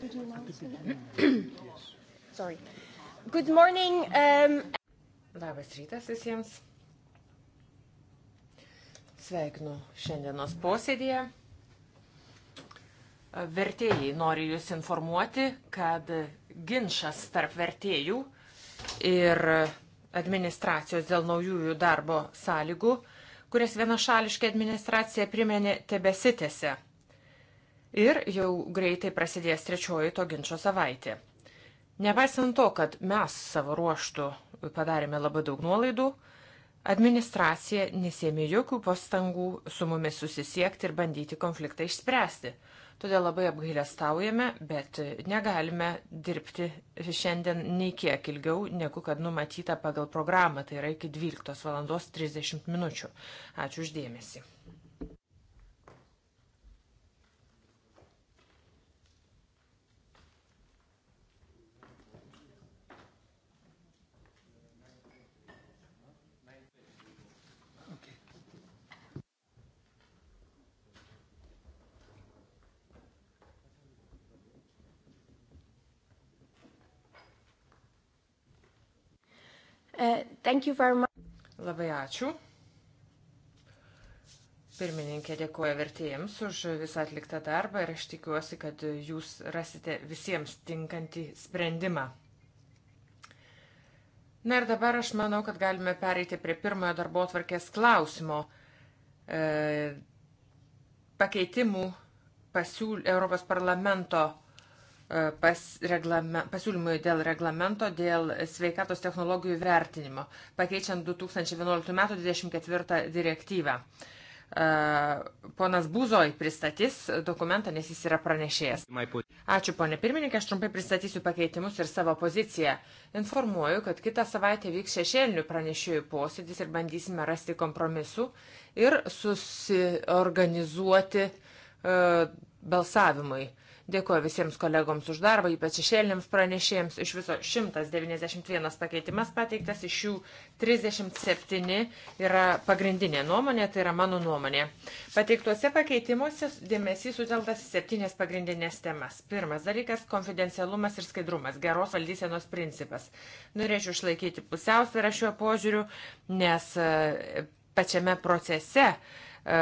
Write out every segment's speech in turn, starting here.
did you announce it? Sorry. Good morning. Um... Labas rytas visiems. Sveikinu šiandienos posėdėje. Vertėjai nori Jūs informuoti, kad ginčas tarp vertėjų ir administracijos dėl naujųjų darbo sąlygų, kurias vienašališkai administracija priminė, tebesitėse ir jau greitai prasidės trečioji to ginčio savaitė. Nepaisant to, kad mes savo ruoštų padarėme labai daug nuolaidų, administracija nesėmė jokių pastangų su mumis susisiekti ir bandyti konfliktą išspręsti. Todėl labai apgailestaujame, bet negalime dirbti šiandien nei kiek ilgiau, negu kad numatyta pagal programą, tai yra iki 12 val. 30 min. Ačiū uždėmesi. Uh, Labai ačiū. Pirmininkė dėkoja vertėjams už visą atliktą darbą ir aš tikiuosi, kad jūs rasite visiems tinkantį sprendimą. Na ir dabar aš manau, kad galime pereiti prie pirmojo darbo atvarkės klausimo. E, pakeitimų pasiūl, Europos parlamento pas reglame, pasiūlymui dėl reglamento dėl sveikatos technologijų vertinimo, pakeičiant 2011 m. 24 direktyvą. Ponas Buzoj pristatys dokumentą, nes jis yra pranešėjas. Ačiū, ponė pirmininkė, aš trumpai pristatysiu pakeitimus ir savo poziciją. Informuoju, kad kitą savaitę vyks šešėlinių pranešėjų posėdis ir bandysime rasti kompromisų ir susiorganizuoti uh, balsavimui. Dėkuoju visiems kolegoms už darbą, ypač šešėlėms pranešėjams. Iš viso 191 pakeitimas pateiktas, iš jų 37 yra pagrindinė nuomonė, tai yra mano nuomonė. Pateiktuose pakeitimuose dėmesys suteltas į septynės pagrindinės temas. Pirmas dalykas - konfidencialumas ir skaidrumas, geros valdysenos principas. Norėčiau išlaikyti pusiausvyrą šiuo požiūriu, nes e, pačiame procese E,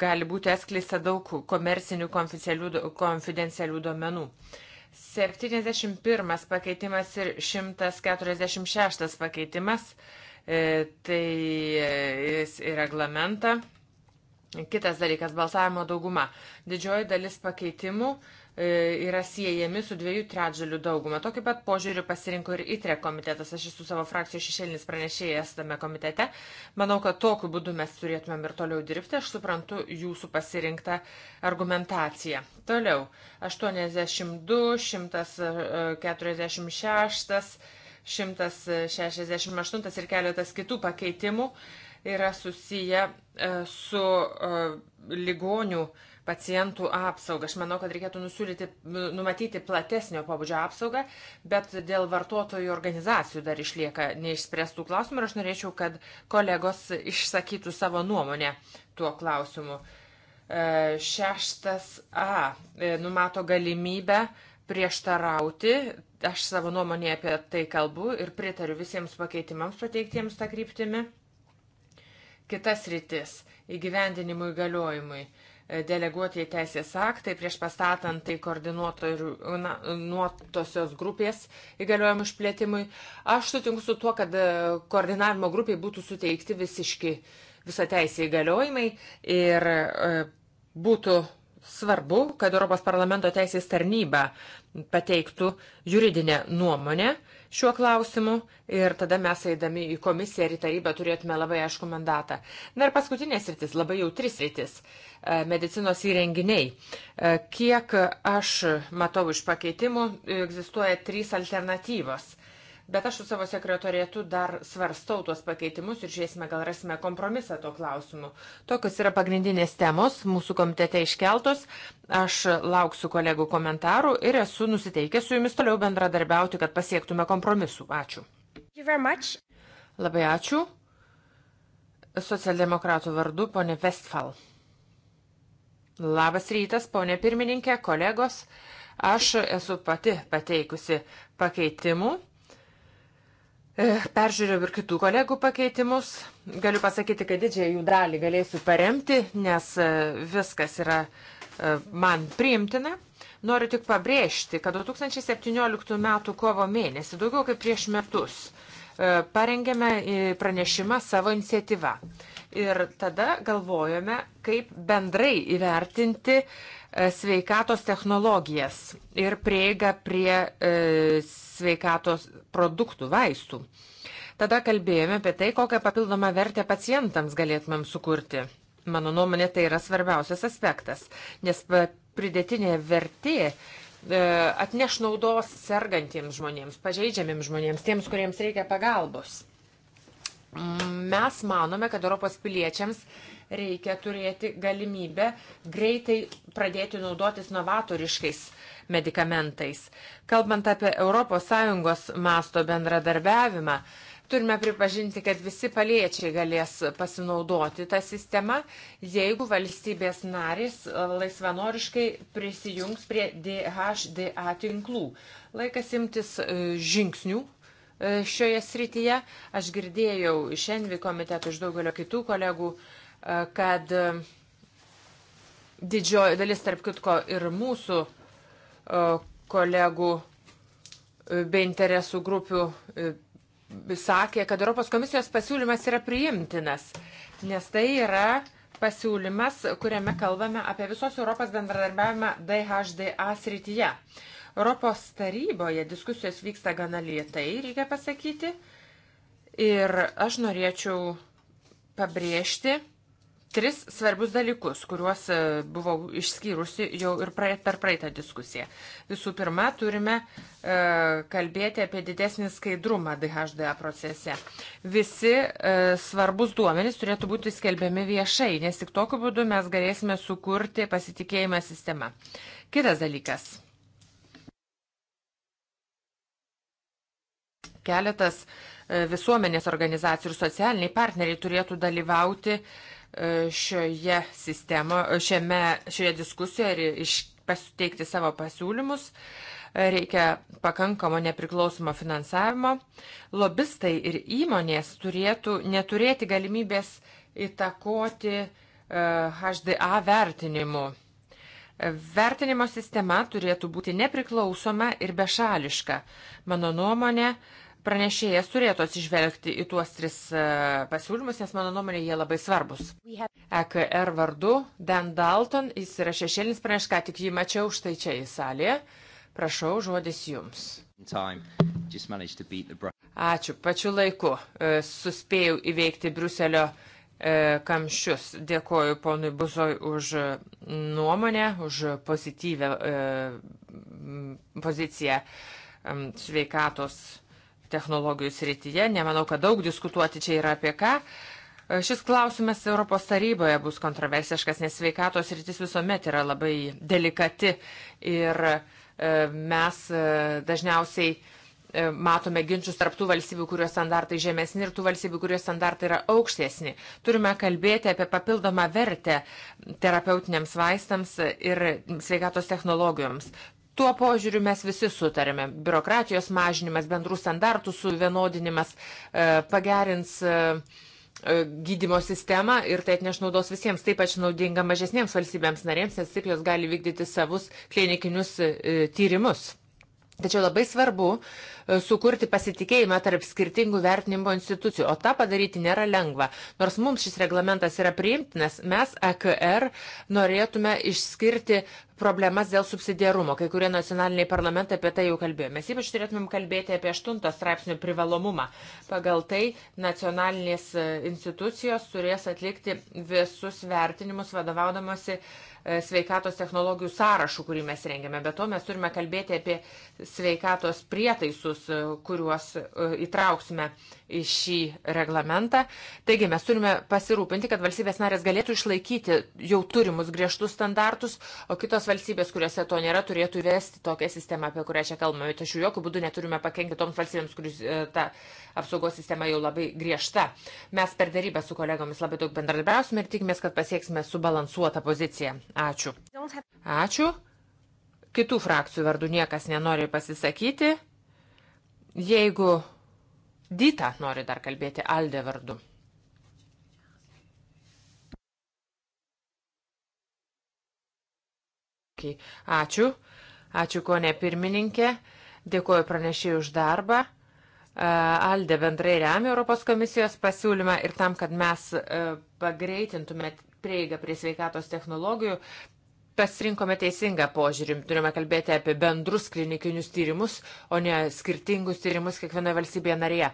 gali būti atskleista daug komercinių konfidencialių duomenų. 71 pakeitimas ir 146 pakeitimas, e, tai e, jis į reglamentą. Kitas dalykas - balsavimo dauguma. Didžioji dalis pakeitimų uh, E, yra siejami su dviejų trečdalių dauguma. Tokį pat požiūrį pasirinko ir ITRE komitetas. Aš esu savo frakcijos šešėlinis pranešėjas tame komitete. Manau, kad tokiu būdu mes turėtumėm ir toliau dirbti. Aš suprantu jūsų pasirinktą argumentaciją. Toliau. 82, 146, 168 ir keletas kitų pakeitimų yra susiję e, su e, ligonių pacientų apsaugą. Aš manau, kad reikėtų nusiūlyti, nu, numatyti platesnio pabudžio apsaugą, bet dėl vartotojų organizacijų dar išlieka neišspręstų klausimų ir aš norėčiau, kad kolegos išsakytų savo nuomonę tuo klausimu. E, šeštas A e, numato galimybę prieštarauti, aš savo nuomonę apie tai kalbu ir pritariu visiems pakeitimams pateiktiems tą kryptimį. Kitas rytis - įgyvendinimui galiojimui deleguoti į teisės aktai prieš pastatant tai koordinuotosios grupės įgaliojimų išplėtimui. Aš sutinku su tuo, kad koordinavimo grupiai būtų suteikti visiški visą teisę įgaliojimai ir e, būtų svarbu, kad Europos parlamento teisės tarnyba pateiktų juridinę nuomonę šiuo klausimu ir tada mes eidami į komisiją ir į tarybą turėtume labai aišku mandatą. Na ir paskutinė sritis, labai jautri sritis e, - medicinos įrenginiai. E, kiek aš matau iš pakeitimų, egzistuoja trys alternatyvos. Bet aš su savo sekretorietu dar svarstau tuos pakeitimus ir žiūrėsime, gal rasime kompromisą tuo klausimu. Tokios yra pagrindinės temos mūsų komitete iškeltos. Aš lauksiu kolegų komentarų ir esu nusiteikęs su jumis toliau bendradarbiauti, kad pasiektume kompromisų. Ačiū. Labai ačiū. Socialdemokratų vardu ponė Westfal. Labas rytas, ponė pirmininkė, kolegos. Aš esu pati pateikusi pakeitimų E, peržiūrėjau ir kitų kolegų pakeitimus. Galiu pasakyti, kad didžiąją jų dalį galėsiu paremti, nes e, viskas yra e, man priimtina. Noriu tik pabrėžti, kad 2017 m. kovo mėnesį, daugiau kaip prieš metus, parengėme pranešimą savo iniciatyvą. Ir tada galvojome, kaip bendrai įvertinti E, sveikatos technologijas ir prieigą prie e, sveikatos produktų, vaistų. Tada kalbėjome apie tai, kokią papildomą vertę pacientams galėtumėm sukurti. Mano nuomonė, tai yra svarbiausias aspektas, nes pridėtinė vertė e, atneš naudos sergantiems žmonėms, pažeidžiamiems žmonėms, tiems, kuriems reikia pagalbos. Mes manome, kad Europos piliečiams reikia turėti galimybę greitai pradėti naudotis novatoriškais medikamentais. Kalbant apie ES masto bendradarbiavimą, turime pripažinti, kad visi paliečiai galės pasinaudoti tą sistemą, jeigu valstybės narys laisvanoriškai prisijungs prie DHDA tinklų. Laikas imtis e, žingsnių e, šioje srityje. Aš girdėjau iš Envi komitetų, iš daugelio kitų kolegų kad e, didžioji dalis, tarp kitko, ir mūsų e, kolegų e, bei interesų grupių sakė, kad Europos komisijos pasiūlymas yra priimtinas, nes tai yra pasiūlymas, kuriame kalbame apie visos Europos bendradarbiavimą DHDA srityje. Europos taryboje diskusijos vyksta gana lietai, reikia pasakyti. Ir aš norėčiau pabrėžti, tris svarbius dalykus, kuriuos e, buvau išskyrusi jau ir per praeitą diskusiją. Visų pirma, turime e, kalbėti apie didesnį skaidrumą DHDA procese. Visi e, svarbus duomenys turėtų būti skelbiami viešai, nes tik tokiu būdu mes galėsime sukurti pasitikėjimą sistemą. Kitas dalykas. Keletas visuomenės organizacijų ir socialiniai partneriai turėtų dalyvauti uh, šioje sistemo, šiame, šioje diskusijoje ir iš, pasiteikti savo pasiūlymus. Reikia pakankamo nepriklausomo finansavimo. Lobistai ir įmonės turėtų neturėti galimybės įtakoti e, HDA vertinimu. Vertinimo sistema turėtų būti nepriklausoma ir bešališka. Mano nuomonė, uh, Pranešėjas turėtų atsižvelgti į tuos tris e, pasiūlymus, nes mano nuomonė jie labai svarbus. EKR e vardu Dan Dalton, jis yra šešėlinis praneš, ką tik jį mačiau štai čia į salę. Prašau, žodis jums. Ačiū, pačiu laiku e, suspėjau įveikti Bruselio kamščius. Dėkoju ponui Buzoj už nuomonę, už pozityvę poziciją sveikatos technologijų srityje. Nemanau, kad daug diskutuoti čia yra apie ką. E, šis klausimas Europos taryboje bus kontroversiškas, nes sveikatos rytis visuomet yra labai delikati ir e, mes e, dažniausiai matome ginčius tarptų valstybių, kurios standartai žemesni ir tų valstybių, kurios standartai yra aukštesni. Turime kalbėti apie papildomą vertę terapeutiniams vaistams ir sveikatos technologijoms. Tuo požiūriu mes visi sutarėme. Biurokratijos mažinimas, bendrų standartų suvienodinimas e, pagerins e, e, gydimo sistemą ir tai atneš naudos visiems, taip pat naudinga mažesniems valstybėms narėms, nes taip jos gali vykdyti savus klinikinius tyrimus. Tačiau labai svarbu e, sukurti pasitikėjimą tarp skirtingų vertinimo institucijų, o tą padaryti nėra lengva. Nors mums šis reglamentas yra priimtinas, mes AKR e norėtume išskirti problemas dėl subsidiarumo. Kai kurie nacionaliniai parlamentai apie tai jau kalbėjo. Mes ypač turėtumėm kalbėti apie 8 straipsnių privalomumą. Pagal tai nacionalinės e, institucijos turės atlikti visus vertinimus vadovaudamosi uh, sveikatos technologijų sąrašu, kurį mes rengiame. Be to mes turime kalbėti apie sveikatos prietaisus, kuriuos e, įtrauksime į šį reglamentą. Taigi mes turime pasirūpinti, kad valstybės narės galėtų išlaikyti jau turimus griežtus standartus, o kitos valstybės, kuriuose to nėra, turėtų įvesti tokią sistemą, apie kurią čia kalbame. Tačiau jokių būdų neturime pakengti toms valstybėms, kuris e, ta apsaugos sistema jau labai griežta. Mes per darybę su kolegomis labai daug bendradarbiausime ir tikimės, kad pasieksime subalansuotą poziciją. Ačiū. Ačiū. Kitų frakcijų vardų niekas nenori pasisakyti. Jeigu Dita nori dar kalbėti Alde vardu. Ačiū. Ačiū, konė pirmininkė. Dėkuoju pranešėjai už darbą. Alde bendrai remia Europos komisijos pasiūlymą ir tam, kad mes e, pagreitintume prieigą prie sveikatos technologijų, pasirinkome teisingą požiūrį. Turime kalbėti apie bendrus klinikinius tyrimus, o ne skirtingus tyrimus kiekvienoje valstybėje narėje.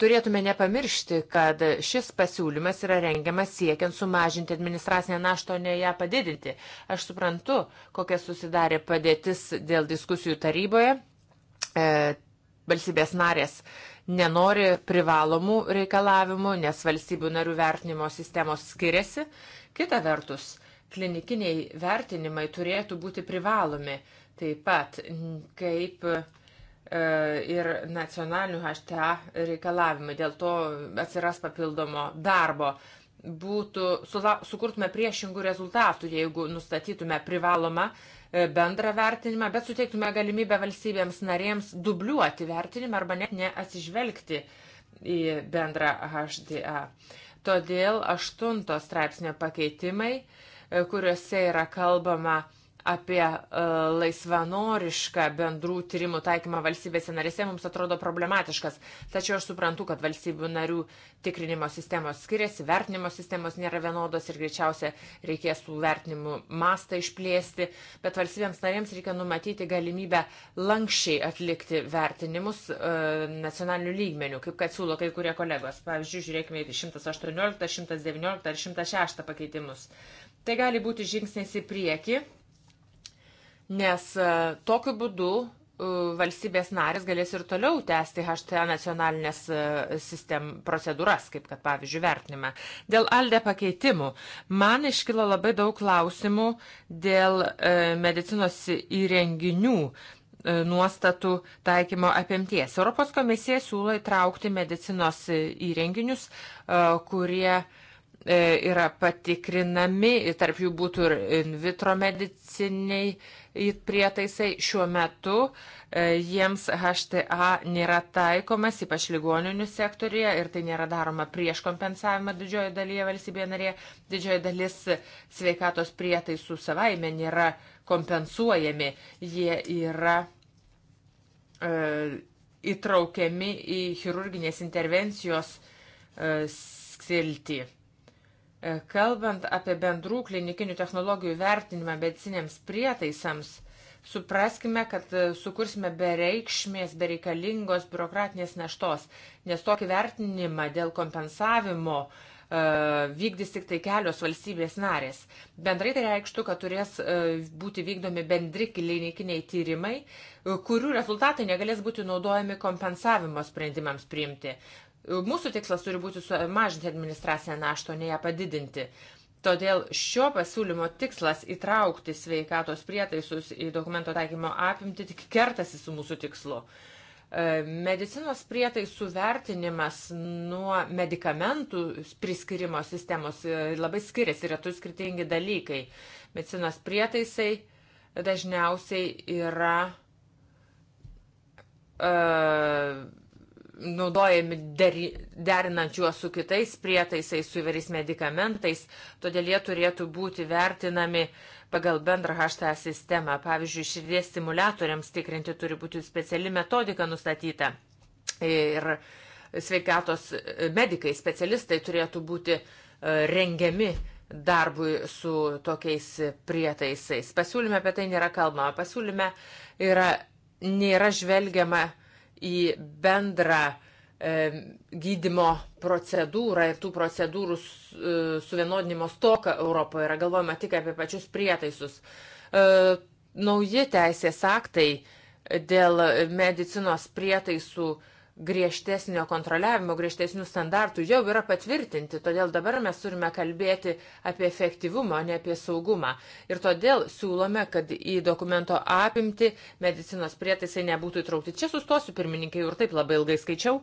Turėtume nepamiršti, kad šis pasiūlymas yra rengiamas siekiant sumažinti administracinę naštą, o ne ją padidinti. Aš suprantu, kokia susidarė padėtis dėl diskusijų taryboje. E, valstybės narės nenori privalomų reikalavimų, nes valstybių narių vertinimo sistemos skiriasi. Kita vertus, e, klinikiniai vertinimai turėtų būti privalomi taip pat kaip e, ir nacionalinių HTA reikalavimai. Dėl to atsiras papildomo darbo. Būtų, sukurtume priešingų rezultatų, jeigu nustatytume privalomą e, bendrą vertinimą, bet suteiktume galimybę valstybėms narėms dubliuoti vertinimą arba net neatsižvelgti į bendrą HDA. Todėl aštunto straipsnio pakeitimai uh, kuriuose yra kalbama apie e, laisvanorišką bendrų tyrimų taikymą valstybėse narėse mums atrodo problematiškas. Tačiau aš suprantu, kad valstybių narių tikrinimo sistemos skiriasi, vertinimo sistemos nėra vienodos ir greičiausia reikės tų vertinimų mastą išplėsti, bet valstybėms narėms reikia numatyti galimybę lankščiai atlikti vertinimus e, nacionalinių lygmenių, kaip kad siūlo kai kurie kolegos. Pavyzdžiui, žiūrėkime į 118, 119 ar 106 pakeitimus. Tai gali būti žingsnis į priekį, nes e, tokiu būdu e, valstybės narės galės ir toliau tęsti HTA nacionalinės e, sistem procedūras, kaip kad pavyzdžiui vertinime. Dėl ALDE pakeitimų man iškilo labai daug klausimų dėl medicinos įrenginių nuostatų taikymo apimties. Europos komisija siūlo įtraukti medicinos įrenginius, kurie uh, E, yra patikrinami, tarp jų būtų ir in vitro mediciniai prietaisai. Šiuo metu e, jiems HTA nėra taikomas, ypač ligoninių sektorija, ir tai nėra daroma prieš kompensavimą didžiojo dalyje valstybėje narėje. Didžioji dalis sveikatos prietaisų savaime nėra kompensuojami. Jie yra e, įtraukiami į chirurginės intervencijos e, silti. E, kalbant apie bendrų klinikinių technologijų vertinimą medicinėms prietaisams, supraskime, kad e, sukursime bereikšmės, bereikalingos biurokratinės naštos, nes tokį vertinimą dėl kompensavimo e, vykdys tik tai kelios valstybės narės. Bendrai tai reikštų, kad turės būti vykdomi bendri klinikiniai tyrimai, kurių rezultatai negalės būti naudojami kompensavimo sprendimams priimti. Mūsų tikslas turi būti mažinti administracinę naštą, o ne ją padidinti. Todėl šio pasiūlymo tikslas įtraukti sveikatos prietaisus į dokumento taikymo apimti tik kertasi su mūsų tikslu. E, medicinos prietaisų vertinimas nuo medikamentų priskirimo sistemos e, labai skiriasi, yra tu skirtingi dalykai. Medicinos prietaisai dažniausiai yra e, naudojami derinant juos su kitais prietaisais, su įvairiais medikamentais, todėl jie turėtų būti vertinami pagal bendrą HTA sistemą. Pavyzdžiui, širdies stimulatoriams tikrinti turi būti speciali metodika nustatyta. Ir sveikatos medikai, specialistai turėtų būti e, rengiami darbui su tokiais prietaisais. Pasiūlyme apie tai nėra kalbama. Pasiūlyme yra, nėra žvelgiama į bendrą e, gydimo procedūrą ir tų procedūrų e, suvienodinimo stoką Europoje yra galvojama tik apie pačius prietaisus. E, nauji teisės aktai dėl medicinos prietaisų griežtesnio kontroliavimo, griežtesnių standartų jau yra patvirtinti, todėl dabar mes turime kalbėti apie efektyvumą, ne apie saugumą. Ir todėl siūlome, kad į dokumento apimti medicinos prietaisai nebūtų įtraukti. Čia sustosiu, pirmininkai, ir taip labai ilgai skaičiau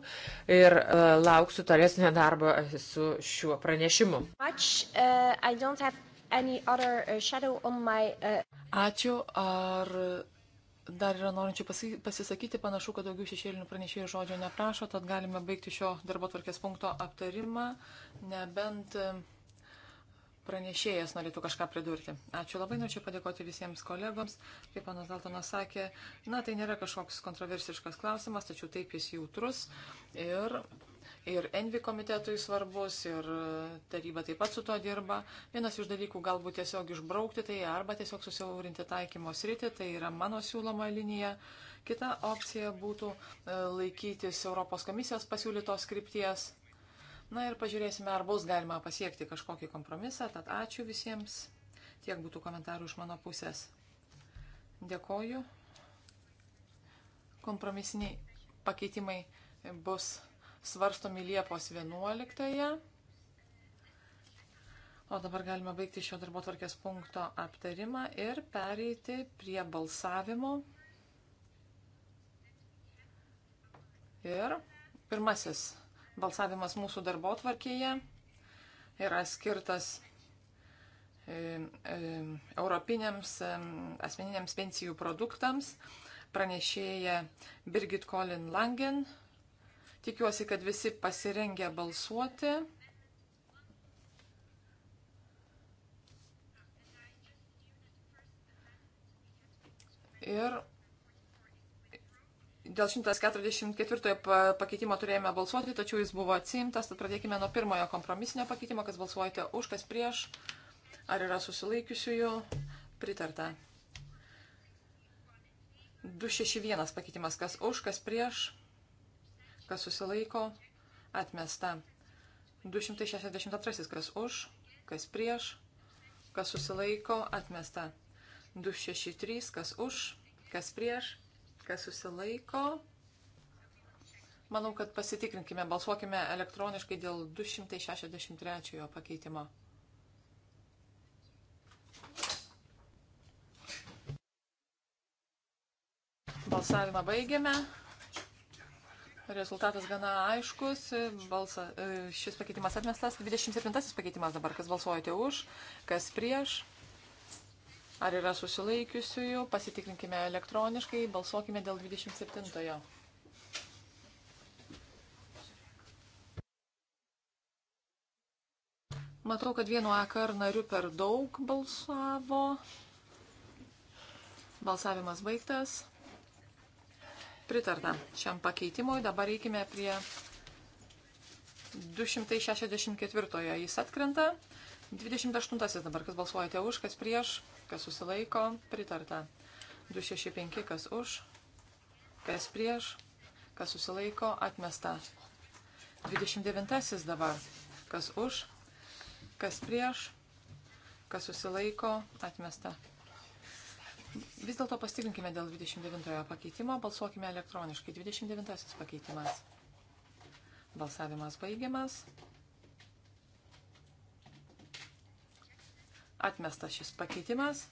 ir uh, lauksiu tolesnio darbo su šiuo pranešimu. Much, uh, other, uh, my, uh... Ačiū. Ar Dar yra norinčių pasisakyti, panašu, kad daugiau šešėlinių pranešėjų žodžio neprašo, tad galime baigti šio darbo tvarkės punkto aptarimą, nebent e, pranešėjas norėtų kažką pridurti. Ačiū labai, norėčiau padėkoti visiems kolegoms. Kaip panas Daltonas sakė, na tai nėra kažkoks kontroversiškas klausimas, tačiau taip jis jautrus ir ir Envi komitetui svarbus, ir taryba taip pat su tuo dirba. Vienas iš dalykų galbūt tiesiog išbraukti tai arba tiesiog susiaurinti taikymo sritį, tai yra mano siūloma linija. Kita opcija būtų e, laikytis Europos komisijos pasiūlytos skripties. Na ir pažiūrėsime, ar bus galima pasiekti kažkokį kompromisą. Tad ačiū visiems. Tiek būtų komentarų iš mano pusės. Dėkoju. Kompromisiniai pakeitimai bus svarstomi Liepos 11-ąją. O dabar galime baigti šio darbo tvarkės punkto aptarimą ir pereiti prie balsavimo. Ir pirmasis balsavimas mūsų darbo tvarkėje yra skirtas e, e, europiniams e, asmeniniams pensijų produktams pranešėja Birgit Colin Langen. Tikiuosi, kad visi pasirengę balsuoti. Ir dėl 144 pakeitimo turėjome balsuoti, tačiau jis buvo atsiimtas, tad pradėkime nuo pirmojo kompromisinio pakeitimo, kas balsuojate už, kas prieš, ar yra susilaikiusiųjų, pritarta. 261 pakeitimas, kas už, kas prieš, kas susilaiko, atmesta. 262, kas už, kas prieš, kas susilaiko, atmesta. 263, kas už, kas prieš, kas susilaiko. Manau, kad pasitikrinkime, balsuokime elektroniškai dėl 263 pakeitimo. Balsavimą baigiame. Rezultatas gana aiškus. Balsa, e, šis pakeitimas atmestas. 27 pakeitimas dabar. Kas balsuojate už, kas prieš. Ar yra susilaikiusiųjų? Pasitikrinkime elektroniškai. Balsuokime dėl 27. -ojo. Matau, kad vienu AKR nariu per daug balsavo. Balsavimas baigtas. Pritarta šiam pakeitimui. Dabar reikime prie 264. Jis atkrenta. 28 dabar, kas balsuojate už, kas prieš, kas susilaiko, pritarta. 265, kas už, kas prieš, kas susilaiko, atmesta. 29 dabar, kas už, kas prieš, kas susilaiko, atmesta. Vis dėlto pastikrinkime dėl 29 pakeitimo, balsuokime elektroniškai. 29 pakeitimas. Balsavimas baigiamas. Atmestas šis pakeitimas.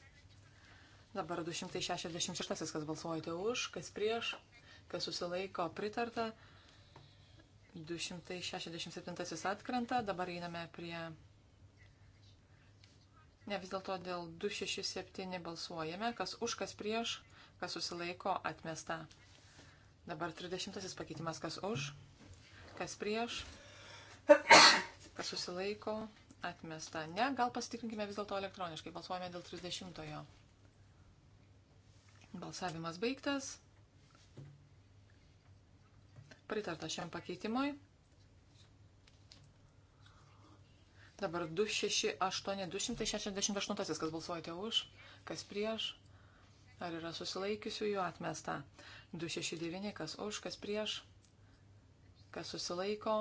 Dabar 266, kas balsuojate už, kas prieš, kas susilaiko pritarta. 267 atkrenta. Dabar einame prie Ne vis dėlto dėl 267 balsuojame, kas už, kas prieš, kas susilaiko atmesta. Dabar 30 pakeitimas, kas už, kas prieš, kas susilaiko atmesta. Ne, gal pasitikrinkime vis dėlto elektroniškai, balsuojame dėl 30. -ojo. Balsavimas baigtas. Pritarta šiam pakeitimui. Dabar 268, 268, kas balsuojate už, kas prieš, ar yra susilaikiusių jų atmesta. 269, kas už, kas prieš, kas susilaiko.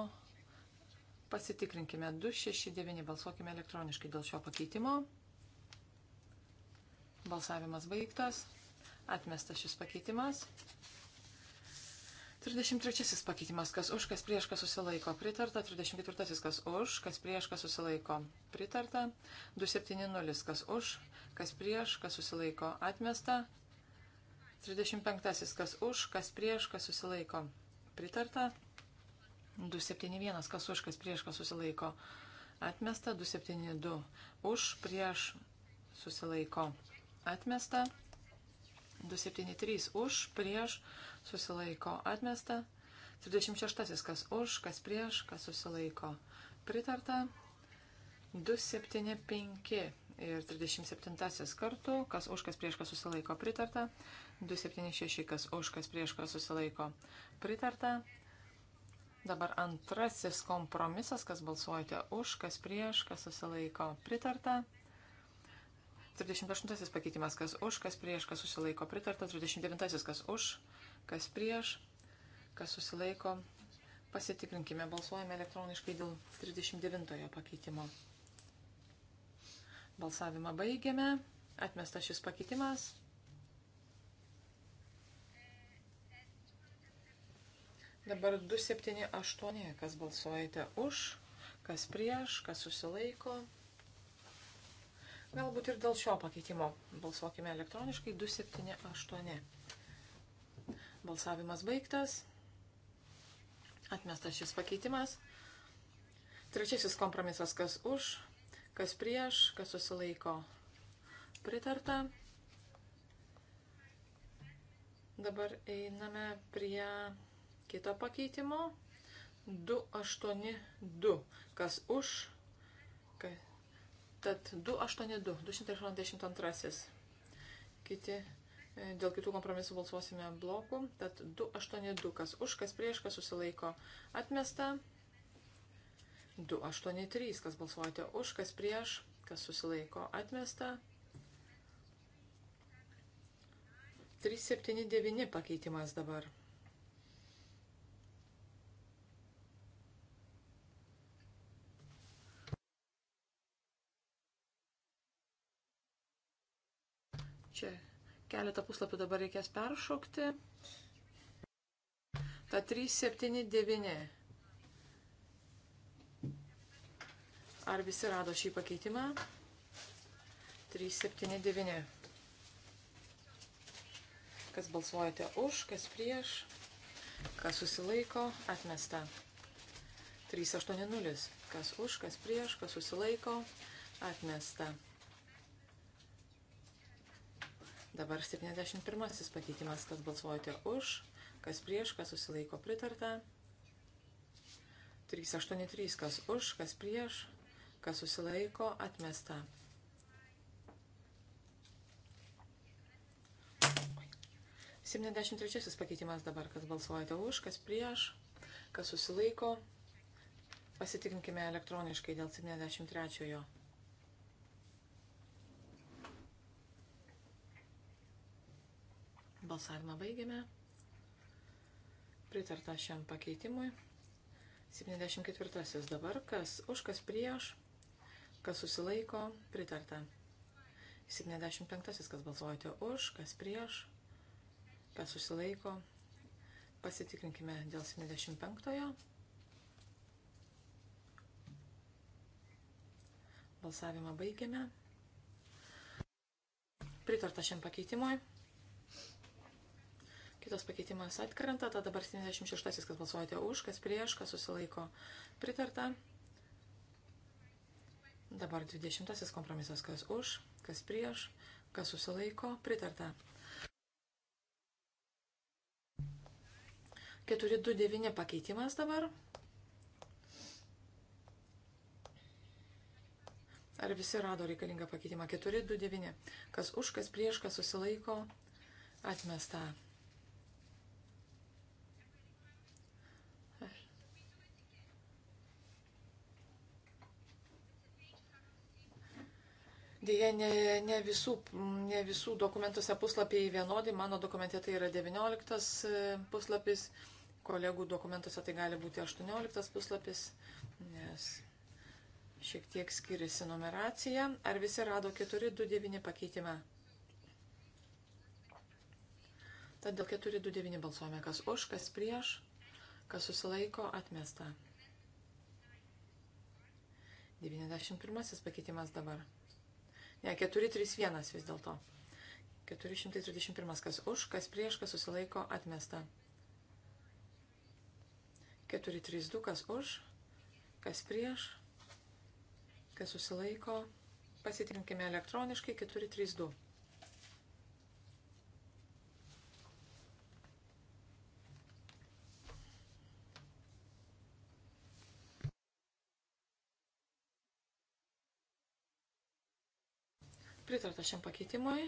Pasitikrinkime 269, balsuokime elektroniškai dėl šio pakeitimo. Balsavimas baigtas, atmestas šis pakeitimas. 33 pakeitimas, kas už, kas prieš, kas susilaiko, pritarta. 34 kas už, kas prieš, kas susilaiko, pritarta. 270 kas už, kas prieš, kas susilaiko, atmesta. 35 kas už, kas prieš, kas susilaiko, pritarta. 271 kas už, kas prieš, kas susilaiko, atmesta. 272 už, prieš, susilaiko, atmesta. 273 už, prieš, susilaiko atmesta. 36. Kas už, kas prieš, kas susilaiko pritarta. 275 ir 37 kartų, kas už, kas prieš, kas susilaiko pritarta. 276, kas už, kas prieš, kas susilaiko pritarta. Dabar antrasis kompromisas, kas balsuojate už, kas prieš, kas susilaiko pritarta. 38 pakeitimas, kas už, kas prieš, kas susilaiko pritarta. 39 kas už, kas prieš, kas susilaiko. Pasitikrinkime, balsuojame elektroniškai dėl 39 pakeitimo. Balsavimą baigiame. Atmestas šis pakeitimas. Dabar 278, kas balsuojate už, kas prieš, kas susilaiko. Galbūt ir dėl šio pakeitimo balsuokime elektroniškai 278. Balsavimas baigtas. Atmestas šis pakeitimas. Trečiasis kompromisas, kas už, kas prieš, kas susilaiko. Pritarta. Dabar einame prie kito pakeitimo. 282. Kas už, kas. Tad 282, 282. Kiti Dėl kitų kompromisų balsuosime blokų. Tad 282, kas už, kas prieš, kas susilaiko atmesta. 283, kas balsuojate už, kas prieš, kas susilaiko atmesta. 379 pakeitimas dabar. Čia Keletą puslapių dabar reikės peršokti. Ta 379. Ar visi rado šį pakeitimą? 379. Kas balsuojate už, kas prieš, kas susilaiko, atmesta. 380. Kas už, kas prieš, kas susilaiko, atmesta. Dabar 71 pakeitimas, kas balsuojate už, kas prieš, kas susilaiko pritarta. 383, kas už, kas prieš, kas susilaiko atmesta. Septyniasdešimt trečiasis pakeitimas dabar, kas balsuojate už, kas prieš, kas susilaiko. Pasitikrinkime elektroniškai dėl 73. -ojo. Balsavimą baigiame. Pritarta šiam pakeitimui. 74 dabar. Kas už, kas prieš, kas susilaiko, pritarta. 75 kas balsuojate už, kas prieš, kas susilaiko. Pasitikrinkime dėl 75. -ojo. Balsavimą baigiame. Pritarta šiam pakeitimui. Kitas pakeitimas atkrenta, tada dabar 76, kas balsuojate už, kas prieš, kas susilaiko pritarta. Dabar 20 kompromisas, kas už, kas prieš, kas susilaiko pritarta. 429 pakeitimas dabar. Ar visi rado reikalingą pakeitimą? 429. Kas už, kas prieš, kas susilaiko, atmesta. Deja, ne, ne, visų, ne visų dokumentuose puslapiai vienodi. Mano dokumente tai yra 19 e, puslapis, kolegų dokumentuose tai gali būti 18 puslapis, nes šiek tiek skiriasi numeracija. Ar visi rado 429 pakeitimą? Tad dėl 429 balsuojame, kas už, kas prieš, kas susilaiko, atmesta. 91 pakeitimas dabar. Ne, 431 vis dėlto. 431 kas už, kas prieš, kas susilaiko atmesta. 432 kas už, kas prieš, kas susilaiko. Pasitrinkime elektroniškai 432. pritarta šiam pakeitimui.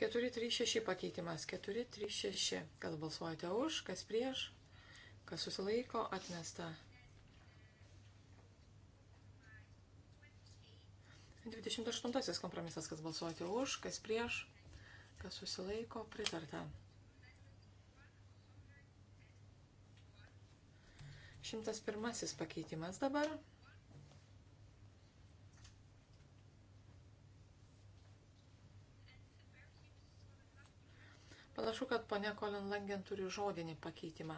Keturi, trys, šeši pakeitimas. Keturi, trys, šeši. Kas balsuojate už, kas prieš, kas susilaiko, atmesta. 28 kompromisas, kas balsuojate už, kas prieš, kas susilaiko, pritarta. Šimtas pirmasis pakeitimas dabar. Panašu, kad ponia Colin Langen turi žodinį pakeitimą.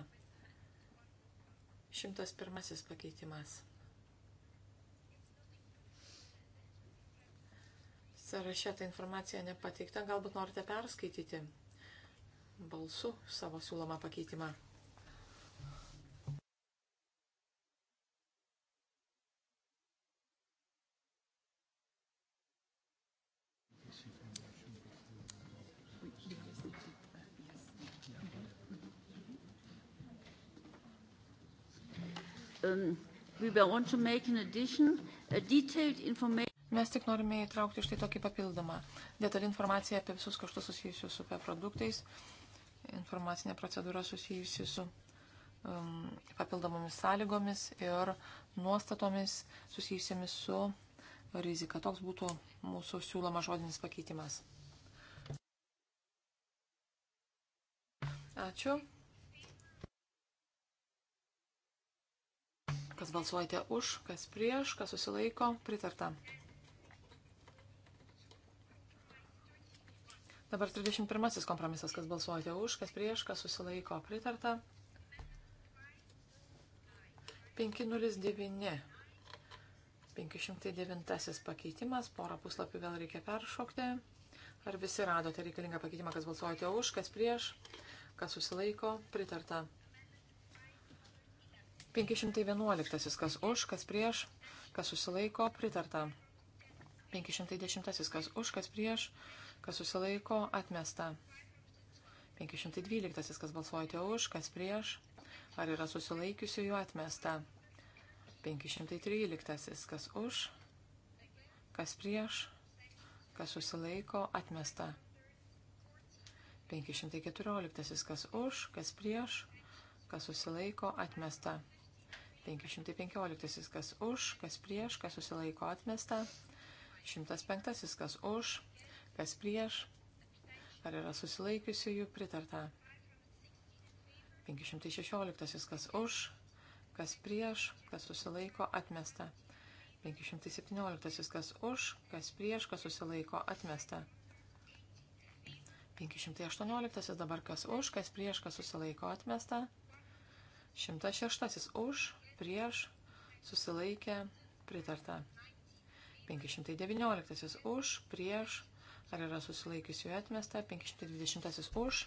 Šimtas pirmasis pakeitimas. Sarašė ta informacija nepateikta, galbūt norite perskaityti balsu savo siūlomą pakeitimą. um, we want to make in addition a detailed information. Mes tik norime įtraukti štai tokį papildomą. Detalį informaciją apie visus kaštus susijusius su produktais, informacinė procedūra susijusi su um, papildomomis sąlygomis ir nuostatomis susijusiamis su rizika. Toks būtų mūsų siūloma žodinis pakeitimas. Ačiū. Kas balsuojate už, kas prieš, kas susilaiko, pritarta. Dabar 31 kompromisas, kas balsuojate už, kas prieš, kas susilaiko, pritarta. 509. 509 pakeitimas, porą puslapių vėl reikia peršokti. Ar visi radote reikalingą pakeitimą, kas balsuojate už, kas prieš, kas susilaiko, pritarta. 511. Kas už, kas prieš, kas susilaiko, pritarta. 510. Kas už, kas prieš, kas susilaiko, atmesta. 512. Kas balsuojate už, kas prieš, ar yra susilaikiusių jų atmesta. 513. Kas už, kas prieš, kas susilaiko, atmesta. 514. Kas už, kas prieš, kas susilaiko, atmesta. 515. Kas už, kas prieš, kas susilaiko atmesta. 105. Kas už, kas prieš. Ar yra susilaikiusiųjų pritarta? 516. Kas už, kas prieš, kas susilaiko atmesta. 517. Kas už, kas prieš, kas susilaiko atmesta. 518. Dabar kas už, kas prieš, kas susilaiko atmesta. 106. Už, prieš, susilaikė, pritarta. 519 už, prieš, ar yra susilaikiusių atmesta, 520 už,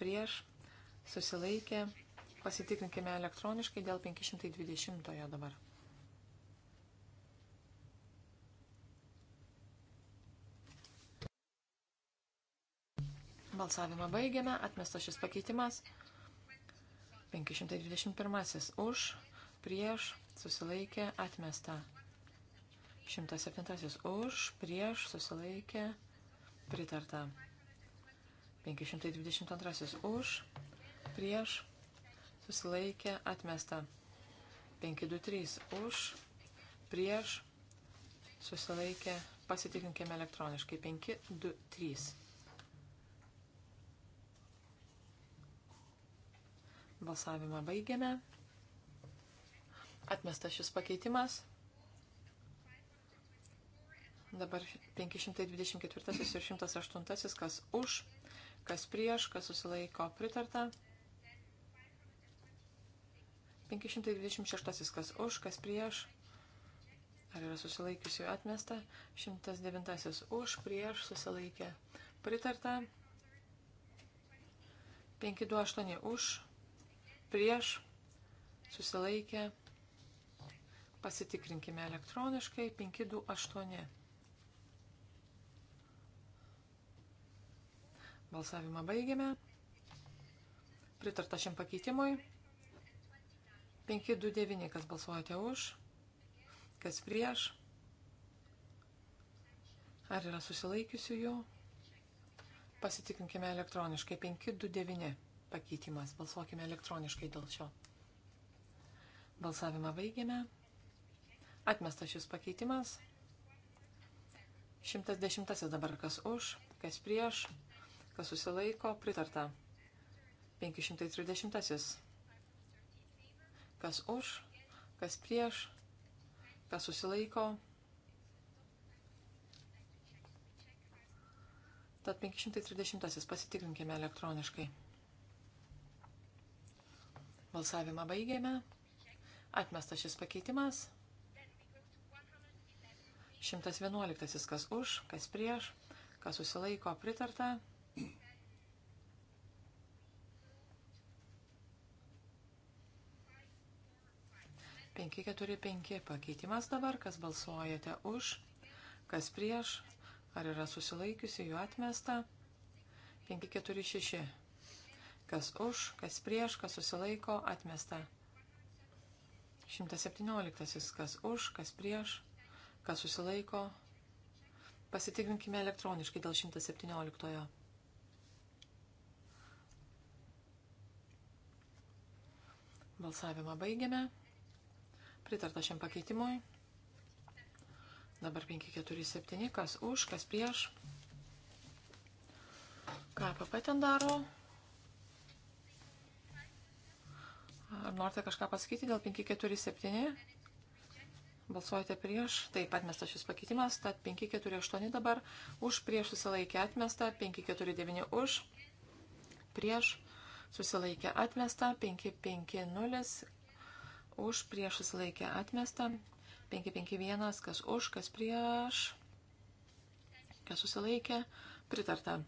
prieš, susilaikė, pasitikrinkime elektroniškai dėl 520 dabar. Balsavimą baigiame, atmestas šis pakeitimas. 521 už, prieš, susilaikė, atmesta. 107 už, prieš, susilaikė, pritarta. 522 už, prieš, susilaikė, atmesta. 523 už, prieš, susilaikė, pasitikrinkime elektroniškai. 523. Balsavimą baigiame. Atmestas šis pakeitimas. Dabar 524 ir 108, kas už, kas prieš, kas susilaiko pritarta. 526, kas už, kas prieš, ar yra susilaikiusių atmesta. 109 už, prieš, susilaikė pritarta. 528 už, prieš, susilaikė pritarta Pasitikrinkime elektroniškai 528. Balsavimą baigiame. Pritarta šiam pakeitimui. 529, kas balsuojate už, kas prieš. Ar yra susilaikiusių jų? Pasitikrinkime elektroniškai. 529 pakeitimas. Balsuokime elektroniškai dėl šio. Balsavimą baigiame. Atmestas šis pakeitimas. 110 dabar kas už, kas prieš, kas susilaiko, pritarta. 530. Kas už, kas prieš, kas susilaiko. Tad 530 pasitikrinkime elektroniškai. Balsavimą baigėme. Atmestas šis pakeitimas. 111. Kas už, kas prieš, kas susilaiko pritarta. Penki, keturi, penki pakeitimas dabar, kas balsuojate už, kas prieš, ar yra susilaikiusi jų atmesta. 5, 4, 6. Kas už, kas prieš, kas susilaiko, atmesta. 117. Kas už, kas prieš, kas susilaiko. Pasitikrinkime elektroniškai dėl 117. -ojo. Balsavimą baigiame. Pritarta šiam pakeitimui. Dabar 547, kas už, kas prieš. Ką PP ten daro? Ar norite kažką pasakyti dėl 547? balsuojate prieš, taip atmestas šis pakeitimas, tad 548 dabar už, prieš susilaikę atmestą, 549 už, prieš susilaikę atmestą, 550 už, prieš susilaikę atmestą, 551, kas už, kas prieš, kas susilaikė, pritarta.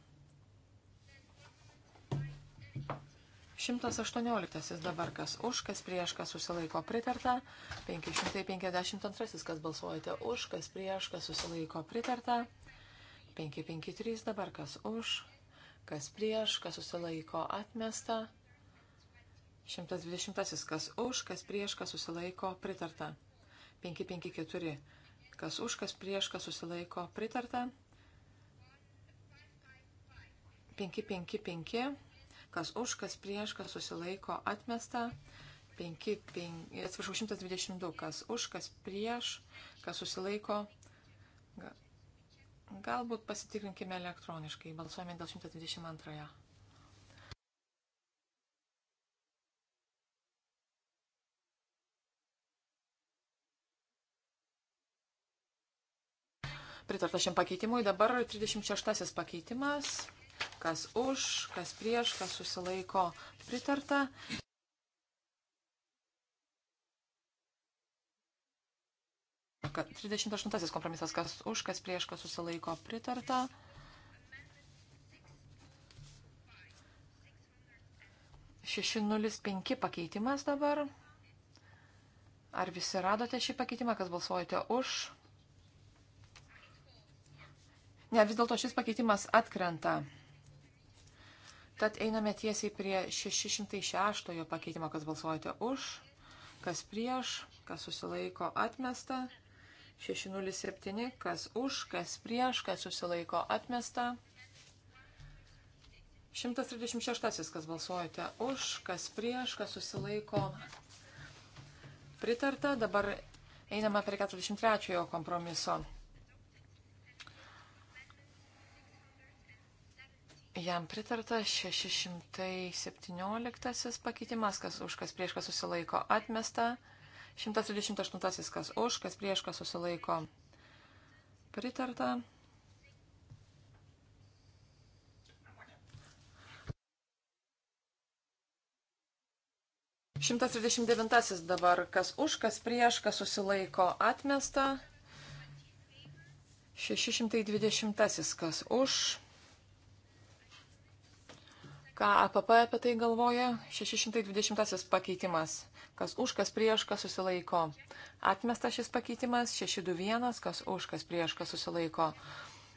118 dabar kas už, kas prieš, kas susilaiko pritarta. 552 kas balsuojate už, kas prieš, kas susilaiko pritarta. 553 dabar kas už, kas prieš, kas susilaiko atmesta. 120 kas už, kas prieš, kas susilaiko pritarta. 554 kas už, kas prieš, kas susilaiko pritarta. 555 kas už, kas prieš, kas susilaiko atmesta. 5, 5, atsiprašau, 122, kas už, kas prieš, kas susilaiko. Galbūt pasitikrinkime elektroniškai, balsuojame dėl 122. Pritarta šiam pakeitimui, dabar 36 pakeitimas kas už, kas prieš, kas susilaiko pritarta. Kad 38 kompromisas, kas už, kas prieš, kas susilaiko pritarta. Šeši nulis penki pakeitimas dabar. Ar visi radote šį pakeitimą, kas balsuojate už? Ne, vis dėlto šis pakeitimas atkrenta. Tad einame tiesiai prie 606 pakeitimo, kas balsuojate už, kas prieš, kas susilaiko atmesta. 607, kas už, kas prieš, kas susilaiko atmesta. 136, kas balsuojate už, kas prieš, kas susilaiko. Pritarta, dabar einama prie 43 kompromiso. Jam pritarta 617 pakeitimas, kas už, kas prieš, kas susilaiko atmesta. 128 kas už, kas prieš, kas susilaiko pritarta. Šimtas trisdešimt devintasis dabar, kas už, kas prieš, kas susilaiko atmesta. Šeši šimtai dvidešimtasis, kas už ką APP apie tai galvoja. 620 pakeitimas. Kas už, kas prieš, kas susilaiko. Atmesta šis pakeitimas. 621, kas už, kas prieš, kas susilaiko.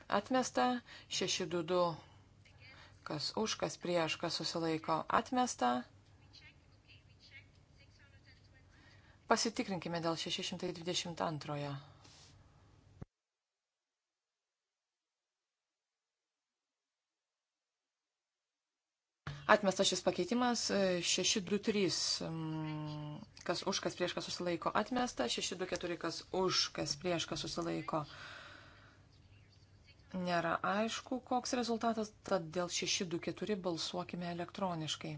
Atmesta. 622, kas už, kas prieš, kas susilaiko. Atmesta. Pasitikrinkime dėl 622. Atmestas šis pakeitimas 623, e, kas už, kas prieš, kas susilaiko. Atmesta 624, kas už, kas prieš, kas susilaiko. Nėra aišku, koks rezultatas, tad dėl 624 balsuokime elektroniškai.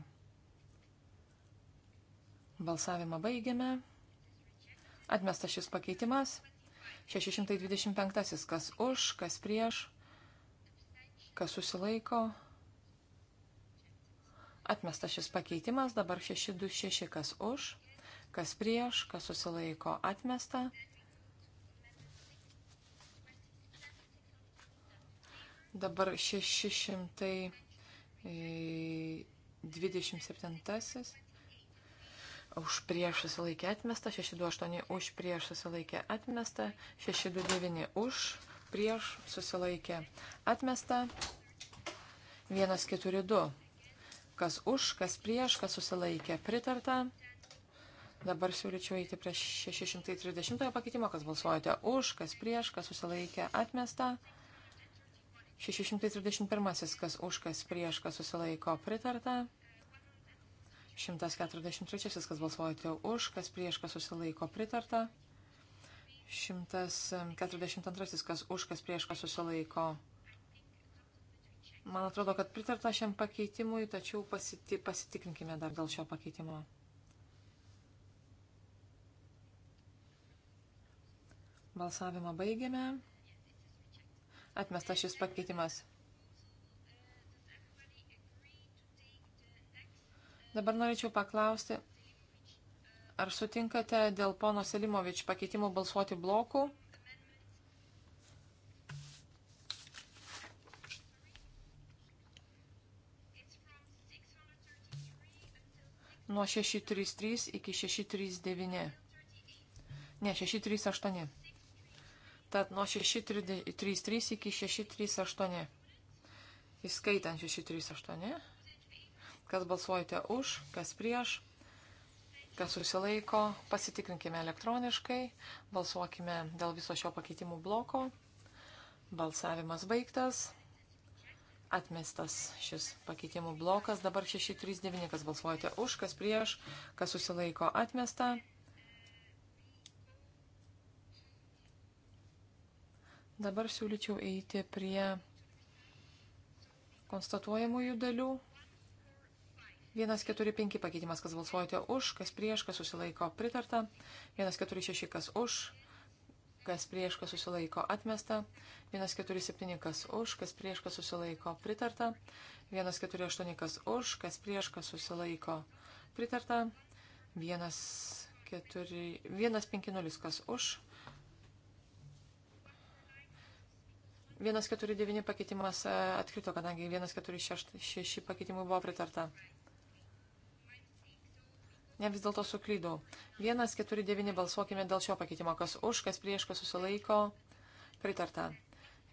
Balsavimą baigiame. Atmestas šis pakeitimas. 625, kas už, kas prieš, kas susilaiko. Atmestas šis pakeitimas, dabar 626 kas už, kas prieš, kas susilaiko atmesta. Dabar 627 už prieš susilaikė atmesta, 628 už prieš susilaikė atmesta, 629 už prieš susilaikė atmesta, 142 Kas už, kas prieš, kas susilaikė pritarta. Dabar siūlyčiau eiti prie 630 pakeitimo, kas balsuojate už, kas prieš, kas susilaikė atmesta. 631, kas už, kas prieš, kas susilaiko pritarta. 143, kas balsuojate už, kas prieš, kas susilaiko pritarta. 142, kas už, kas prieš, kas susilaiko pritarta. Man atrodo, kad pritarta šiam pakeitimui, tačiau pasiti, pasitikrinkime dar dėl šio pakeitimo. Balsavimą baigėme. Atmestas šis pakeitimas. Dabar norėčiau paklausti, ar sutinkate dėl pono Selimovič pakeitimų balsuoti blokų? nuo 633 iki 639. Ne, 638. Tad nuo 633 iki 638. Įskaitant 638. Kas balsuojate už, kas prieš, kas susilaiko, pasitikrinkime elektroniškai, balsuokime dėl viso šio pakeitimų bloko. Balsavimas baigtas. Atmestas šis pakeitimų blokas. Dabar 639, kas balsuojate už, kas prieš, kas susilaiko atmesta. Dabar siūlyčiau eiti prie konstatuojamųjų dalių. 145 pakeitimas, kas balsuojate už, kas prieš, kas susilaiko pritarta. 146, kas už, kas prieš, kas susilaiko atmesta, 147 kas už, kas prieš, kas susilaiko pritarta, 148 kas už, kas prieš, kas susilaiko pritarta, 150 kas už, 149 pakeitimas e, atkrito, kadangi 146 pakeitimui buvo pritarta. Ne, vis dėlto suklydau. 149 balsuokime dėl šio pakeitimo. Kas už, kas prieš, kas susilaiko. Pritarta.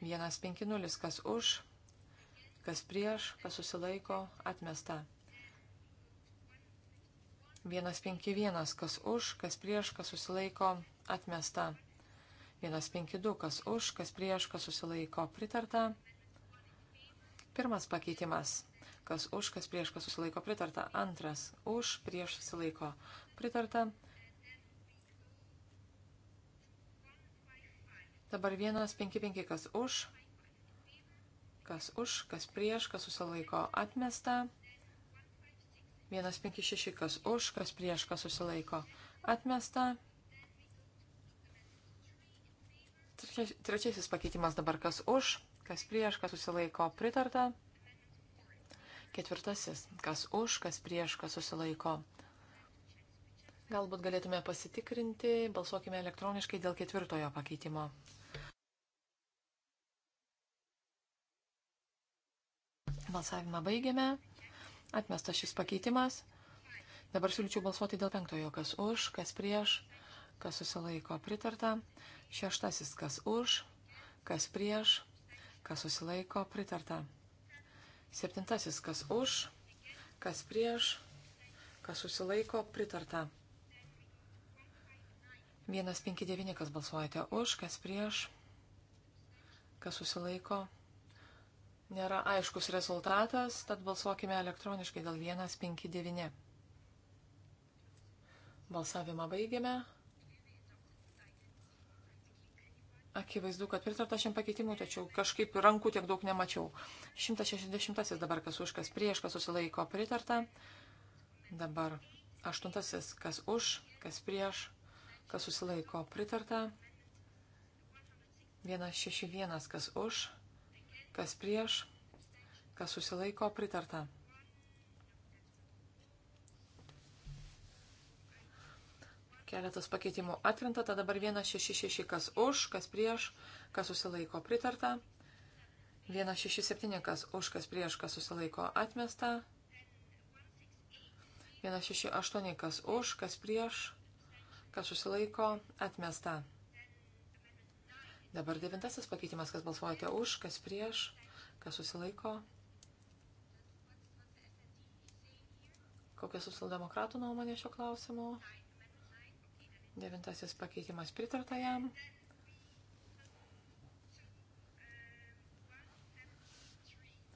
150 kas už, kas prieš, kas susilaiko. Atmesta. 151 kas už, kas prieš, kas susilaiko. Atmesta. 152 kas už, kas prieš, kas susilaiko. Pritarta. Pirmas pakeitimas kas už, kas prieš, kas susilaiko pritarta. Antras, už, prieš susilaiko pritarta. Dabar vienas, penki, penki, kas už, kas už, kas prieš, kas susilaiko atmesta. Vienas, penki, šeši, kas už, kas prieš, kas susilaiko atmesta. Trečiasis pakeitimas dabar kas už, kas prieš, kas susilaiko pritarta. Ketvirtasis. Kas už, kas prieš, kas susilaiko. Galbūt galėtume pasitikrinti, balsuokime elektroniškai dėl ketvirtojo pakeitimo. Balsavimą baigėme. Atmestas šis pakeitimas. Dabar siūlyčiau balsuoti dėl penktojo, kas už, kas prieš, kas susilaiko pritarta. Šeštasis, kas už, kas prieš, kas susilaiko pritarta. Septintasis, kas už, kas prieš, kas susilaiko, pritarta. 159, kas balsuojate už, kas prieš, kas susilaiko. Nėra aiškus rezultatas, tad balsuokime elektroniškai dėl 159. Balsavimą baigiame. Akivaizdu, kad pritarta šiam pakeitimui, tačiau kažkaip rankų tiek daug nemačiau. 160 dabar kas už, kas prieš, kas susilaiko pritarta. Dabar 8 kas už, kas prieš, kas susilaiko pritarta. 161 kas už, kas prieš, kas susilaiko pritarta. Keletas pakeitimų atkrenta, tada dabar 166, kas už, kas prieš, kas susilaiko pritarta. 167, kas už, kas prieš, kas susilaiko atmesta. 168, kas už, kas prieš, kas susilaiko atmesta. Dabar devintasis pakeitimas, kas balsuojate už, kas prieš, kas susilaiko. Kokia socialdemokratų nuomonė šio klausimu? Devintasis pakeitimas pritarta jam.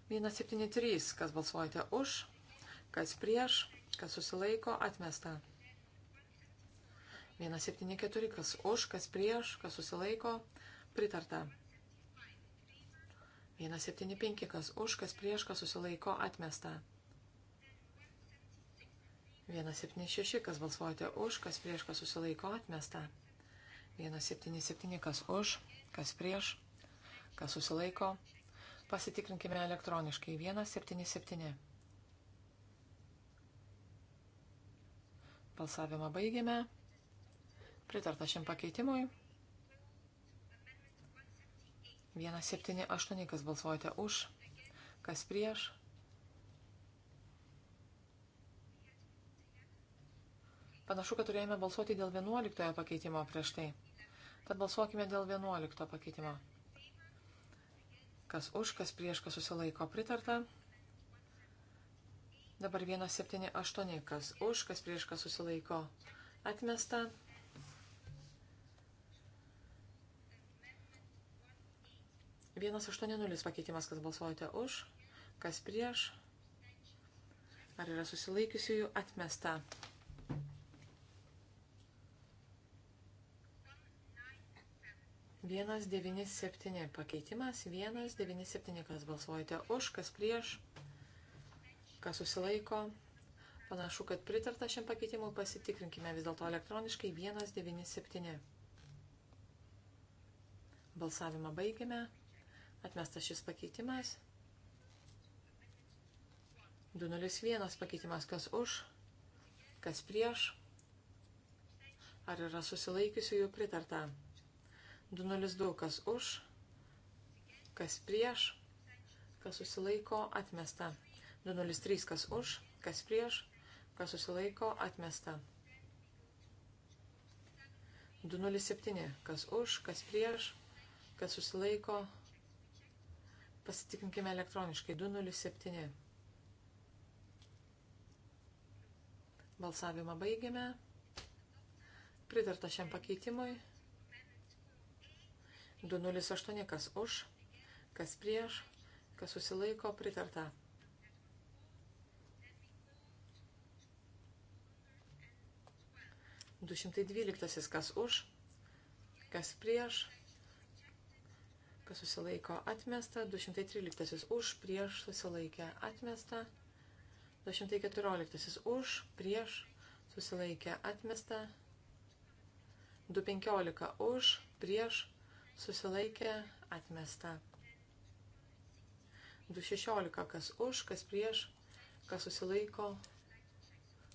Vienas septyni trys, kas balsuojate už, kas prieš, kas susilaiko, atmesta. 174, kas už, kas prieš, kas susilaiko, pritarta. 175, kas už, kas prieš, kas susilaiko, atmesta. 176, kas balsuojate už, kas prieš, kas susilaiko atmesta. 177, kas už, kas prieš, kas susilaiko. Pasitikrinkime elektroniškai. 177. Balsavimą baigėme. Pritarta šiam pakeitimui. 178, kas balsuojate už, kas prieš, Panašu, kad turėjome balsuoti dėl 11 pakeitimo prieš tai. Tad balsuokime dėl 11 pakeitimo. Kas už, kas prieš, kas susilaiko pritarta. Dabar 178. Kas už, kas prieš, kas susilaiko atmesta. Vienas aštuoni nulis pakeitimas, kas balsuojate už, kas prieš, ar yra susilaikiusiųjų atmesta. 197 pakeitimas, 197, kas balsuojate už, kas prieš, kas susilaiko. Panašu, kad pritarta šiam pakeitimui, pasitikrinkime vis dėlto elektroniškai 197. Balsavimą baigėme, atmestas šis pakeitimas. 201 pakeitimas, kas už, kas prieš, ar yra susilaikiusių jų pritarta. 202, kas už, kas prieš, kas susilaiko, atmesta. 203, kas už, kas prieš, kas susilaiko, atmesta. 207, kas už, kas prieš, kas susilaiko, pasitikinkime elektroniškai. 207. Balsavimą baigiame. Pritarta šiam pakeitimui. 208, kas už, kas prieš, kas susilaiko, pritarta. Du šimtai dvyliktasis, kas už, kas prieš, kas susilaiko, atmesta. Du šimtai tryliktasis, už, prieš, susilaikę, atmesta. Du šimtai keturioliktasis, už, prieš, susilaikę, atmesta. Du penkiolika, už, prieš, susilaikė, atmesta. 216, kas už, kas prieš, kas susilaiko.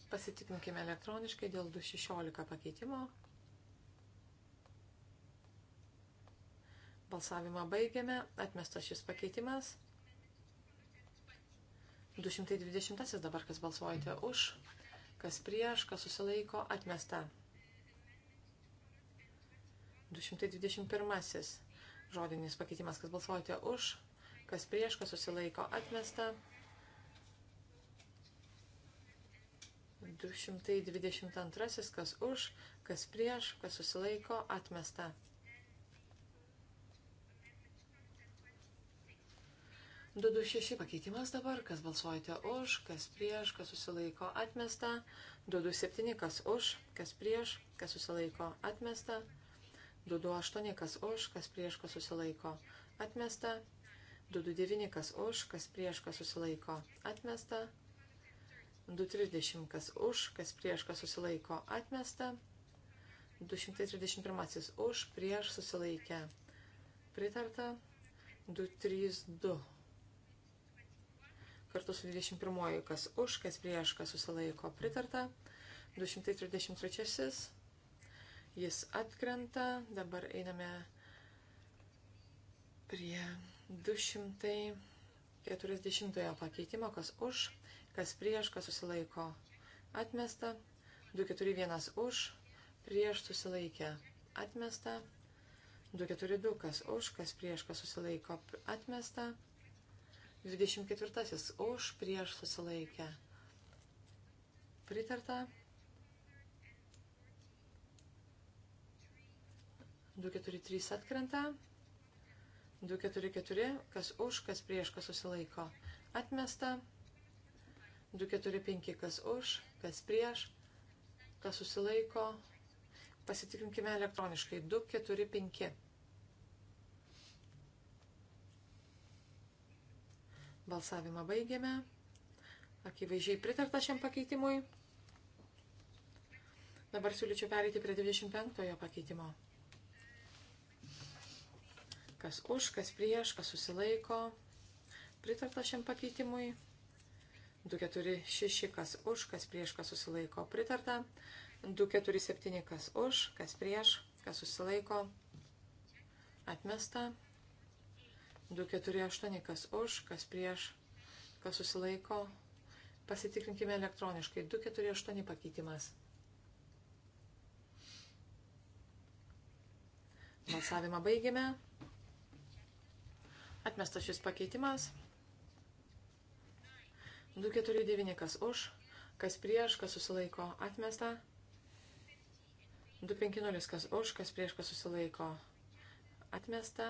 Pasitikrinkime elektroniškai dėl 216 pakeitimo. Balsavimą baigiame, atmestas šis pakeitimas. 220 dabar, kas balsuojate už, kas prieš, kas susilaiko, atmesta. 221 žodinis pakeitimas, kas balsuojate už, kas prieš, kas susilaiko atmesta. 222, kas už, kas prieš, kas susilaiko atmesta. 226 pakeitimas dabar, kas balsuojate už, kas prieš, kas susilaiko atmesta. 227, kas už, kas prieš, kas susilaiko atmesta. 228. 228 kas už, kas prieš, kas susilaiko. Atmesta. 229 kas už, kas prieš, kas susilaiko. Atmesta. 230 kas už, kas prieš, kas susilaiko. Atmesta. 231 už, prieš, susilaikę. Pritarta. 232. Kartu su 21 kas už, kas prieš, kas susilaiko. Pritarta. 233 jis atkrenta. Dabar einame prie 240 pakeitimo, kas už, kas prieš, kas susilaiko atmesta. 241 už, prieš susilaikę atmesta. 242 kas už, kas prieš, kas susilaiko atmesta. 24 už, prieš susilaikę pritarta. 243 atkrenta. 244, kas už, kas prieš, kas susilaiko. Atmesta. 245, kas už, kas prieš, kas susilaiko. Pasitikrinkime elektroniškai. 245. Balsavimą baigėme. Akivaizdžiai pritarta šiam pakeitimui. Dabar siūlyčiau pereiti prie 25 pakeitimo. Kas už, kas prieš, kas susilaiko. Pritarta šiam pakeitimui. 246, kas už, kas prieš, kas susilaiko. Pritarta. 247, kas už, kas prieš, kas susilaiko. Atmesta. 248, kas už, kas prieš, kas susilaiko. Pasitikrinkime elektroniškai. 248 pakeitimas. Balsavimą baigėme. Atmestas šis pakeitimas. 249 kas už, kas prieš, kas susilaiko atmesta. 250 kas už, kas prieš, kas susilaiko atmesta.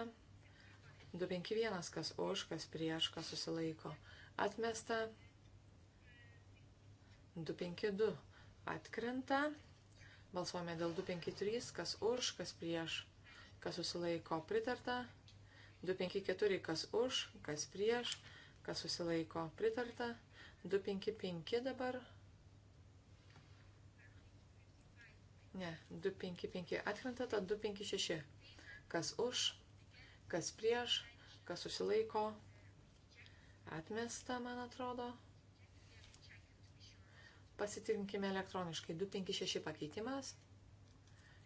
251 kas už, kas prieš, kas susilaiko atmesta. 252 atkrenta. Balsuojame dėl 253, kas už, kas prieš, kas susilaiko pritarta. 254 kas už, kas prieš, kas susilaiko pritarta. 255 dabar. Ne, 255 atkrenta, tad 256. Kas už, kas prieš, kas susilaiko. Atmesta, man atrodo. Pasitikrinkime elektroniškai. 256 pakeitimas.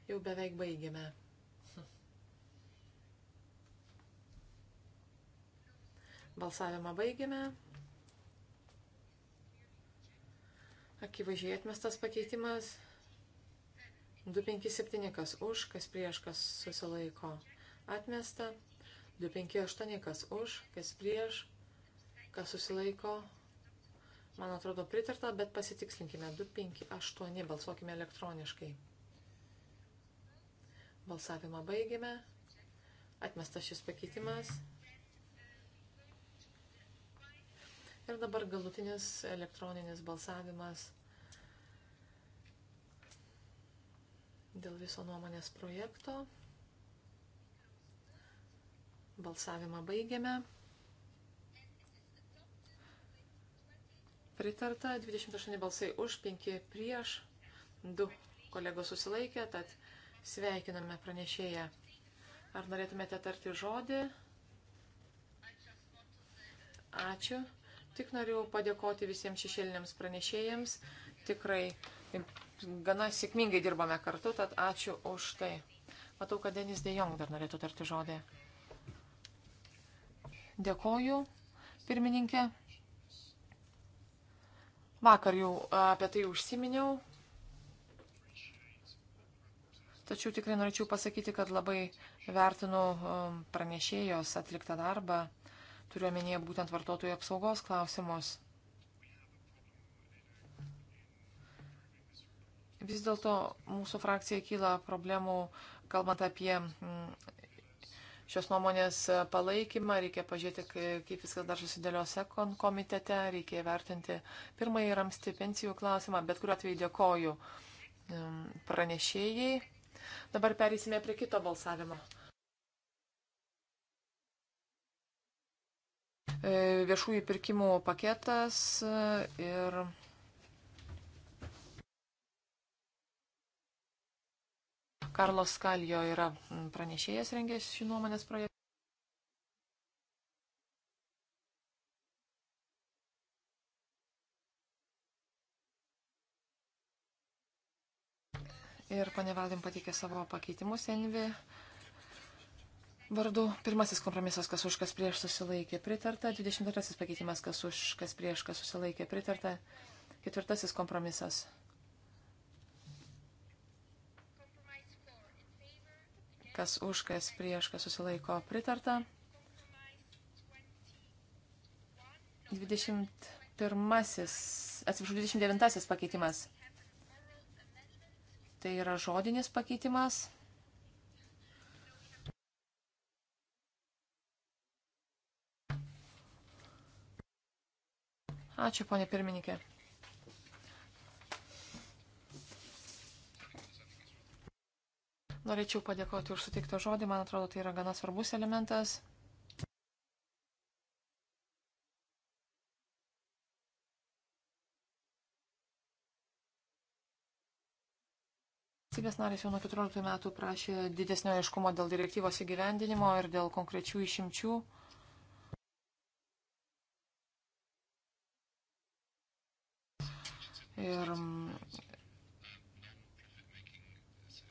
Jau beveik baigėme. Balsavimą baigiame. Akivaizdžiai atmestas pakeitimas. 257 kas už, kas prieš, kas susilaiko. Atmesta. 258 kas už, kas prieš, kas susilaiko. Man atrodo pritarta, bet pasitikslinkime. 258 balsuokime elektroniškai. Balsavimą baigėme. Atmestas šis pakeitimas. Ir dabar galutinis elektroninis balsavimas dėl viso nuomonės projekto. Balsavimą baigiame. Pritarta 28 balsai už, 5 prieš, 2 kolegos susilaikė, tad sveikiname pranešėją. Ar norėtumėte tarti žodį? Ačiū. Tik noriu padėkoti visiems šešėliniams pranešėjams. Tikrai gana sėkmingai dirbame kartu, tad ačiū už tai. Matau, kad Denis Dejong dar norėtų tarti žodį. Dėkoju, pirmininkė. Vakar jau apie tai užsiminiau. Tačiau tikrai norėčiau pasakyti, kad labai vertinu um, pranešėjos atliktą darbą. Turiuomenėje būtent vartotojų apsaugos klausimus. Vis dėlto mūsų frakcija kyla problemų, kalbant apie mm, šios nuomonės palaikymą, reikia pažiūrėti, kaip viskas dar susidėlios ekon komitete, reikia įvertinti pirmąjį ramstį pensijų klausimą, bet kuriuo atveju dėkoju mm, pranešėjai. Dabar perėsime prie kito balsavimo. E, viešųjų pirkimų paketas e, ir Karlos Skalio yra pranešėjas rengęs šį nuomonės projektą. Ir pane Valdim pateikė savo pakeitimus Envi vardu. Pirmasis kompromisas, kas už, kas prieš susilaikė pritarta. 22 pakeitimas, kas už, kas prieš, kas susilaikė pritarta. Ketvirtasis kompromisas. Kas už, kas prieš, kas susilaiko pritarta. 21, atsiprašau, 29 pakeitimas. Tai yra žodinis pakeitimas. Ačiū, ponė pirmininkė. Norėčiau padėkoti už suteiktą žodį, man atrodo, tai yra gana svarbus elementas. Valstybės narės jau nuo 14 metų prašė didesnio aiškumo dėl direktyvos įgyvendinimo ir dėl konkrečių išimčių. Ir mm,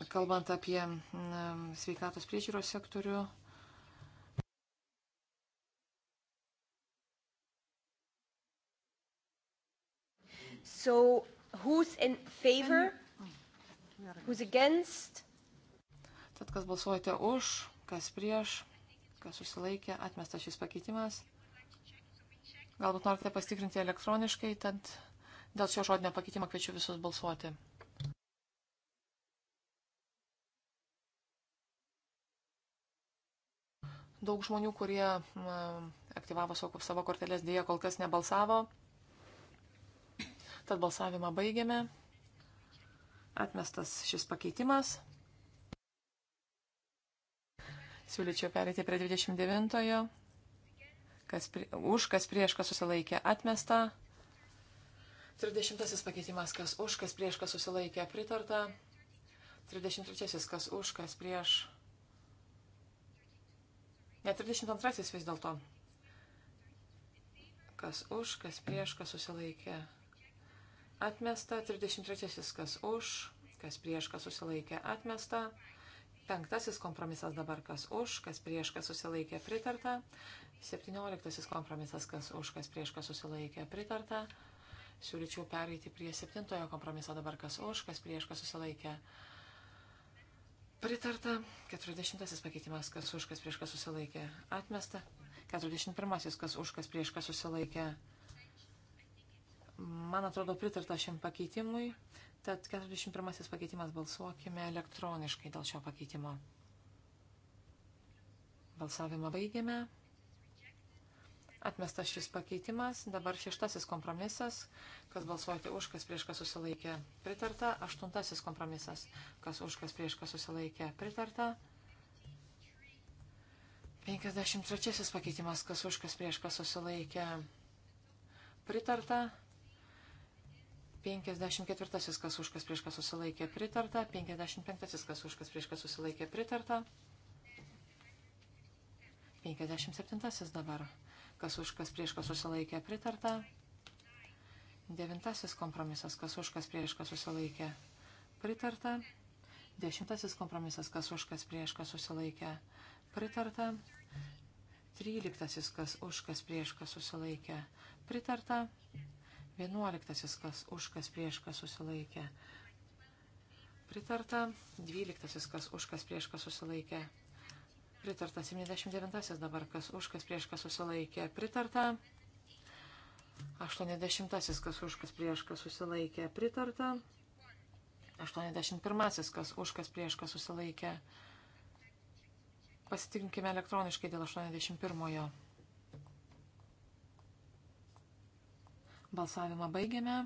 kalbant apie mm, sveikatos priežiūros sektorių, So, who's in favor? Who's against? Tad kas balsuojate už, kas prieš, kas susilaikė, atmestas šis pakeitimas. Galbūt norite pastikrinti elektroniškai, tad Dėl šio žodinio pakeitimo kviečiu visus balsuoti. Daug žmonių, kurie aktyvavo savo kortelės, dėja kol kas nebalsavo. Tad balsavimą baigėme. Atmestas šis pakeitimas. Siūlyčiau perėti prie 29. Kas prie, už, kas prieš, kas susilaikė atmestą. 30 pakeitimas, kas už, kas prieš, kas susilaikė, pritarta. 33 kas už, kas prieš. Net 32 vis dėlto. Kas už, kas prieš, kas susilaikė. Atmesta. 33 kas už, kas prieš, kas susilaikė. Atmesta. Penktasis kompromisas dabar kas už, kas prieš, kas susilaikė. Pritarta. Septynioliktasis kompromisas kas už, kas prieš, kas susilaikė. Pritarta. Siūlyčiau pereiti prie septintojo kompromiso dabar kas už, kas prieš, kas susilaikė. Pritarta. 40 pakeitimas, kas už, kas prieš, kas susilaikė. Atmesta. 41 kas už, kas prieš, kas susilaikė. Man atrodo, pritarta šiam pakeitimui. Tad 41 pakeitimas balsuokime elektroniškai dėl šio pakeitimo. Balsavimą baigėme. Atmestas šis pakeitimas. Dabar šeštasis kompromisas. Kas balsuoti už, kas prieš, kas susilaikė. Pritarta. Aštuntasis kompromisas. Kas už, kas prieš, kas susilaikė. Pritarta. 53 pakeitimas. Kas už, kas prieš, kas susilaikė. Pritarta. 54 kas už, kas prieš, kas susilaikė. Pritarta. 55 kas už, kas prieš, kas susilaikė. Pritarta. 57 dabar kas už, kas prieš, kas susilaikė, pritarta. Devintasis kompromisas, kas už, kas prieš, kas susilaikė, pritarta. Dešimtasis kompromisas, kas už, kas prieš, kas susilaikė, pritarta. Tryliktasis, kas už, kas prieš, kas susilaikė, pritarta. Vienuoliktasis, kas už, kas prieš, kas susilaikė, pritarta. Dvyliktasis, kas už, kas prieš, kas susilaikė, pritarta. Pritarta 79 dabar, kas už, kas prieš, kas susilaikė. Pritarta 80 kas už, kas prieš, kas susilaikė. Pritarta 81 kas už, kas prieš, kas susilaikė. Pasitikrinkime elektroniškai dėl 81-ojo. Balsavimą baigėme.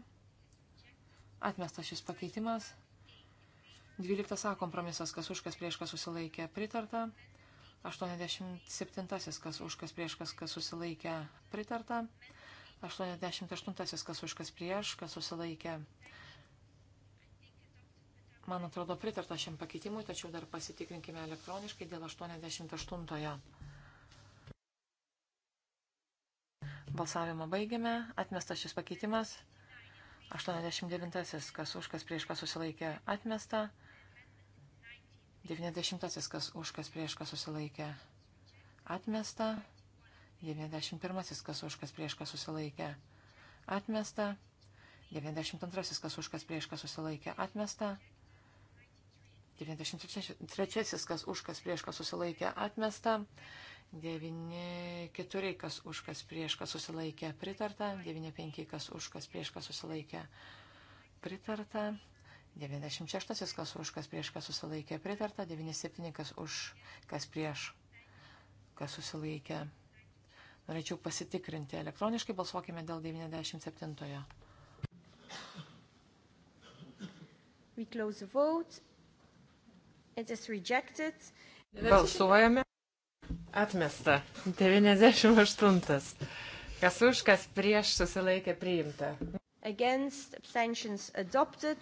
Atmestas šis pakeitimas. 12 A kompromisas, kas už, kas prieš, kas susilaikė. Pritarta. 87 kas už kas prieš kas, kas susilaikė pritarta. 88 kas už kas prieš kas susilaikė. Man atrodo, pritarta šiam pakeitimui, tačiau dar pasitikrinkime elektroniškai dėl 88-ojo. Balsavimą baigiame. Atmestas šis pakeitimas. 89-asis kas už kas prieš kas susilaikė atmesta. 90 kas už, kas prieš, kas susilaikė. Atmesta. 91 kas už, kas prieš, kas susilaikė. Atmesta. 92 kas už, kas prieš, kas susilaikė. Atmesta. 93 kas už, kas prieš, kas susilaikė. Atmesta. 9, 4, kas už, kas prieš, kas susilaikė, pritarta, 9, 5, kas už, kas prieš, kas susilaikė, pritarta, 96 kas už, kas prieš, kas susilaikė pritarta, 97 kas už, kas prieš, kas susilaikė. Norėčiau pasitikrinti elektroniškai, balsuokime dėl 97-ojo. We close the vote. It is rejected. Balsuojame. Atmesta. 98. Kas už, kas prieš susilaikė priimta against, abstentions adopted.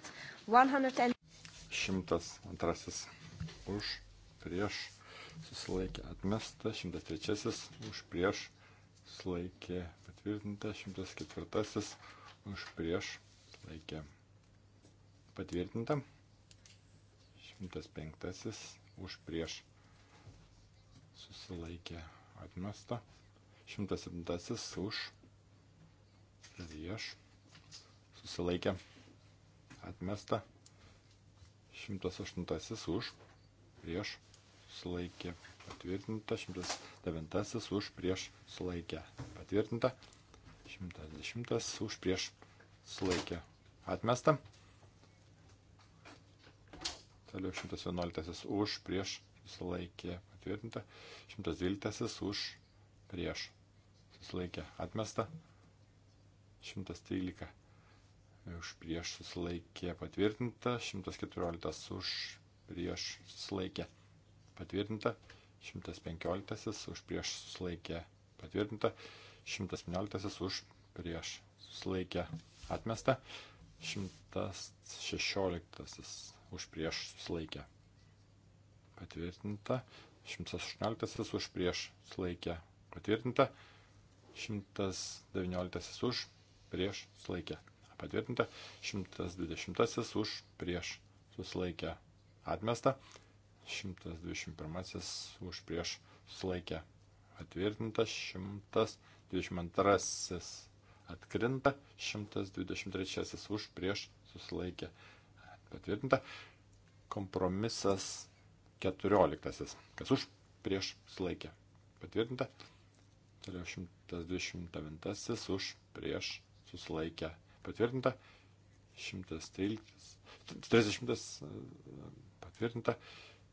102 už, prieš, susilaikė atmesta, 103 už, prieš, susilaikė patvirtinta, 104 už, prieš, susilaikė patvirtinta, 105 už, prieš, susilaikė atmesta, 107 už, prieš, susilaikė, atmesta. 108 už, prieš, susilaikė, patvirtinta. 109 už, prieš, susilaikė, patvirtinta. 110 už, prieš, susilaikė, atmesta. Toliau 111 už, prieš, susilaikė, patvirtinta. 112 už, prieš, susilaikė, atmesta. 113 už prieš susilaikė patvirtinta, 114 už prieš susilaikė patvirtinta, 115 už prieš susilaikė patvirtinta, 119 už prieš susilaikė atmesta, 116 už prieš susilaikė patvirtinta, 118 už prieš susilaikė patvirtinta, 119 už prieš susilaikė patvirtinta, 120 už prieš susilaikę atmesta, 121 už prieš susilaikę patvirtinta, 122 atkrinta, 123 už prieš susilaikę patvirtinta, kompromisas 14, kas už prieš susilaikę patvirtinta, toliau 129 už prieš susilaikę patvirtinta, 113, 30 e, patvirtinta,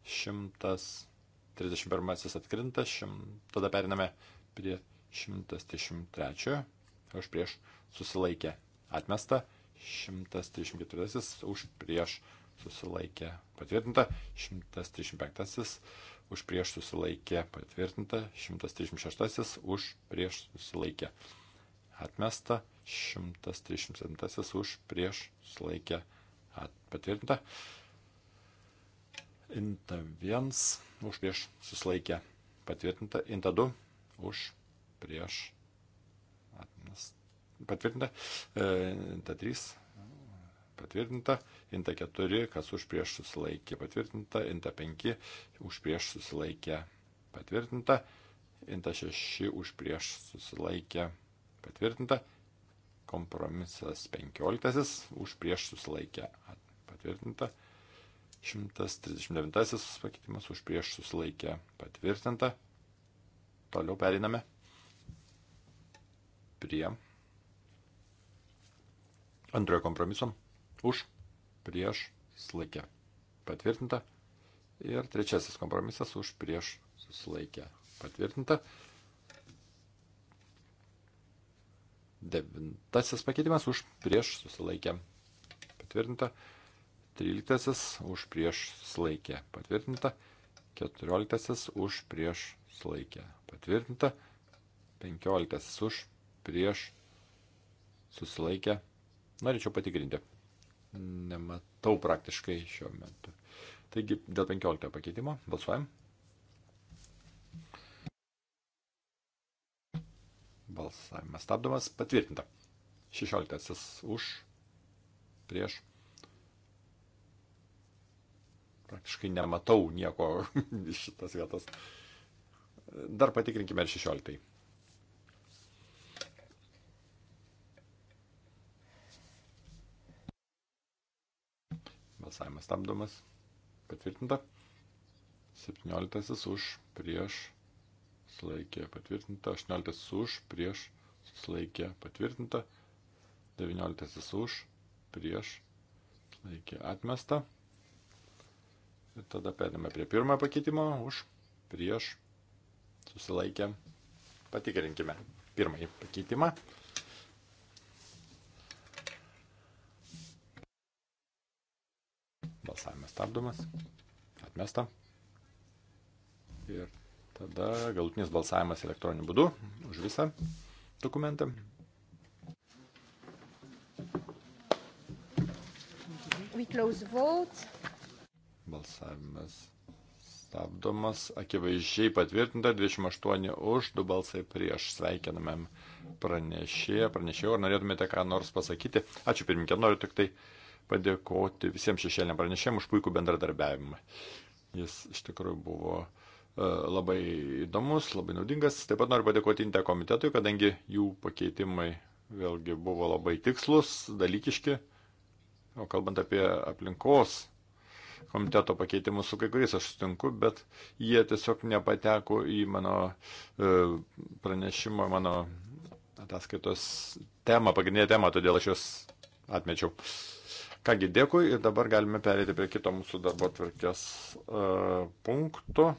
131 atkrinta, šim, tada periname prie 133, už prieš susilaikė atmesta, 134 už prieš susilaikė patvirtinta, 135 už prieš susilaikė patvirtinta, 136 už prieš susilaikė patvirtinta atmesta, 137 už prieš sulaikę patvirtinta, inta 1 už prieš susilaikę patvirtinta, inta 2 už prieš atmesta, e, patvirtinta, inta 3 patvirtinta, inta 4, kas už prieš susilaikė patvirtinta, inta 5 už prieš susilaikė patvirtinta, inta 6 už prieš susilaikė patvirtinta. Kompromisas 15 už prieš susilaikę patvirtinta. 139 pakeitimas už prieš susilaikę patvirtinta. Toliau periname prie antrojo kompromiso už prieš susilaikę patvirtinta. Ir trečiasis kompromisas už prieš susilaikę patvirtinta. Devintasis pakeitimas už prieš susilaikė patvirtinta. Tryliktasis už prieš susilaikė patvirtinta. Keturioliktasis už prieš susilaikė patvirtinta. Penkioliktasis už prieš susilaikė. Norėčiau patikrinti. Nematau praktiškai šiuo metu. Taigi dėl 15 pakeitimo balsuojam. Balsavimas stabdomas. Patvirtinta. 16 už. Prieš. Praktiškai nematau nieko iš šitas vietas. Dar patikrinkime ir 16. Balsavimas stabdomas. Patvirtinta. 17 už prieš susilaikė patvirtinta, 18 už, prieš susilaikė patvirtinta, 19 už, prieš susilaikė atmesta. Ir tada perėmė prie pirmojo pakeitimo, už, prieš susilaikė. Patikrinkime pirmąjį pakeitimą. Balsavimas stabdomas. Atmesta. Ir Tada galutinis balsavimas elektroniniu būdu už visą dokumentą. Balsavimas stabdomas, akivaizdžiai patvirtinta, 28 už, 2 balsai prieš. Sveikinamėm pranešėją, pranešėjau, ar norėtumėte ką nors pasakyti. Ačiū pirmininkė, noriu tik tai padėkoti visiems šešėlėm pranešėjim už puikų bendradarbiavimą. Jis iš tikrųjų buvo uh, E, labai įdomus, labai naudingas. Taip pat noriu padėkoti Inte komitetui, kadangi jų pakeitimai vėlgi buvo labai tikslus, dalykiški. O kalbant apie aplinkos komiteto pakeitimus su kai kuriais aš sutinku, bet jie tiesiog nepateko į mano e, pranešimą, mano ataskaitos temą, pagrindinę temą, todėl aš juos atmečiau. Kągi, dėkui ir dabar galime perėti prie kito mūsų darbo tvarkės uh, punkto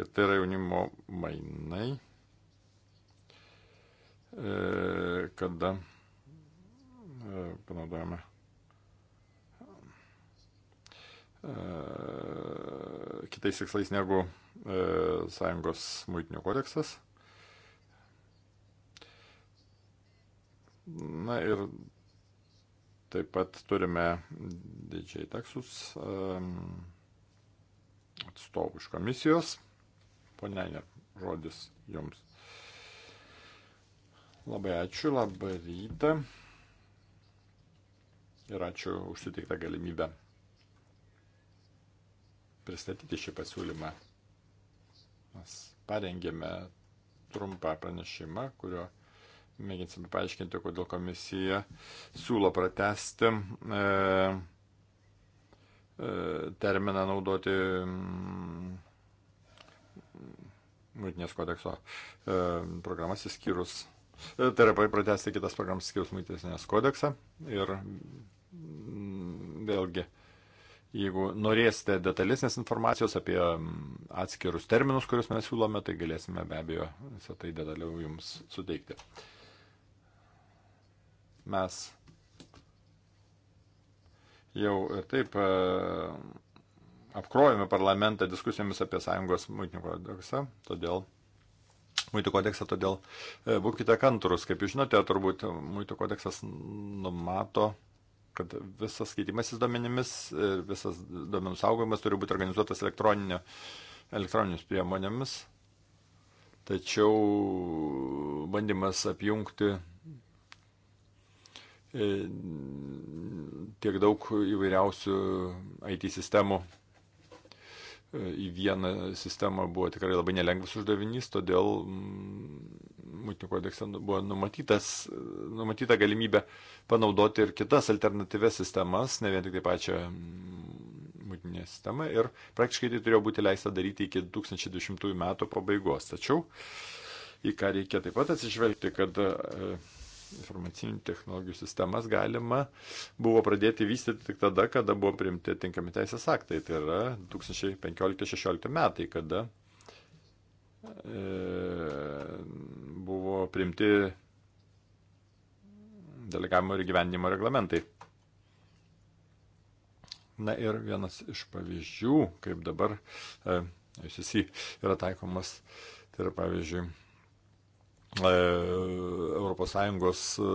ir tai yra jaunimo mainai, e, kada e, panaudojame e, kitais tikslais negu Sąjungos muitinių kodeksas. Na ir taip pat turime didžiai taksus atstovų iš komisijos. Ponenė, žodis jums. Labai ačiū, labą rytą ir ačiū už suteiktą galimybę pristatyti šį pasiūlymą. Mes parengėme trumpą pranešimą, kurio mėginsime paaiškinti, kodėl komisija siūlo pratesti e, e, terminą naudoti. Mm, Mūtinės kodekso e, programas įskyrus, e, tai yra pratesti kitas programas įskyrus Mūtinės kodeksą. Ir mm, vėlgi, jeigu norėsite detalesnės informacijos apie mm, atskirus terminus, kuriuos mes siūlome, tai galėsime be abejo visą tai detaliau jums suteikti. Mes jau ir e, taip apkrovėme parlamentą diskusijomis apie sąjungos muitinių kodeksą, todėl muitų kodeksą, todėl e, būkite kantrus. Kaip jūs žinote, turbūt muitų kodeksas numato, kad visas skaitimasis duomenimis, visas duomenų saugojimas turi būti organizuotas elektroninėmis priemonėmis. Tačiau bandymas apjungti e, tiek daug įvairiausių IT sistemų E, į vieną sistemą buvo tikrai labai nelengvas uždavinys, todėl Mūtinių mm, kodekse nu, buvo numatyta galimybė panaudoti ir kitas alternatyves sistemas, ne vien tik tai pačią mūtinę mm, sistemą ir praktiškai tai turėjo būti leista daryti iki 2010 metų pabaigos. Tačiau į ką reikia taip pat atsižvelgti, kad e, informacinių technologijų sistemas galima buvo pradėti vystyti tik tada, kada buvo priimti tinkami teisės aktai. Tai yra 2015-2016 metai, kada e, buvo priimti delegavimo ir gyvenimo reglamentai. Na ir vienas iš pavyzdžių, kaip dabar e, SSI yra taikomas, tai yra pavyzdžiui ES e,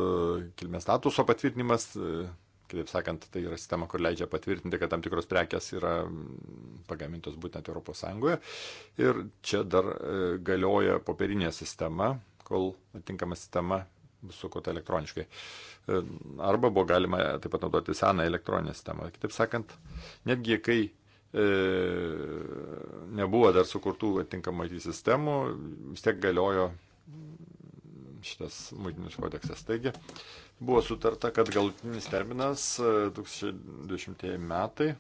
kilmės statuso patvirtinimas. E, kitaip sakant, tai yra sistema, kur leidžia patvirtinti, kad tam tikros prekes yra pagamintos būtent ES. Ir čia dar e, galioja popierinė sistema, kol atitinkama sistema bus sukurta elektroniškai. Arba buvo galima taip pat naudoti seną elektroninę sistemą. Kitaip sakant, netgi kai nebuvo dar sukurtų atitinkamų IT sistemų, vis tiek galiojo šitas muitinis kodeksas. Taigi buvo sutarta, kad galutinis terminas 2010 e, metai,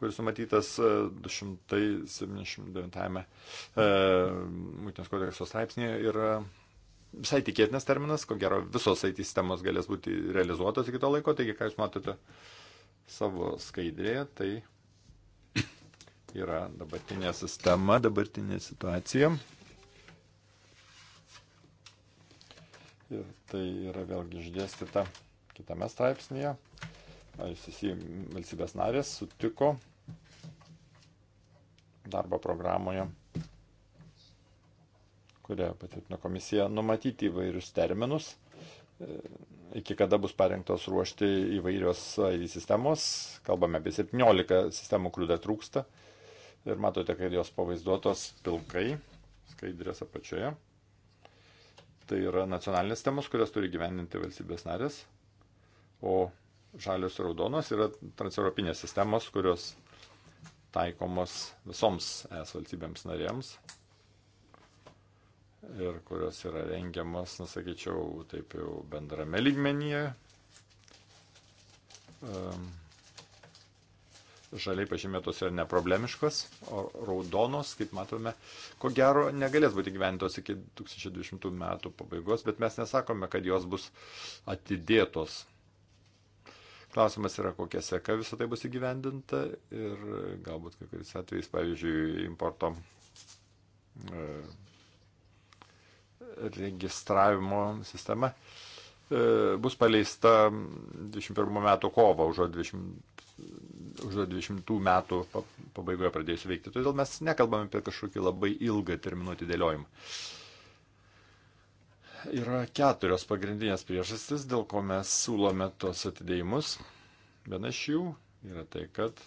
kuris numatytas 279 e, e, muitinės kodekso straipsnėje, yra visai tikėtinas terminas, ko gero visos IT sistemos galės būti realizuotos iki to laiko, taigi ką jūs matote savo skaidrėje, tai yra dabartinė sistema, dabartinė situacija. Ir tai yra vėlgi išdėstyta kitame straipsnėje. ICC valstybės narės sutiko darbo programoje, kurią patvirtino komisija, numatyti įvairius terminus, e, iki kada bus parengtos ruošti įvairios ID sistemos. Kalbame apie 17 sistemų, kurių dar trūksta. Ir matote, kad jos pavaizduotos pilkai, skaidrės apačioje. Tai yra nacionalinės temos, kurias turi gyveninti valstybės narės, o žalios ir raudonos yra transeuropinės sistemos, kurios taikomos visoms es valstybėms narėms ir kurios yra rengiamas, nusakyčiau, taip jau bendrame lygmenyje. Um žaliai pažymėtos yra neproblemiškos, o raudonos, kaip matome, ko gero negalės būti gyventos iki 2020 metų pabaigos, bet mes nesakome, kad jos bus atidėtos. Klausimas yra, kokia seka visą tai bus įgyvendinta ir galbūt kai kuris atvejais, pavyzdžiui, importo e, registravimo sistema e, bus paleista 21 metų kovo, užuot 20 už 20 metų pabaigoje pradėsiu veikti. Todėl mes nekalbame apie kažkokį labai ilgą terminų atidėliojimą. Yra keturios pagrindinės priežastis, dėl ko mes siūlome tos atidėjimus. Viena iš jų yra tai, kad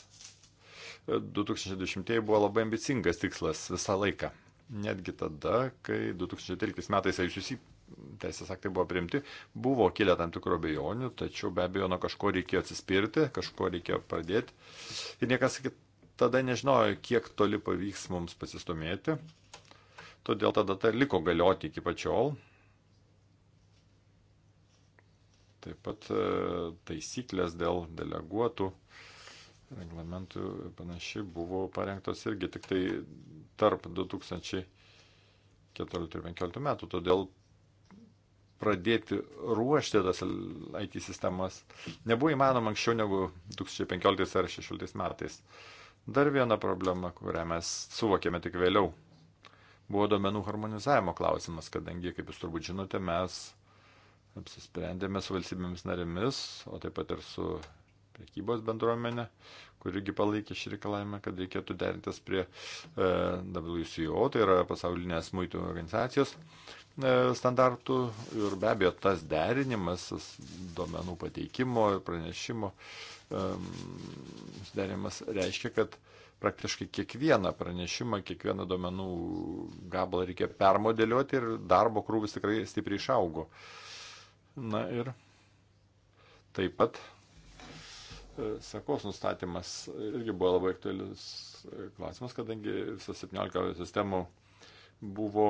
2020 buvo labai ambicingas tikslas visą laiką. Netgi tada, kai 2013 metais ICC teisės aktai buvo priimti, buvo kilę tam tikro bejonių, tačiau be abejo nuo kažko reikėjo atsispirti, kažko reikėjo pradėti. Ir niekas tada nežinojo, kiek toli pavyks mums pasistumėti. Todėl tada ta liko galioti iki pačiol. Taip pat e, taisyklės dėl deleguotų reglamentų panašiai buvo parengtos irgi tik tai tarp 2000. 14-15 metų. Todėl pradėti ruošti tas IT sistemas nebuvo įmanoma anksčiau negu 2015 ar 2016 metais. Dar viena problema, kurią mes suvokėme tik vėliau, buvo domenų harmonizavimo klausimas, kadangi, kaip jūs turbūt žinote, mes apsisprendėme su valstybėmis narėmis, o taip pat ir su prekybos bendruomenė, kurigi palaikė šį reikalavimą, kad reikėtų derintis prie e, WCO, tai yra pasaulinės muitų organizacijos. E, standartų ir be abejo tas derinimas, duomenų pateikimo ir pranešimo e, derinimas reiškia, kad praktiškai kiekvieną pranešimą, kiekvieną duomenų gabalą reikia permodeliuoti ir darbo krūvis tikrai stipriai išaugo. Na ir taip pat e, sekos nustatymas irgi buvo labai aktualius klausimas, kadangi visos 17 sistemų buvo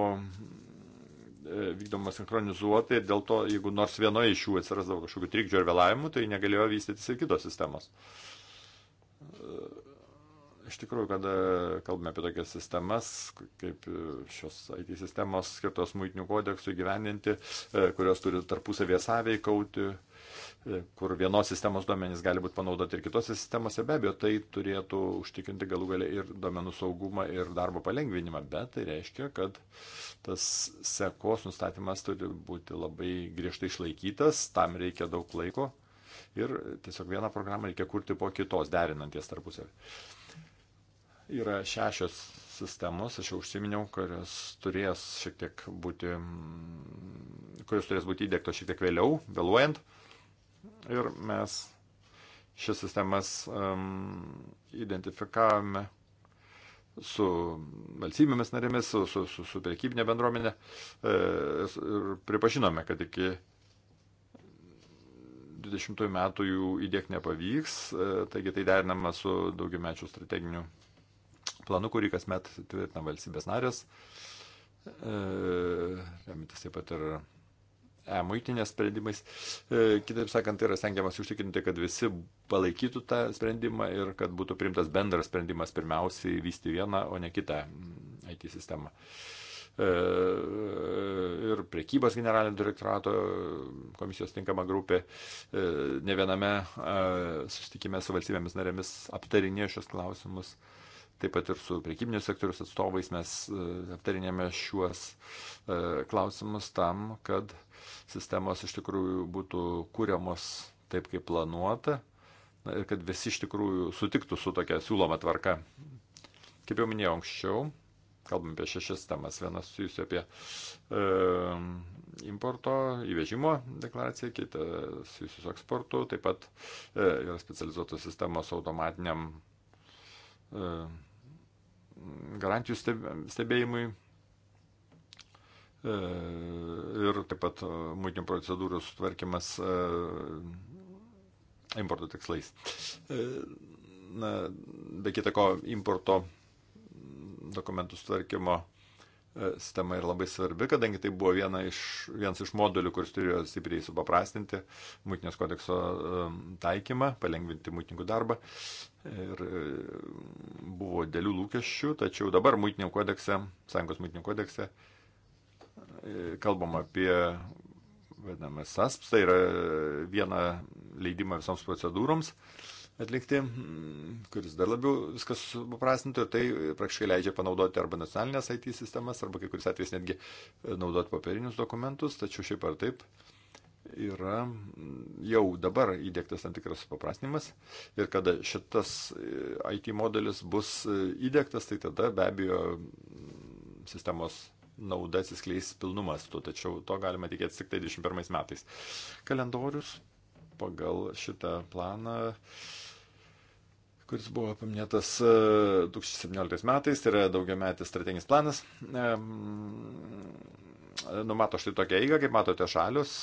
E, vykdoma sinchronizuotai ir dėl to, jeigu nors vienoje iš jų atsirasdavo kažkokių trikdžių ar vėlavimų, tai negalėjo vystytis ir kitos sistemos. E, iš tikrųjų, kada kalbame apie tokias sistemas, kaip e, šios IT sistemos skirtos muitinių kodeksų įgyvendinti, kurios turi tarpusavėje sąveikauti, E, kur vienos sistemos duomenys gali būti panaudoti ir kitose sistemose, be abejo, tai turėtų užtikrinti galų galę ir duomenų saugumą, ir darbo palengvinimą, bet tai reiškia, kad tas sekos nustatymas turi būti labai griežtai išlaikytas, tam reikia daug laiko ir tiesiog vieną programą reikia kurti po kitos, derinanties tarpusavį. Yra šešios sistemos, aš jau užsiminiau, kurios turės šiek tiek būti, kurios turės būti įdėktos šiek tiek vėliau, vėluojant. Uh, Ir mes šias sistemas um, identifikavome su valstybėmis narėmis, su, su, su, su priekybinė bendruomenė e, ir pripažinome, kad iki 20 metų jų įdėk nepavyks, e, taigi tai derinama su daugiamečių strateginiu planu, kurį kasmet tvirtina valstybės narės, e, remintis taip pat ir e-muitinės sprendimais. E, kitaip sakant, tai yra stengiamas užtikrinti, kad visi palaikytų tą sprendimą ir kad būtų priimtas bendras sprendimas pirmiausiai vysti vieną, o ne kitą IT sistemą. E, ir priekybos generalinio direktorato komisijos tinkama grupė e, ne viename susitikime su valstybėmis narėmis aptarinėjo šios klausimus taip pat ir su priekybinio sektoriaus atstovais mes aptarinėme šiuos klausimus tam, kad sistemos iš tikrųjų būtų kūriamos taip, kaip planuota na, ir kad visi iš tikrųjų sutiktų su tokia siūloma tvarka. Kaip jau minėjau anksčiau, kalbam apie šešias temas. Vienas susijusi apie e, importo įvežimo deklaraciją, kita susijusi su eksportu, taip pat e, yra specializuotos sistemos automatiniam e, garantijų stebėjimui E, ir taip pat e, mūtinių procedūrų sutvarkymas e, importo tikslais. Na, be kita ko, importo dokumentų sutvarkymo sistema yra labai svarbi, kadangi tai buvo viena iš, vienas iš modulių, kuris turėjo stipriai supaprastinti mūtinės kodekso taikymą, palengvinti mūtininkų darbą. Ir buvo dėlių lūkesčių, tačiau dabar mūtinių kodekse, Sąjungos mūtinių kodekse, uh, E, kalbam apie, vadinamą, SASP, tai yra viena leidimą visoms procedūroms atlikti, mm, kuris dar labiau viskas supaprastintų ir tai praktiškai leidžia panaudoti arba nacionalinės IT sistemas, arba kai kuris atvejs netgi naudoti popierinius dokumentus, tačiau šiaip ar taip yra mm, jau dabar įdėktas tam tikras supaprastinimas ir kada šitas e, IT modelis bus e, įdėktas, tai tada be abejo mm, sistemos nauda atsiskleis pilnu mastu, tačiau to galima tikėtis tik tai 21 metais. Kalendorius pagal šitą planą kuris buvo paminėtas 2017 e, metais, tai yra daugiametis strateginis planas, numato štai tokią eigą, kaip matote, šalius,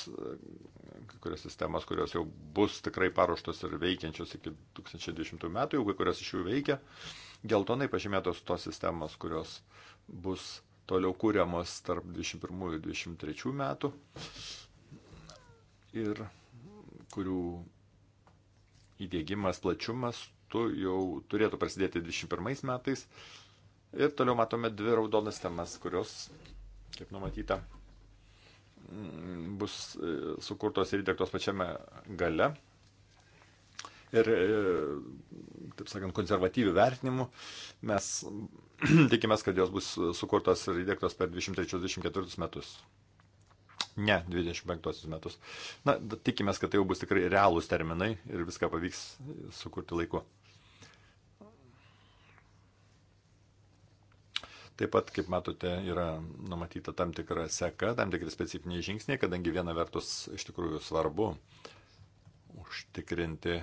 kurios sistemos, kurios jau bus tikrai paruoštos ir veikiančios iki 2020 metų, jau kai kurios iš jų veikia, geltonai pažymėtos tos sistemos, kurios bus uh, toliau kūriamos tarp 21 ir 23 metų ir kurių įdėgymas plačiumas tu jau turėtų prasidėti 21 metais. Ir toliau matome dvi raudonas temas, kurios, kaip numatyta, bus e, sukurtos ir įdėktos pačiame gale. Ir, e, taip sakant, konservatyvių vertinimų mes tikimės, kad jos bus sukurtos ir įdėktos per 23-24 metus. Ne, 25 metus. Na, tikimės, kad tai jau bus tikrai realūs terminai ir viską pavyks sukurti laiku. Taip pat, kaip matote, yra numatyta tam tikra seka, tam tikri specifiniai žingsniai, kadangi viena vertus iš tikrųjų svarbu užtikrinti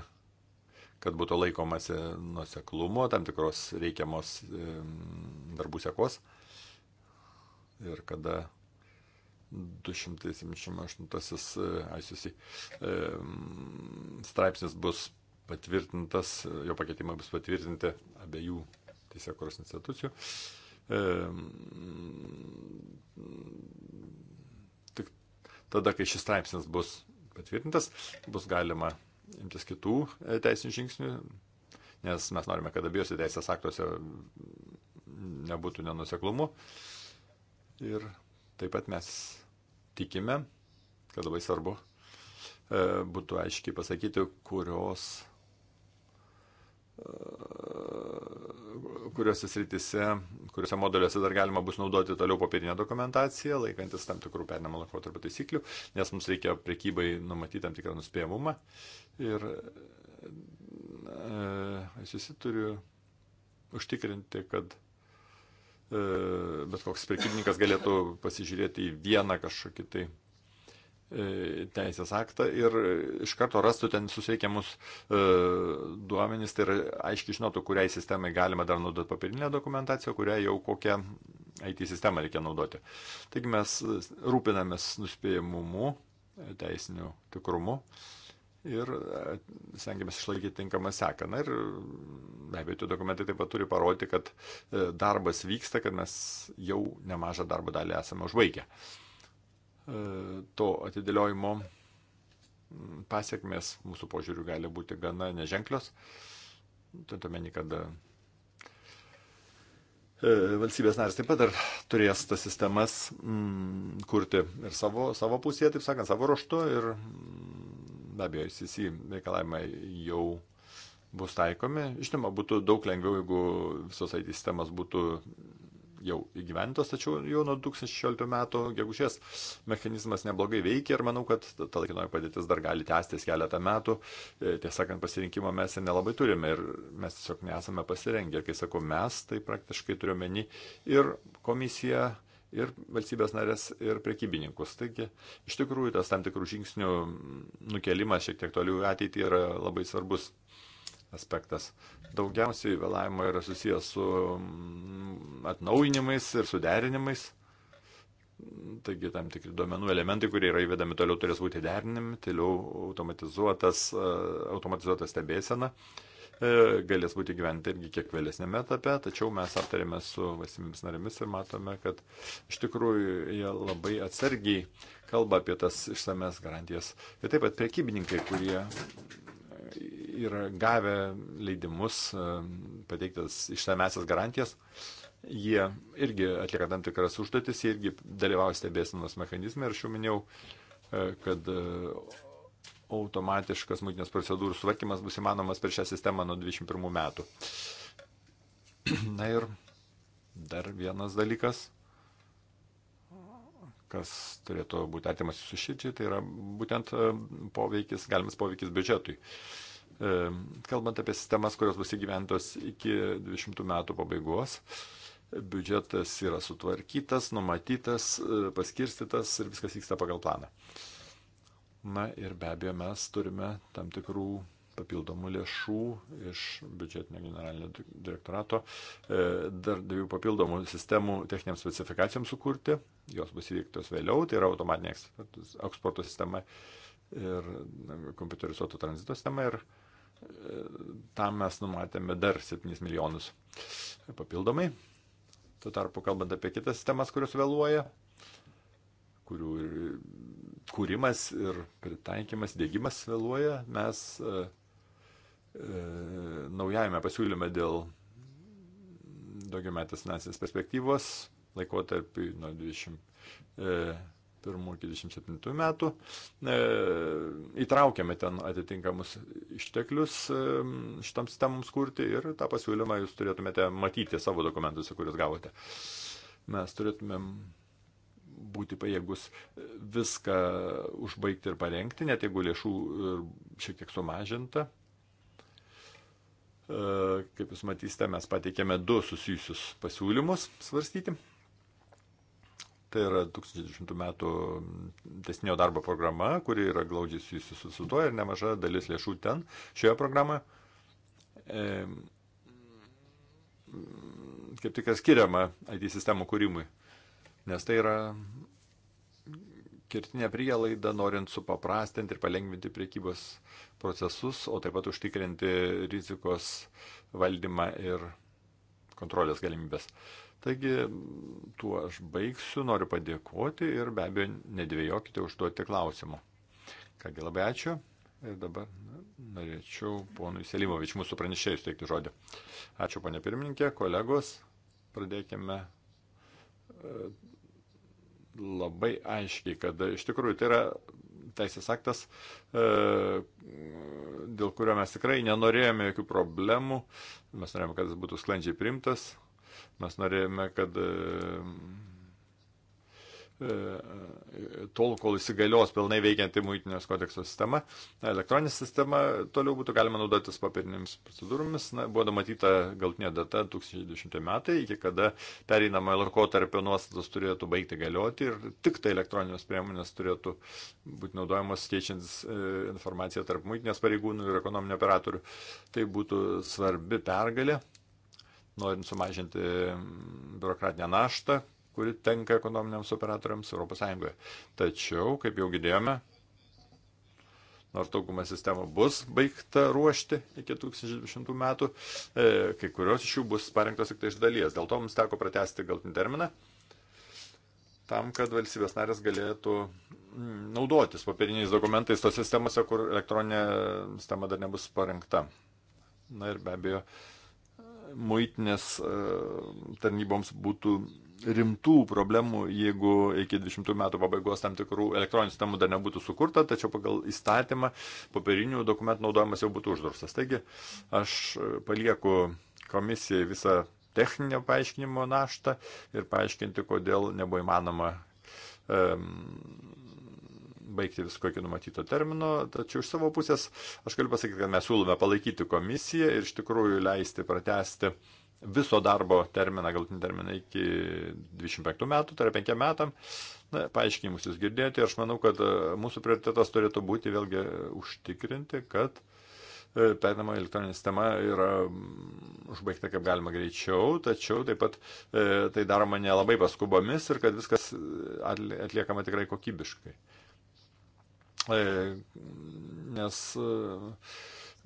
kad būtų laikomasi nuseklumo, tam tikros reikiamos darbų sekos. Ir kada 278 e, ICC straipsnis bus patvirtintas, jo pakeitimai bus patvirtinti abiejų teisėkuros institucijų. Tik tada, kai šis straipsnis bus patvirtintas, bus galima imtis kitų e, teisinių žingsnių, nes mes norime, kad abiejose teisės aktuose nebūtų nenuseklumų. Ir taip pat mes tikime, kad labai svarbu e, būtų aiškiai pasakyti, kurios e, kuriuose sritise, kuriuose modeliuose dar galima bus naudoti toliau popierinę dokumentaciją, laikantis tam tikrų perinamo laikotarpio taisyklių, nes mums reikia prekybai numatyti tam tikrą nuspėjamumą. Ir aš visi turiu užtikrinti, kad e, bet koks prekybininkas galėtų pasižiūrėti į vieną kažkokį tai E, teisės aktą ir iš karto rastų ten susiekiamus e, duomenys, tai yra aiškiai žinotų, kuriai sistemai galima dar naudoti papirinę dokumentaciją, kurią jau kokią IT sistemą reikia naudoti. Taigi mes rūpinamės nuspėjimumu, teisiniu tikrumu ir e, stengiamės išlaikyti tinkamą seką. Na ir be abejo, tie dokumentai taip pat turi parodyti, kad e, darbas vyksta, kad mes jau nemažą darbo dalį esame užbaigę. E, to atidėliojimo pasiekmes mūsų požiūrių gali būti gana neženklios. Turint omeny, kad e, valstybės narės taip pat dar turės tas sistemas mm, kurti ir savo, savo pusėje, taip sakant, savo ruoštu ir mm, be abejo, ICC reikalavimai jau bus taikomi. Žinoma, būtų daug lengviau, jeigu visos IT sistemas būtų jau įgyventos, tačiau jau nuo 2016 metų gegužės mechanizmas neblogai veikia ir manau, kad ta laikinoji padėtis dar gali tęstis keletą metų. E, Tiesąkant, pasirinkimo mes ir nelabai turime ir mes tiesiog nesame pasirengę. Ir kai sakau mes, tai praktiškai turiuomenį ir komisiją ir valstybės narės, ir prekybininkus. Taigi, iš tikrųjų, tas tam tikrų žingsnių nukelimas šiek tiek toliau į ateitį yra labai svarbus aspektas. Daugiausiai vėlavimo yra susijęs su mm, atnaujinimais ir suderinimais. Taigi tam tikri duomenų elementai, kurie yra įvedami toliau, turės būti derinami, toliau automatizuotas, e, automatizuotas stebėsena e, galės būti gyventi irgi kiek vėlesnėme etape, tačiau mes aptarėme su valstybėmis narėmis ir matome, kad iš tikrųjų jie labai atsargiai kalba apie tas išsames garantijas. Ir taip pat prekybininkai, kurie yra gavę leidimus, e, pateiktas išsamesias garantijas. Jie irgi atlieka tam tikras užduotis, jie irgi dalyvauja stebėsinos mechanizme ir aš jau minėjau, e, kad e, automatiškas mūtinės procedūrų suvarkimas bus įmanomas per šią sistemą nuo 21 metų. Na ir dar vienas dalykas kas turėtų būti atimas su širdžiai, tai yra būtent e, poveikis, galimas poveikis biudžetui. E, kalbant apie sistemas, kurios bus įgyventos iki 20 metų pabaigos, biudžetas yra sutvarkytas, numatytas, e, paskirstytas ir viskas vyksta pagal planą. Na ir be abejo mes turime tam tikrų papildomų lėšų iš biudžetinio generalinio direktorato, e, dar dviejų papildomų sistemų techniniams specifikacijoms sukurti, jos bus įvyktos vėliau, tai yra automatinė eksporto sistema ir kompiuterizuoto tranzito sistema ir e, tam mes numatėme dar 7 milijonus papildomai. Tuo tarpu, kalbant apie kitas sistemas, kurios vėluoja, kurių ir kūrimas ir pritaikymas, dėgymas vėluoja, mes e, E, naujajame pasiūlyme dėl daugiametės finansinės perspektyvos laikotarpį nuo 21 e, iki 27 metų. E, įtraukėme ten atitinkamus išteklius šitam sistemams kurti ir tą pasiūlymą jūs turėtumėte matyti savo dokumentuose, kuriuos gavote. Mes turėtumėm būti pajėgus viską užbaigti ir parengti, net jeigu lėšų šiek tiek sumažinta Kaip jūs matysite, mes pateikėme du susijusius pasiūlymus svarstyti. Tai yra 2020 metų tesnio darbo programa, kuri yra glaudžiai susijusi su tuo ir nemaža dalis lėšų ten, šioje programoje. E, kaip tik skiriama IT sistemų kūrimui, nes tai yra kertinė prielaida, norint supaprastinti ir palengvinti priekybos procesus, o taip pat užtikrinti rizikos valdymą ir kontrolės galimybės. Taigi, tuo aš baigsiu, noriu padėkoti ir be abejo nedvėjokite užduoti klausimų. Kągi, labai ačiū. Ir dabar norėčiau ponui Selimovič, mūsų pranešėjai, suteikti žodį. Ačiū, ponė pirmininkė, kolegos. Pradėkime labai aiškiai, kad iš tikrųjų tai yra teisės aktas, e, dėl kurio mes tikrai nenorėjome jokių problemų, mes norėjome, kad jis būtų sklandžiai primtas, mes norėjome, kad e, E, e, tol, kol įsigalios pilnai veikianti muitinės kodekso sistema, elektroninė sistema, toliau būtų galima naudotis papirinėmis procedūromis. Na, buvo numatyta galtinė data 2020 metai, iki kada pereinamojo laikotarpio nuostatos turėtų baigti galioti ir tik tai elektroninės priemonės turėtų būti naudojamos keičiantis e, informaciją tarp muitinės pareigūnų ir ekonominio operatorių. Tai būtų svarbi pergalė, norint sumažinti biurokratinę naštą kuri tenka ekonominiams operatoriams ES. Tačiau, kaip jau girdėjome, nors dauguma sistemų bus baigta ruošti iki 2020 metų, e, kai kurios iš jų bus parengtos tik tai iš dalies. Dėl to mums teko pratesti galtinį terminą tam, kad valstybės narės galėtų mm, naudotis papiriniais dokumentais tos sistemose, kur elektroninė sistema dar nebus parengta. Na ir be abejo, muitinės e, tarnyboms būtų rimtų problemų, jeigu iki 20 metų pabaigos tam tikrų elektroninių sistemų dar nebūtų sukurta, tačiau pagal įstatymą popierinių dokumentų naudojimas jau būtų uždraustas. Taigi aš palieku komisijai visą techninio paaiškinimo naštą ir paaiškinti, kodėl nebuvo įmanoma um, baigti visko iki numatyto termino, tačiau iš savo pusės aš galiu pasakyti, kad mes siūlome palaikyti komisiją ir iš tikrųjų leisti pratesti uh, viso darbo terminą, galutinį terminą iki 25 metų, tai yra 5 metam. Na, paaiškinimus jūs girdėjote ir aš manau, kad e, mūsų prioritetas turėtų būti vėlgi užtikrinti, kad e, perinama elektroninė sistema yra mm, užbaigta kaip galima greičiau, tačiau taip pat e, tai daroma nelabai paskubomis ir kad viskas atliekama tikrai kokybiškai. Nes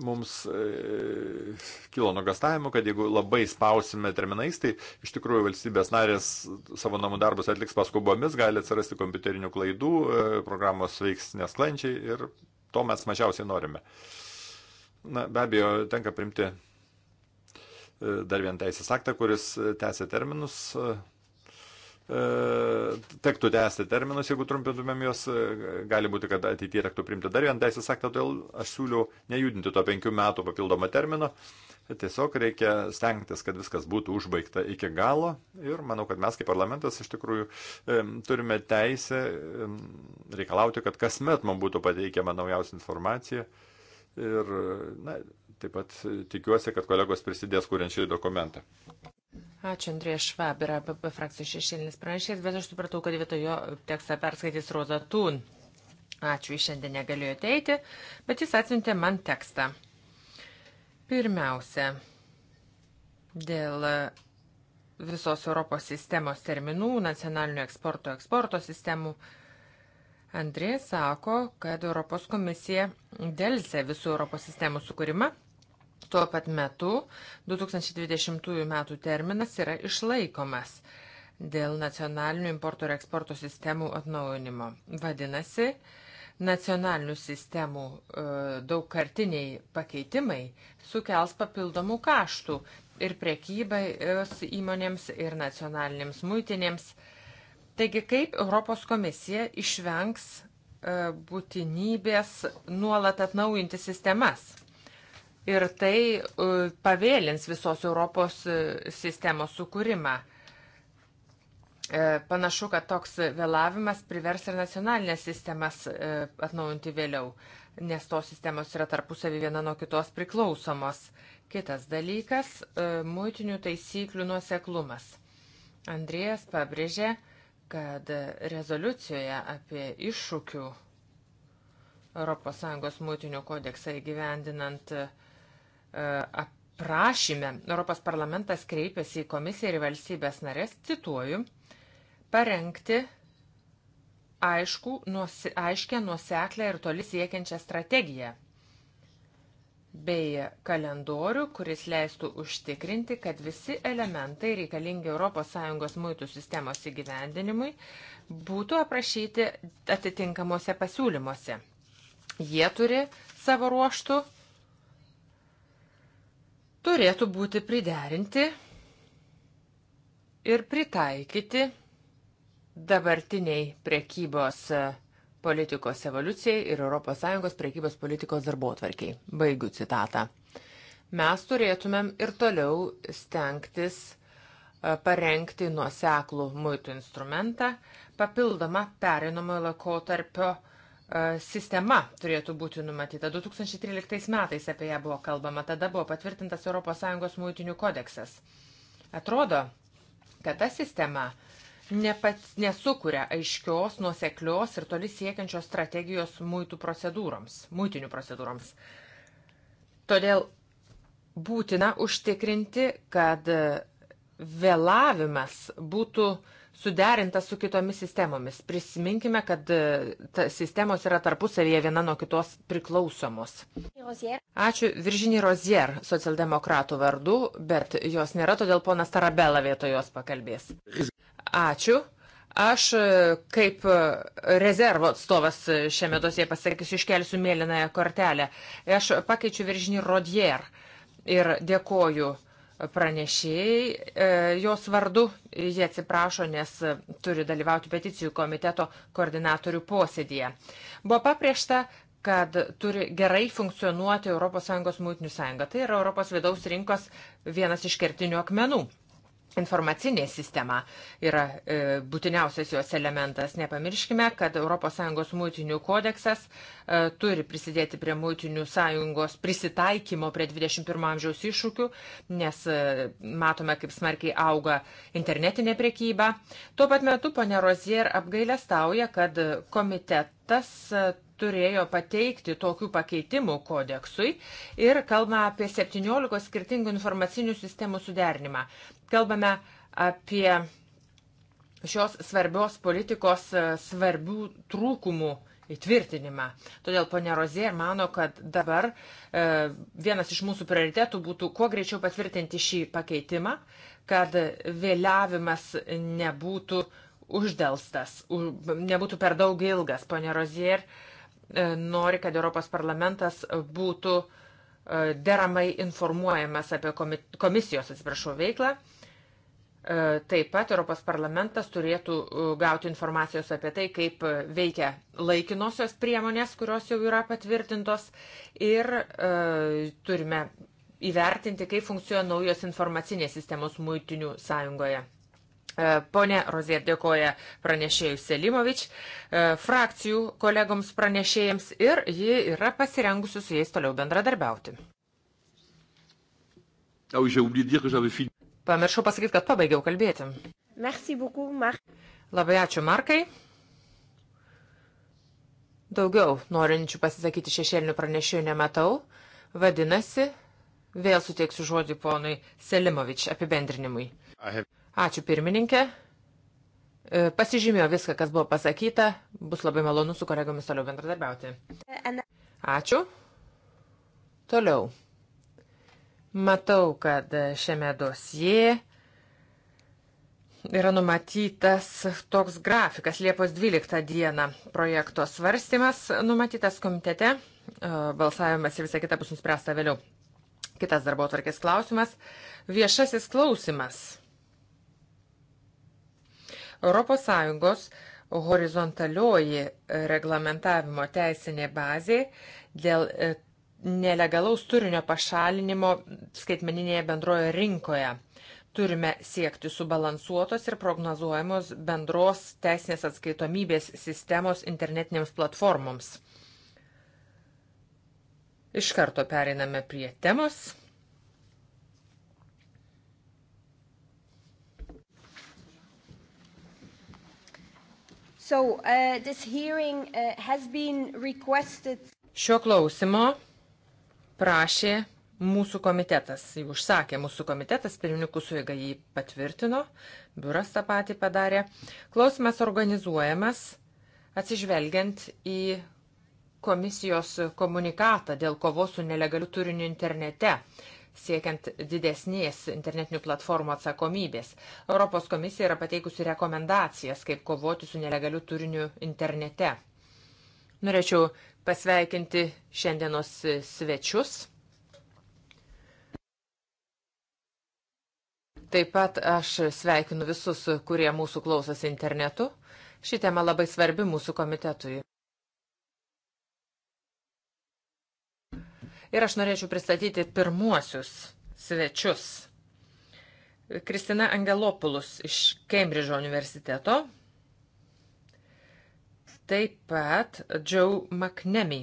mums e, kilo nuogastavimų, kad jeigu labai spausime terminais, tai iš tikrųjų valstybės narės savo namų darbus atliks paskubomis, gali atsirasti kompiuterinių klaidų, e, programos veiks nesklandžiai ir to mes mažiausiai norime. Na, be abejo, tenka primti e, dar vieną teisės aktą, kuris tęsia terminus E, tektų tęsti terminus, jeigu trumpintumėm juos, e, gali būti, kad ateityje tektų priimti dar vieną teisės aktą, todėl aš siūliau nejudinti to penkių metų papildomą termino. Tiesiog reikia stengtis, kad viskas būtų užbaigta iki galo ir manau, kad mes kaip parlamentas iš tikrųjų e, turime teisę reikalauti, kad kasmet man būtų pateikiama naujausia informacija. Ir na, taip pat tikiuosi, kad kolegos prisidės kuriant šį dokumentą. Ačiū Andrėja Švab ir APP frakcijos šešėlinis pranešėjas, bet aš supratau, kad vietoj jo tekstą perskaitys Roza Tun. Ačiū, jis šiandien negalėjo ateiti, bet jis atsiuntė man tekstą. Pirmiausia, dėl visos Europos sistemos terminų, nacionalinių eksporto eksporto sistemų, Andrėja sako, kad Europos komisija dėlse visų Europos sistemų sukūrimą Tuo pat metu 2020 m. terminas yra išlaikomas dėl nacionalinių importo ir eksporto sistemų atnaujinimo. Vadinasi, nacionalinių sistemų e, daugkartiniai pakeitimai sukels papildomų kaštų ir prekybai įmonėms, ir nacionalinėms muitinėms. Taigi, kaip Europos komisija išvengs e, būtinybės nuolat atnaujinti sistemas? ir tai e, pavėlins visos Europos e, sistemos sukūrimą. E, panašu, kad toks vėlavimas privers ir nacionalinės sistemas atnaujinti vėliau, nes tos sistemos yra tarpusavį viena nuo kitos priklausomos. Kitas dalykas - muitinių taisyklių nuoseklumas. Andrėjas pabrėžė, kad rezoliucijoje apie iššūkių ES muitinių kodeksą įgyvendinant uh, aprašyme Europos parlamentas kreipėsi į komisiją ir į valstybės narės, cituoju, parengti aišku, nuosi, aiškę, nuoseklę ir toli siekiančią strategiją bei kalendorių, kuris leistų užtikrinti, kad visi elementai reikalingi ES muitų sistemos įgyvendinimui būtų aprašyti atitinkamuose pasiūlymuose. Jie turi savo ruoštų turėtų būti priderinti ir pritaikyti dabartiniai prekybos e, politikos evoliucijai ir ES prekybos politikos darbotvarkiai. Baigiu citatą. Mes turėtumėm ir toliau stengtis e, parengti nuoseklų muitų instrumentą, papildomą perinamojo laikotarpio tarpio E, sistema turėtų būti numatyta. 2013 metais apie ją buvo kalbama, tada buvo patvirtintas ES muitinių kodeksas. Atrodo, kad ta sistema nepat, nesukuria aiškios, nuoseklios ir toli siekiančios strategijos muitų procedūroms, muitinių procedūroms. Todėl būtina užtikrinti, kad vėlavimas būtų uh, suderinta su kitomis sistemomis. Prisiminkime, kad e, sistemos yra tarpusavėje viena nuo kitos priklausomos. Ačiū Viržinį Rozier socialdemokratų vardu, bet jos nėra, todėl ponas Tarabela vietoj jos pakalbės. Ačiū. Aš e, kaip e, rezervo atstovas šiame dosie pasakysiu, iškelsiu mėlynąją kortelę. Aš pakeičiu Viržinį Rodier ir dėkoju uh, pranešėjai e, jos vardu. Jie atsiprašo, nes turi dalyvauti peticijų komiteto koordinatorių posėdėje. Buvo papriešta, kad turi gerai funkcionuoti ES mūtinių sąjunga. Tai yra ES vidaus rinkos vienas iš kertinių akmenų informacinė sistema yra e, būtiniausias jos elementas. Nepamirškime, kad ES muitinių kodeksas e, turi prisidėti prie muitinių sąjungos prisitaikymo prie 21 amžiaus iššūkių, nes e, matome, kaip smarkiai auga internetinė priekyba. Tuo pat metu ponė Rozier apgailestauja, kad komitetas turėjo pateikti tokių pakeitimų kodeksui ir kalbame apie 17 skirtingų informacinių sistemų suderinimą. Kalbame apie šios svarbios politikos e, svarbių trūkumų įtvirtinimą. Todėl ponė Rozier mano, kad dabar e, vienas iš mūsų prioritetų būtų kuo greičiau patvirtinti šį pakeitimą, kad vėliavimas nebūtų uždelstas, u, nebūtų per daug ilgas. Ponė Rozier e, E, nori, kad Europos parlamentas būtų e, deramai informuojamas apie komisijos, atsiprašau, veiklą. E, taip pat Europos parlamentas turėtų gauti informacijos apie tai, kaip veikia laikinosios priemonės, kurios jau yra patvirtintos ir e, turime įvertinti, kaip funkcionuoja naujos informacinės sistemos muitinių sąjungoje. E, Pone Rozė dėkoja pranešėjus Selimovič, e, frakcijų kolegoms pranešėjams ir ji yra pasirengusi su jais toliau bendradarbiauti. Ah Pamiršau pasakyti, kad pabaigiau kalbėti. Beaucoup, Mark. Labai ačiū, Markai. Daugiau norinčių pasisakyti šešėlinių pranešėjų nematau. Vadinasi, vėl suteiksiu žodį ponui Selimovič apibendrinimui. Have... Ačiū pirmininkė. E, Pasižymėjau viską, kas buvo pasakyta. Bus labai malonu su kolegomis toliau bendradarbiauti. Ačiū. Toliau. Matau, kad šiame dosijai yra numatytas toks grafikas Liepos 12 dieną projekto svarstymas numatytas komitete, e, balsavimas ir visa kita bus nuspręsta vėliau. Kitas darbo tvarkės klausimas - viešasis klausimas ES horizontalioji reglamentavimo teisinė bazė dėl e, nelegalaus turinio pašalinimo skaitmeninėje bendroje rinkoje. Turime siekti subalansuotos ir prognozuojamos bendros teisinės atskaitomybės sistemos internetinėms platformoms. Iš karto pereiname prie temos. So, uh, this hearing uh, has been requested. Šio klausimo prašė mūsų komitetas, jį užsakė mūsų komitetas, pirmininkų suiga jį patvirtino, biuras tą patį padarė. Klausimas organizuojamas atsižvelgiant į komisijos komunikatą dėl kovos su nelegaliu turiniu internete siekiant didesnės internetinių platformų atsakomybės. Europos komisija yra pateikusi rekomendacijas, kaip kovoti su nelegaliu turiniu internete. Norėčiau pasveikinti šiandienos svečius. Taip pat aš sveikinu visus, kurie mūsų klausosi internetu. Ši tema labai svarbi mūsų komitetui. Ir aš norėčiau pristatyti pirmuosius svečius. Kristina Angelopulus iš Kembridžo universiteto. Taip pat Joe McNemy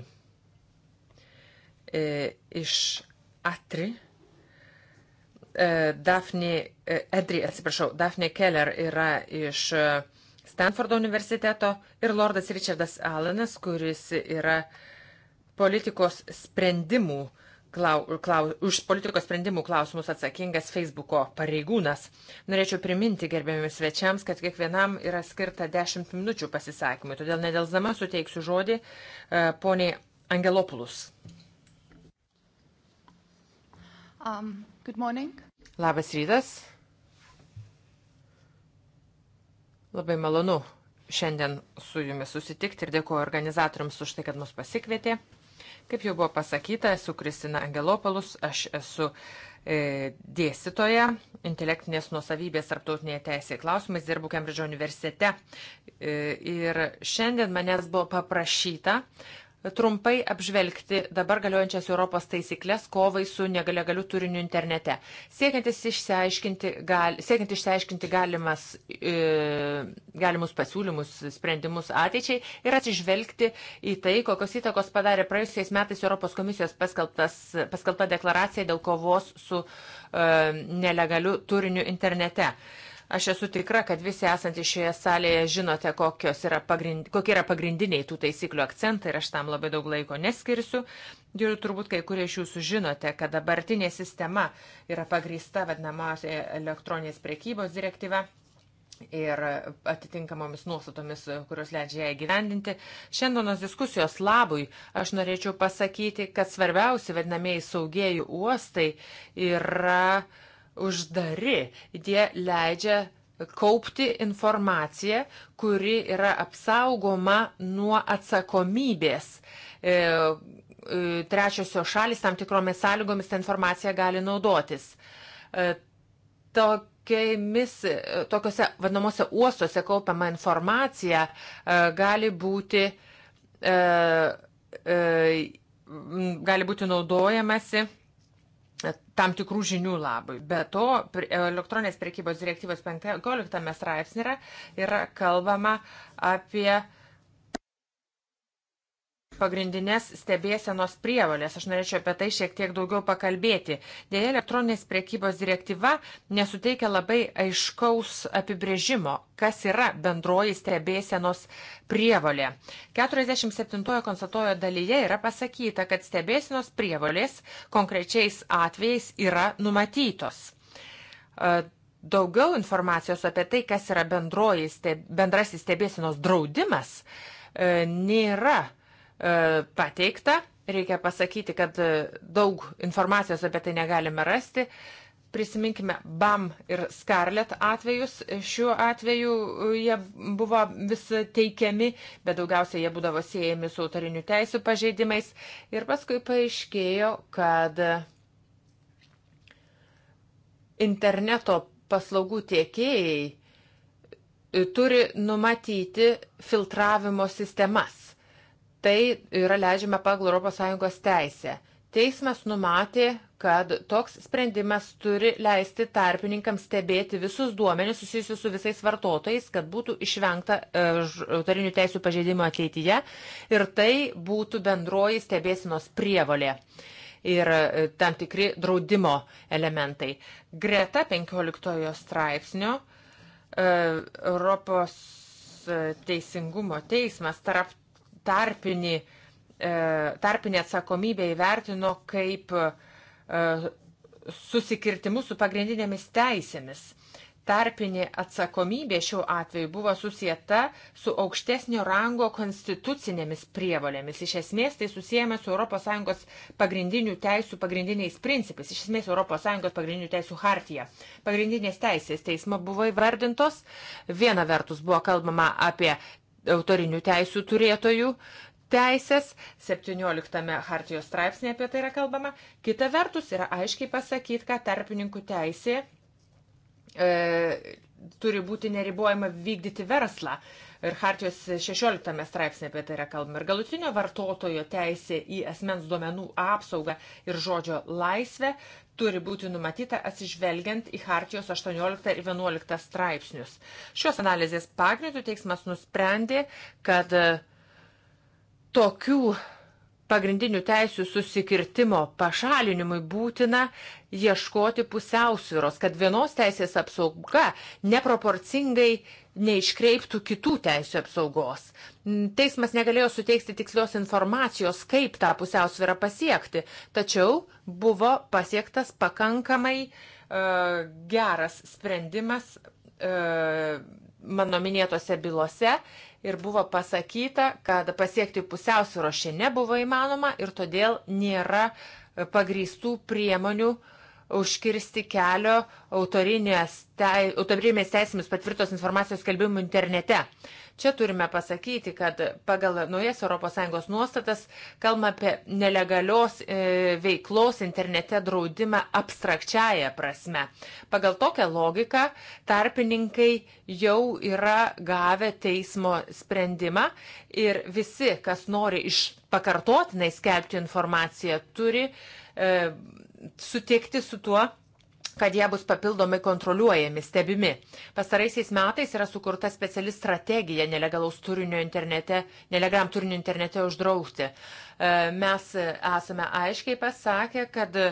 e, iš Atri e, Dafne, Edri, atsiprašau, Dafne Keller yra iš e, Stanfordo universiteto ir Lordas Richardas Alanas, kuris yra politikos sprendimų, klau, klau, už politikos sprendimų klausimus atsakingas Facebooko pareigūnas. Norėčiau priminti gerbėmiams svečiams, kad kiekvienam yra skirta 10 minučių pasisakymui, todėl nedelsdama suteiksiu žodį e, poniai Angelopulus. Um, good morning. Labas rytas. Labai malonu šiandien su jumis susitikti ir dėkuoju organizatoriams už tai, kad mus pasikvietė. Kaip jau buvo pasakyta, esu Kristina Angelopolus, aš esu e, dėstytoja intelektinės nuosavybės tarptautinėje teisėje klausimais, dirbu Kembridžo universitete. E, ir šiandien manęs buvo paprašyta trumpai apžvelgti dabar galiojančias Europos taisyklės kovai su nelegaliu turiniu internete. Siekiant išsiaiškinti, gal, siekiant išsiaiškinti galimas, e, galimus pasiūlymus, sprendimus ateičiai ir atsižvelgti į tai, kokios įtakos padarė praėjusiais metais Europos komisijos paskelbta deklaracija dėl kovos su e, nelegaliu turiniu internete. E, Aš esu tikra, kad visi esantys šioje salėje žinote, yra pagrind, kokie yra pagrindiniai tų taisyklių akcentai ir aš tam labai daug laiko neskirsiu. Ir turbūt kai kurie iš jūsų žinote, kad dabartinė sistema yra pagrįsta vadinamosios elektroninės priekybos direktyva ir atitinkamomis nuostatomis, kurios leidžia ją įgyvendinti. Šiandienos diskusijos labui aš norėčiau pasakyti, kad svarbiausi vadinamieji saugėjų uostai yra uh, uždari. Jie leidžia kaupti informaciją, kuri yra apsaugoma nuo atsakomybės. E, e, trečiosios šalis tam tikromis sąlygomis tą informaciją gali naudotis. E, Tokiamis, e, tokiuose vadinamuose uostuose kaupiama informacija e, gali būti, e, gali būti naudojamasi tam tikrų žinių labai. Be to, elektroninės priekybos direktyvos 15 straipsnėje yra kalbama apie uh, pagrindinės stebėsenos prievalės. Aš norėčiau apie tai šiek tiek daugiau pakalbėti. Dėja, elektroninės priekybos direktyva nesuteikia labai aiškaus apibrėžimo, kas yra bendroji stebėsenos prievalė. 47 konstatuojo dalyje yra pasakyta, kad stebėsenos prievalės konkrečiais atvejais yra numatytos. E, daugiau informacijos apie tai, kas yra bendroji, steb, bendrasis stebėsenos draudimas, e, nėra E, pateikta. Reikia pasakyti, kad e, daug informacijos apie tai negalime rasti. Prisiminkime BAM ir Scarlet atvejus. Šiuo atveju e, jie buvo vis teikiami, bet daugiausiai jie būdavo siejami su autorinių teisų pažeidimais. Ir paskui paaiškėjo, kad interneto paslaugų tiekėjai turi numatyti filtravimo sistemas tai yra leidžiama pagal ES teisę. Teismas numatė, kad toks sprendimas turi leisti tarpininkams stebėti visus duomenys susijusius su visais vartotojais, kad būtų išvengta e, autorinių teisų pažeidimo ateityje ir tai būtų bendroji stebėsinos prievalė ir e, tam tikri draudimo elementai. Greta 15 straipsnio e, Europos teisingumo teismas tarp tarpinį, e, tarpinį atsakomybę įvertino kaip e, susikirtimus su pagrindinėmis teisėmis. Tarpinė atsakomybė šiuo atveju buvo susijęta su aukštesnio rango konstitucinėmis prievolėmis. Iš esmės tai susijęme su ES pagrindinių teisų pagrindiniais principais, iš esmės ES pagrindinių teisų hartija. Pagrindinės teisės teismo buvo įvardintos. Viena vertus buvo kalbama apie autorinių teisų turėtojų teisės, 17 hartijos straipsnė apie tai yra kalbama. Kita vertus yra aiškiai pasakyti, kad tarpininkų teisė e, turi būti neribojama vykdyti verslą. E, ir Hartijos 16 straipsnė apie tai yra kalbama. Ir galutinio vartotojo teisė į asmens duomenų apsaugą ir žodžio laisvę turi būti numatyta atsižvelgiant į Hartijos 18 ir 11 straipsnius. Šios analizės pagrindų teiksmas nusprendė, kad tokių pagrindinių teisių susikirtimo pašalinimui būtina ieškoti pusiausvyros, kad vienos teisės apsauga neproporcingai neiškreiptų kitų teisų apsaugos. Mm, teismas negalėjo suteikti tikslios informacijos, kaip tą pusiausvyrą pasiekti, tačiau buvo pasiektas pakankamai uh, geras sprendimas uh, mano minėtose bylose ir buvo pasakyta, kad pasiekti pusiausvyro šiandien nebuvo įmanoma ir todėl nėra pagrįstų priemonių uh, užkirsti kelio autorinės tei, autorinės teisėmis patvirtos informacijos skelbimų internete. Čia turime pasakyti, kad pagal naujas ES nuostatas kalbame apie nelegalios e, veiklos internete draudimą abstrakčiają prasme. Pagal tokią logiką tarpininkai jau yra gavę teismo sprendimą ir visi, kas nori iš pakartotinai skelbti informaciją, turi e, E, sutikti su tuo, kad jie bus papildomai kontroliuojami, stebimi. Pastaraisiais metais yra sukurta speciali strategija nelegalaus turinio internete, nelegaliam turiniu internete uždrausti. E, mes esame aiškiai pasakę, kad e,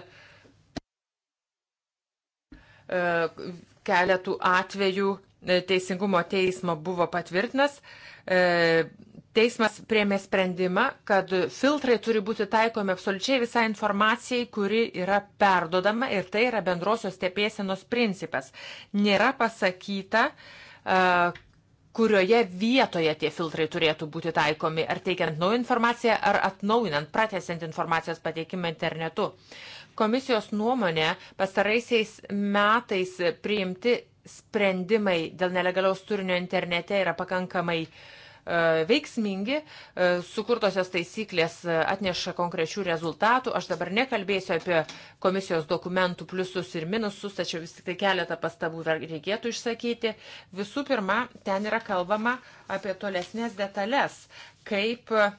keletų atvejų Teisingumo teismo buvo patvirtinas Teismas priemė sprendimą, kad filtrai turi būti taikomi absoliučiai visai informacijai, kuri yra perdodama ir tai yra bendrosios stebėsenos principas. Nėra pasakyta, kurioje vietoje tie filtrai turėtų būti taikomi, ar teikiant naują informaciją, ar atnaujinant, pratesiant informacijos pateikimą internetu. Komisijos nuomonė pastaraisiais metais priimti sprendimai dėl nelegaliaus turinio internete yra pakankamai uh, E, veiksmingi, e, sukurtosios taisyklės atneša konkrečių rezultatų. Aš dabar nekalbėsiu apie komisijos dokumentų pliusus ir minusus, tačiau vis tik tai keletą pastabų reikėtų išsakyti. Visų pirma, ten yra kalbama apie tolesnės detalės, kaip e,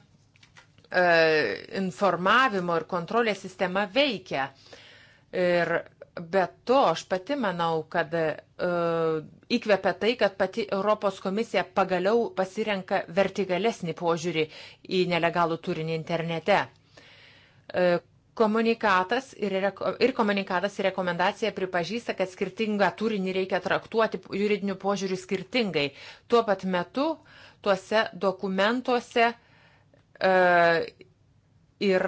informavimo ir kontrolės sistema veikia. Ir Bet to aš pati manau, kad uh, įkvepia tai, kad pati Europos komisija pagaliau pasirenka vertikalesnį požiūrį į nelegalų turinį internete. Uh, Komunikatas ir, ir komunikatas ir rekomendacija pripažįsta, kad skirtingą turinį reikia traktuoti juridiniu požiūriu skirtingai. Tuo pat metu tuose dokumentuose uh, ir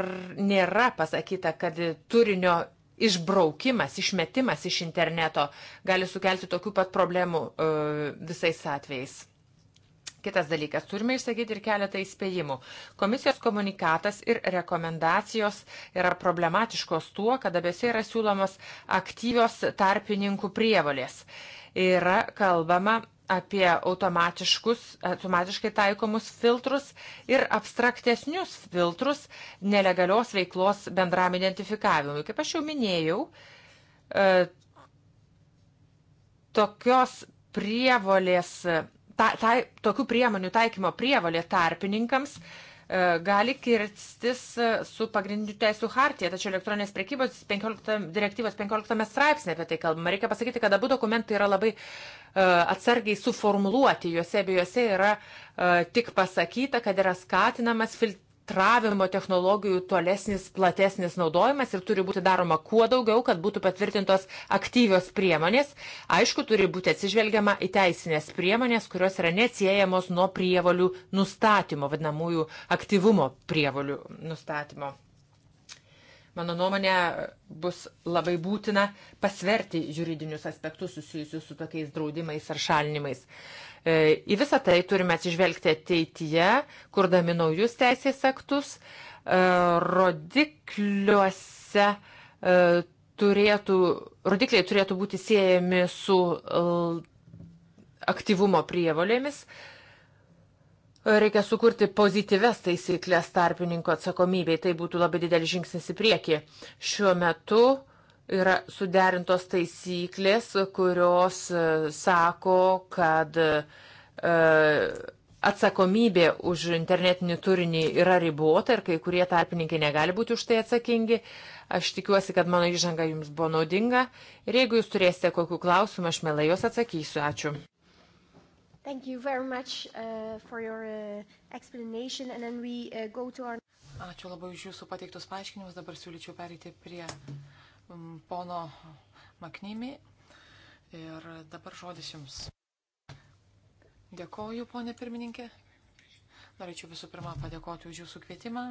nėra pasakyta, kad turinio išbraukimas, išmetimas iš interneto gali sukelti tokių pat problemų e, visais atvejais. Kitas dalykas, turime išsakyti ir keletą įspėjimų. Komisijos komunikatas ir rekomendacijos yra problematiškos tuo, kad abiejose yra siūlomas aktyvios tarpininkų prievalės. Yra kalbama apie automatiškus, automatiškai taikomus filtrus ir abstraktesnius filtrus nelegalios veiklos bendram identifikavimui. Kaip aš jau minėjau, e, tokios prievolės, ta, ta, tokių priemonių taikymo prievolė tarpininkams uh, E, gali kirstis e, su pagrindinių teisų hartija, tačiau elektroninės prekybos 15, direktyvos 15 straipsnė apie tai kalbama. Reikia pasakyti, kad abu dokumentai yra labai e, atsargiai suformuluoti, juose abiejose yra tik pasakyta, kad yra skatinamas fil filtravimo technologijų tolesnis, platesnis naudojimas ir turi būti daroma kuo daugiau, kad būtų patvirtintos aktyvios priemonės. Aišku, turi būti atsižvelgiama į teisinės priemonės, kurios yra neatsiejamos nuo prievalių nustatymo, vadinamųjų aktyvumo prievalių nustatymo. Mano nuomonė bus labai būtina pasverti juridinius aspektus susijusius su tokiais draudimais ar šalinimais. E, į visą tai turime atsižvelgti ateityje, kurdami naujus teisės aktus. E, rodikliuose e, turėtų, rodikliai turėtų būti siejami su aktyvumo prievolėmis. Reikia sukurti pozityves taisyklės tarpininko atsakomybei, tai būtų labai didelis žingsnis į priekį. Šiuo metu uh, yra suderintos taisyklės, kurios e, sako, kad e, atsakomybė už internetinį turinį yra ribota ir kai kurie tarpininkai negali būti už tai atsakingi. Aš tikiuosi, kad mano įžanga jums buvo naudinga ir jeigu jūs turėsite kokių klausimų, aš mielai juos atsakysiu. Ačiū. Thank you very much uh, for your uh, explanation and then we uh, go to our... Ačiū labai už jūsų pateiktus paaiškinimus. Dabar siūlyčiau pereiti prie Mm, pono Maknymi. Ir dabar žodis jums. Dėkoju, ponė pirmininkė. Norėčiau visų pirma padėkoti už jūsų kvietimą.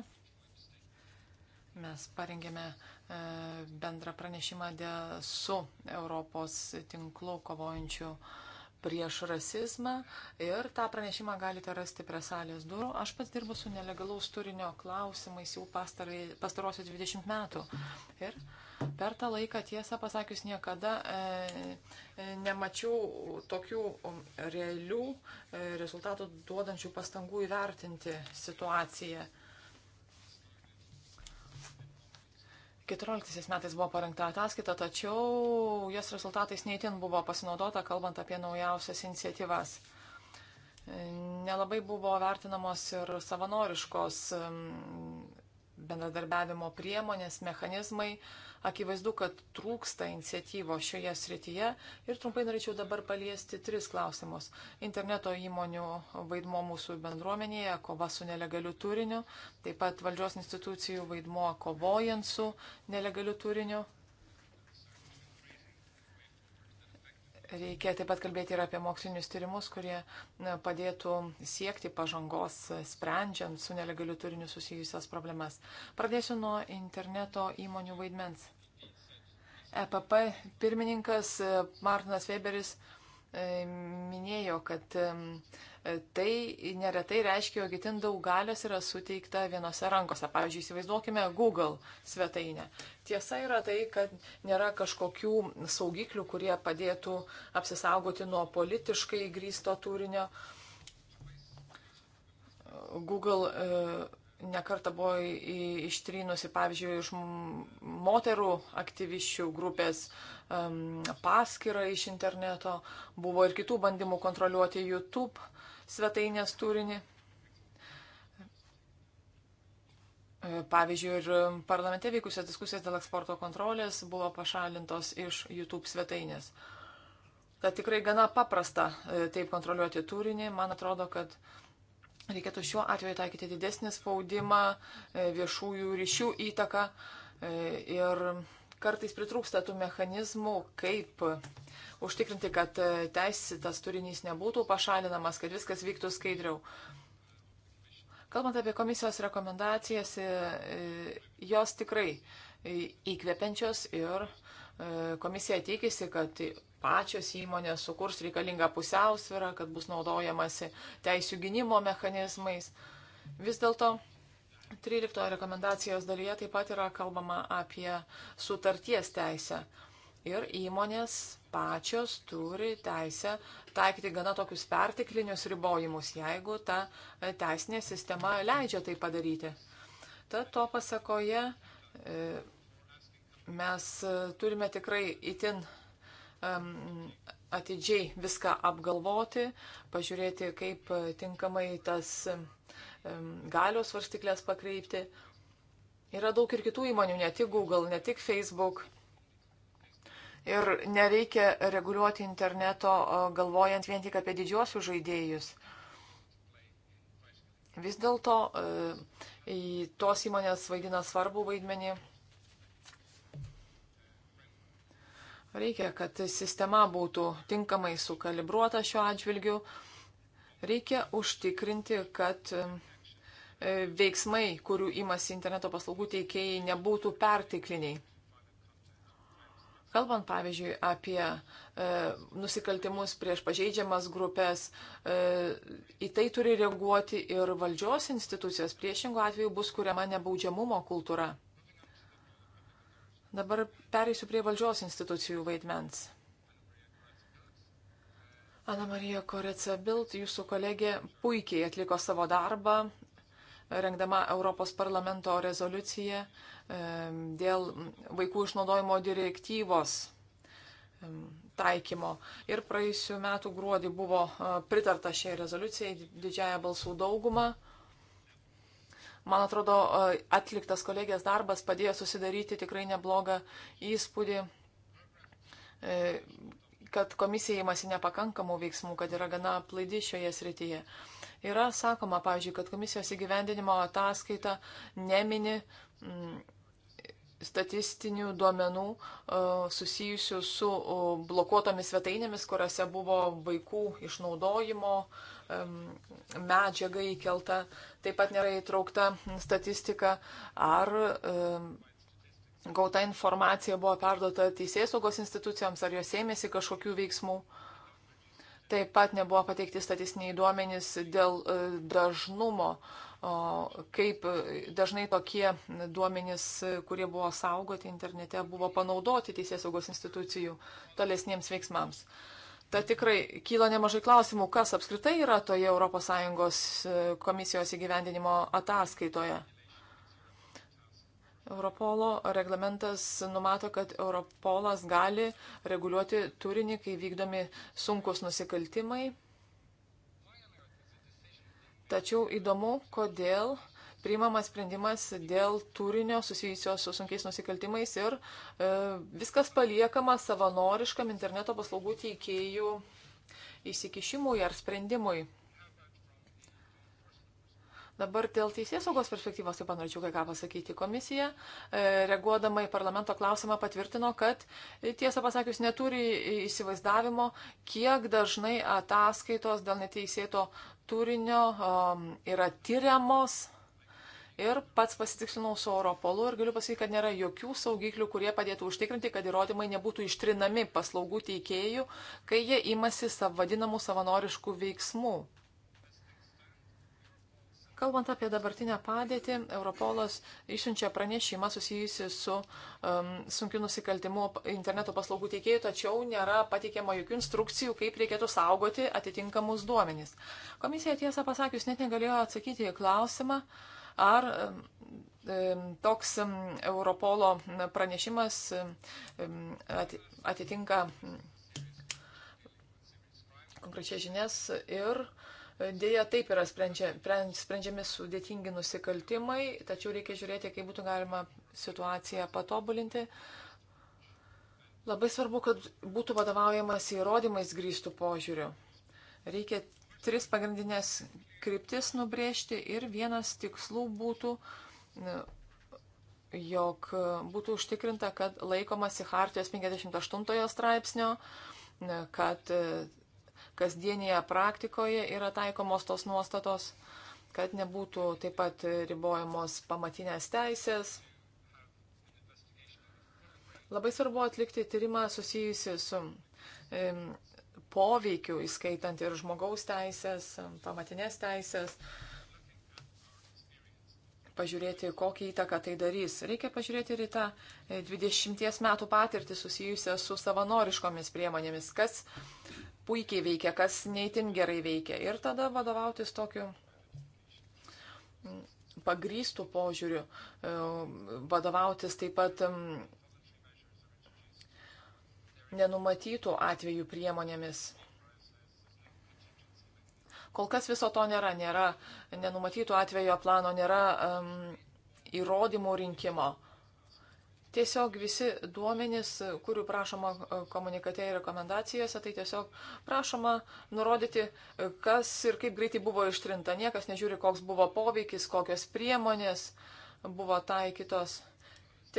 Mes parengėme e, bendrą pranešimą su Europos tinklu kovojančiu prieš rasizmą ir tą pranešimą galite rasti prie salės durų. Aš pats dirbu su nelegalaus turinio klausimais jau pastarosius 20 metų. Ir uh, Per tą laiką, tiesą pasakius, niekada e, e nemačiau tokių um, realių e, rezultatų duodančių pastangų įvertinti situaciją. 2014 metais buvo parengta ataskaita, tačiau jos rezultatais neįtin buvo pasinaudota, kalbant apie naujausias iniciatyvas. E, nelabai buvo vertinamos ir savanoriškos um, bendradarbiavimo priemonės, mechanizmai. Akivaizdu, kad trūksta iniciatyvo šioje srityje ir trumpai norėčiau dabar paliesti tris klausimus. Interneto įmonių vaidmo mūsų bendruomenėje, kova su nelegaliu turiniu, taip pat valdžios institucijų vaidmo kovojant su nelegaliu turiniu Reikia taip pat kalbėti ir apie mokslinius tyrimus, kurie padėtų siekti pažangos, sprendžiant su nelegaliu turiniu susijusias problemas. Pradėsiu nuo interneto įmonių vaidmens. EPP pirmininkas e, Martinas Weberis e, minėjo, kad Tai neretai reiškia, jog itin daug galios yra suteikta vienose rankose. Pavyzdžiui, įsivaizduokime Google svetainę. Tiesa yra tai, kad nėra kažkokių saugiklių, kurie padėtų apsisaugoti nuo politiškai grįsto turinio. Google e, nekarta buvo ištrynusi, pavyzdžiui, iš moterų aktyviščių grupės um, paskyrą iš interneto, buvo ir kitų bandymų kontroliuoti YouTube svetainės turinį. E, Pavyzdžiui, ir parlamente vykusios diskusijos dėl eksporto kontrolės buvo pašalintos iš YouTube svetainės. Tad tikrai gana paprasta e, taip kontroliuoti turinį. Man atrodo, kad reikėtų šiuo atveju taikyti didesnį spaudimą, e, viešųjų ryšių įtaką ir Kartais pritrūksta tų mechanizmų, kaip užtikrinti, kad teisėtas turinys nebūtų pašalinamas, kad viskas vyktų skaidriau. Kalbant apie komisijos rekomendacijas, e, jos tikrai įkvepiančios ir e, komisija tikisi, kad pačios įmonės sukurs reikalingą pusiausvyrą, kad bus naudojamasi teisų gynimo mechanizmais. Vis dėlto 13 rekomendacijos dalyje taip pat yra kalbama apie sutarties teisę. Ir įmonės pačios turi teisę taikyti gana tokius pertiklinius ribojimus, jeigu ta e, teisinė sistema leidžia tai padaryti. Tad to pasakoje e, mes e, turime tikrai itin atidžiai viską apgalvoti, pažiūrėti, kaip tinkamai tas galios varstiklės pakreipti. Yra daug ir kitų įmonių, ne tik Google, ne tik Facebook. Ir nereikia reguliuoti interneto galvojant vien tik apie didžiosius žaidėjus. Vis dėlto e, tos įmonės vaidina svarbų vaidmenį. Reikia, kad sistema būtų tinkamai sukalibruota šiuo atžvilgiu. Reikia užtikrinti, kad E, veiksmai, kurių imasi interneto paslaugų teikėjai, nebūtų pertikliniai. Kalbant, pavyzdžiui, apie e, nusikaltimus prieš pažeidžiamas grupės, e, į tai turi reaguoti ir valdžios institucijos. Priešingų atveju bus kuriama nebaudžiamumo kultūra. Dabar pereisiu prie valdžios institucijų vaidmens. Ana Marija Koreca Bilt, jūsų kolegė, puikiai atliko savo darbą, rengdama Europos parlamento rezoliuciją e, dėl vaikų išnaudojimo direktyvos e, taikymo. Ir praėjusiu metu gruodį buvo e, pritarta šiai rezoliucijai didžiaja balsų dauguma. Man atrodo, atliktas kolegės darbas padėjo susidaryti tikrai neblogą įspūdį, kad komisija įmasi nepakankamų veiksmų, kad yra gana plaidi šioje srityje. Yra sakoma, pavyzdžiui, kad komisijos įgyvendinimo ataskaita nemini mm, statistinių duomenų e, susijusių su blokuotomis svetainėmis, kuriuose buvo vaikų išnaudojimo medžiaga įkelta, taip pat nėra įtraukta statistika ar gauta informacija buvo perduota teisėsaugos institucijoms, ar jos ėmėsi kažkokių veiksmų. Taip pat nebuvo pateikti statistiniai duomenys dėl e, dažnumo, kaip e, dažnai tokie duomenys, e, kurie buvo saugoti internete, buvo panaudoti teisės saugos institucijų tolesniems veiksmams. Tad tikrai kyla nemažai klausimų, kas apskritai yra toje ES komisijos įgyvendinimo ataskaitoje. Europolo reglamentas numato, kad Europolas gali reguliuoti turinį, kai vykdomi sunkus nusikaltimai. Tačiau įdomu, kodėl priimamas sprendimas dėl turinio susijusio su sunkiais nusikaltimais ir e, viskas paliekama savanoriškam interneto paslaugų teikėjų įsikišimui ar sprendimui. Dabar dėl teisėsaugos perspektyvos taip pat norėčiau kai ką pasakyti. Komisija, e, reaguodama į parlamento klausimą, patvirtino, kad e, tiesą pasakius neturi įsivaizdavimo, kiek dažnai ataskaitos dėl neteisėto turinio yra tyriamos. Ir pats pasitikslinau su Europolu ir galiu pasakyti, kad nėra jokių saugiklių, kurie padėtų užtikrinti, kad įrodymai nebūtų ištrinami paslaugų teikėjų, kai jie imasi sav vadinamų savanoriškų veiksmų. Kalbant apie dabartinę padėtį, Europolas išsiunčia pranešimą susijusi su um, sunkiu nusikaltimu interneto paslaugų teikėjų, tačiau nėra pateikiama jokių instrukcijų, kaip reikėtų saugoti atitinkamus duomenys. Komisija tiesą pasakius net negalėjo atsakyti į klausimą, ar um, um, toks um, Europolo pranešimas atitinka konkrečiai žinias ir uh, Dėja, taip yra sprendžia, sprendžiami sudėtingi nusikaltimai, tačiau reikia žiūrėti, kaip būtų galima situaciją patobulinti. Labai svarbu, kad būtų vadovaujamas įrodymais grįstų požiūrių. Reikia tris pagrindinės kryptis nubrėžti ir vienas tikslų būtų, jog būtų užtikrinta, kad laikomasi Hartijos 58 straipsnio, kad kasdienėje praktikoje yra taikomos tos nuostatos, kad nebūtų taip pat ribojamos pamatinės teisės. Labai svarbu atlikti tyrimą susijusi su e, poveikiu, įskaitant ir žmogaus teisės, pamatinės teisės pažiūrėti, kokią įtaką tai darys. Reikia pažiūrėti ir į tą 20 e, metų patirtį susijusią su savanoriškomis priemonėmis, kas puikiai veikia, kas neįtin gerai veikia. Ir tada vadovautis tokiu pagrystų požiūrių, e, vadovautis taip pat nenumatytų atvejų priemonėmis. Kol kas viso to nėra, nėra nenumatytų atvejo plano, nėra um, įrodymų rinkimo. Uh, Tiesiog visi duomenys, kurių prašoma e, komunikate ir rekomendacijose, tai tiesiog prašoma nurodyti, e, kas ir kaip greitai buvo ištrinta. Niekas nežiūri, koks buvo poveikis, kokios priemonės buvo taikytos.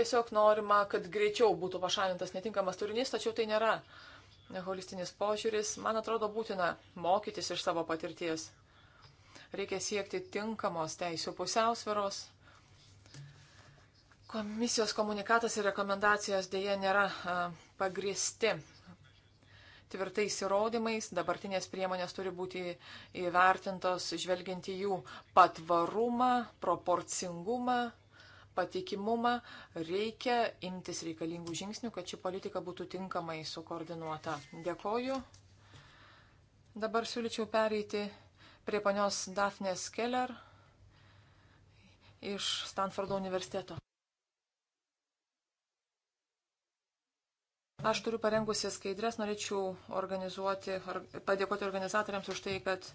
Tiesiog norima, kad greičiau būtų pašalintas netinkamas turinys, tačiau tai nėra holistinis požiūris. Man atrodo būtina mokytis iš savo patirties. Reikia siekti tinkamos teisų pusiausviros Komisijos komunikatas ir rekomendacijos dėje nėra pagristi tvirtais įrodymais. Dabartinės priemonės turi būti įvertintos žvelgiant į jų patvarumą, proporcingumą, patikimumą. Reikia imtis reikalingų žingsnių, kad ši politika būtų tinkamai sukoordinuota. Dėkoju. Dabar siūlyčiau pereiti prie panios Dafnės Keller iš Stanfordo universiteto. Aš turiu parengusi skaidrės, norėčiau organizuoti, padėkoti organizatoriams už tai, kad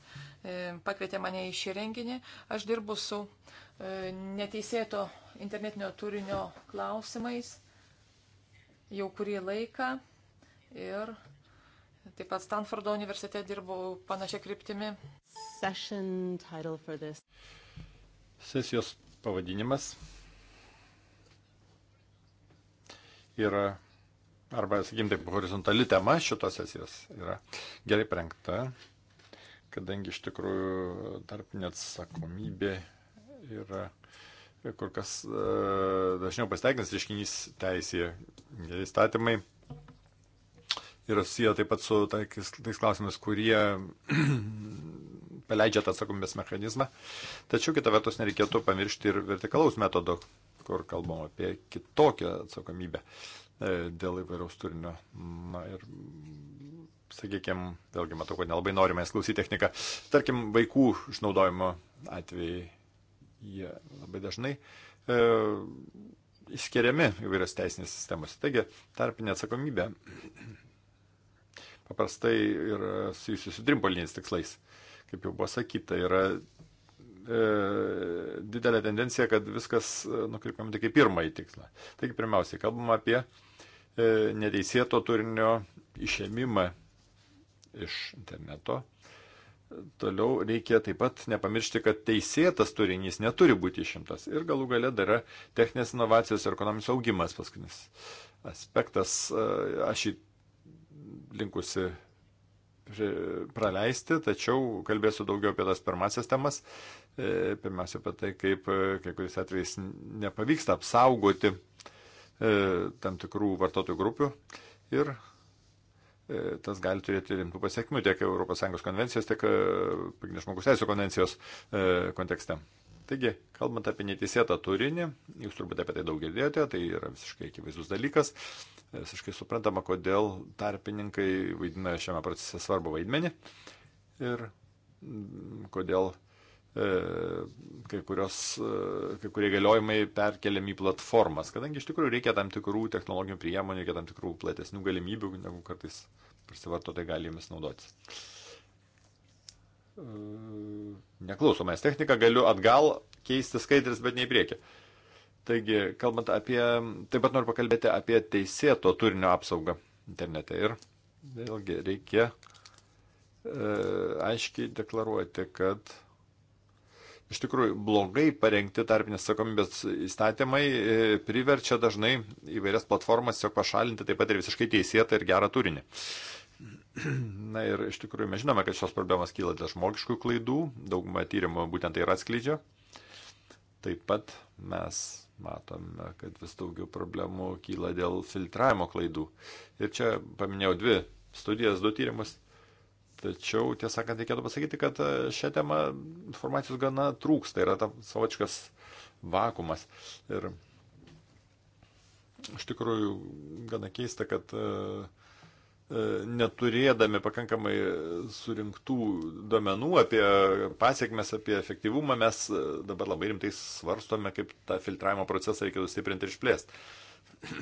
e, pakvietė mane į šį renginį. Aš dirbu su e, neteisėto internetinio turinio klausimais jau kurį laiką ir taip pat Stanfordo universitete dirbau panašia kryptimi. Sesijos pavadinimas yra arba, sakykim, taip, horizontali tema šitos sesijos yra gerai prengta, kadangi iš tikrųjų tarpinė atsakomybė yra kur kas e, dažniau pasiteikins reiškinys teisėje. Įstatymai yra susiję taip pat su tais, tais klausimais, kurie paleidžia tą atsakomybės mechanizmą. Tačiau kitą vertus nereikėtų pamiršti ir vertikalaus metodo, kur kalbam apie kitokią atsakomybę. E, dėl įvairiaus turinio. Na ir, sakykime, vėlgi matau, kad nelabai norime įsklausyti techniką. Tarkim, vaikų išnaudojimo atvejai, jie labai dažnai e, išskiriami įvairios teisinės sistemos. Taigi, tarpinė atsakomybė paprastai yra susijusi su trim politiniais tikslais. Kaip jau buvo sakyta, yra e, didelė tendencija, kad viskas e, nukreipiama tik į pirmąjį tikslą. Taigi pirmiausiai kalbam apie e, neteisėto turinio išėmimą iš interneto. Toliau reikia taip pat nepamiršti, kad teisėtas turinys neturi būti išimtas. Ir galų gale dar yra techninės inovacijos ir ekonominis augimas paskutinis aspektas. E, aš jį linkusi praleisti, tačiau kalbėsiu daugiau apie tas pirmasias temas. E, pirmiausia apie tai, kaip e, kai kuris atvejais nepavyksta apsaugoti e, tam tikrų vartotojų grupių ir tas gali turėti rimtų pasiekmių tiek ES konvencijos, tiek Pagrindinės žmogus teisų konvencijos kontekste. Taigi, kalbant apie neteisėtą turinį, jūs turbūt apie tai daug girdėjote, tai yra visiškai akivaizdus dalykas, visiškai suprantama, kodėl tarpininkai vaidina šiame procese svarbu vaidmenį ir kodėl e, kai, kurios, e, kai kurie galiojimai perkeliami į platformas, kadangi iš tikrųjų reikia tam tikrų technologinių priemonių, reikia tam tikrų platesnių galimybių, negu kartais prisivartotojai gali jomis naudotis. Mm, neklausomais techniką galiu atgal keisti skaidrės, bet ne į priekį. Taigi, kalbant apie, taip pat noriu pakalbėti apie teisėto turinio apsaugą internete. Ir vėlgi reikia e, aiškiai deklaruoti, kad iš tikrųjų blogai parengti tarpinės atsakomybės įstatymai e, priverčia dažnai įvairias platformas tiesiog pašalinti taip pat ir visiškai teisėtą ir gerą turinį. E, Na ir iš tikrųjų mes žinome, kad šios problemos kyla dėl žmogiškų klaidų, daugumą tyrimų būtent tai ir atskleidžia. Taip pat mes matome, kad vis daugiau problemų kyla dėl filtravimo klaidų. Ir čia paminėjau dvi studijas, du tyrimus. Tačiau, tiesą sakant, reikėtų pasakyti, kad e, šią temą informacijos gana trūksta, yra tam savočkas vakumas. Ir iš tikrųjų gana keista, kad uh, E, neturėdami pakankamai surinktų duomenų apie pasiekmes, apie efektyvumą, mes e, dabar labai rimtai svarstome, kaip tą filtravimo procesą reikėtų stiprinti ir išplėsti.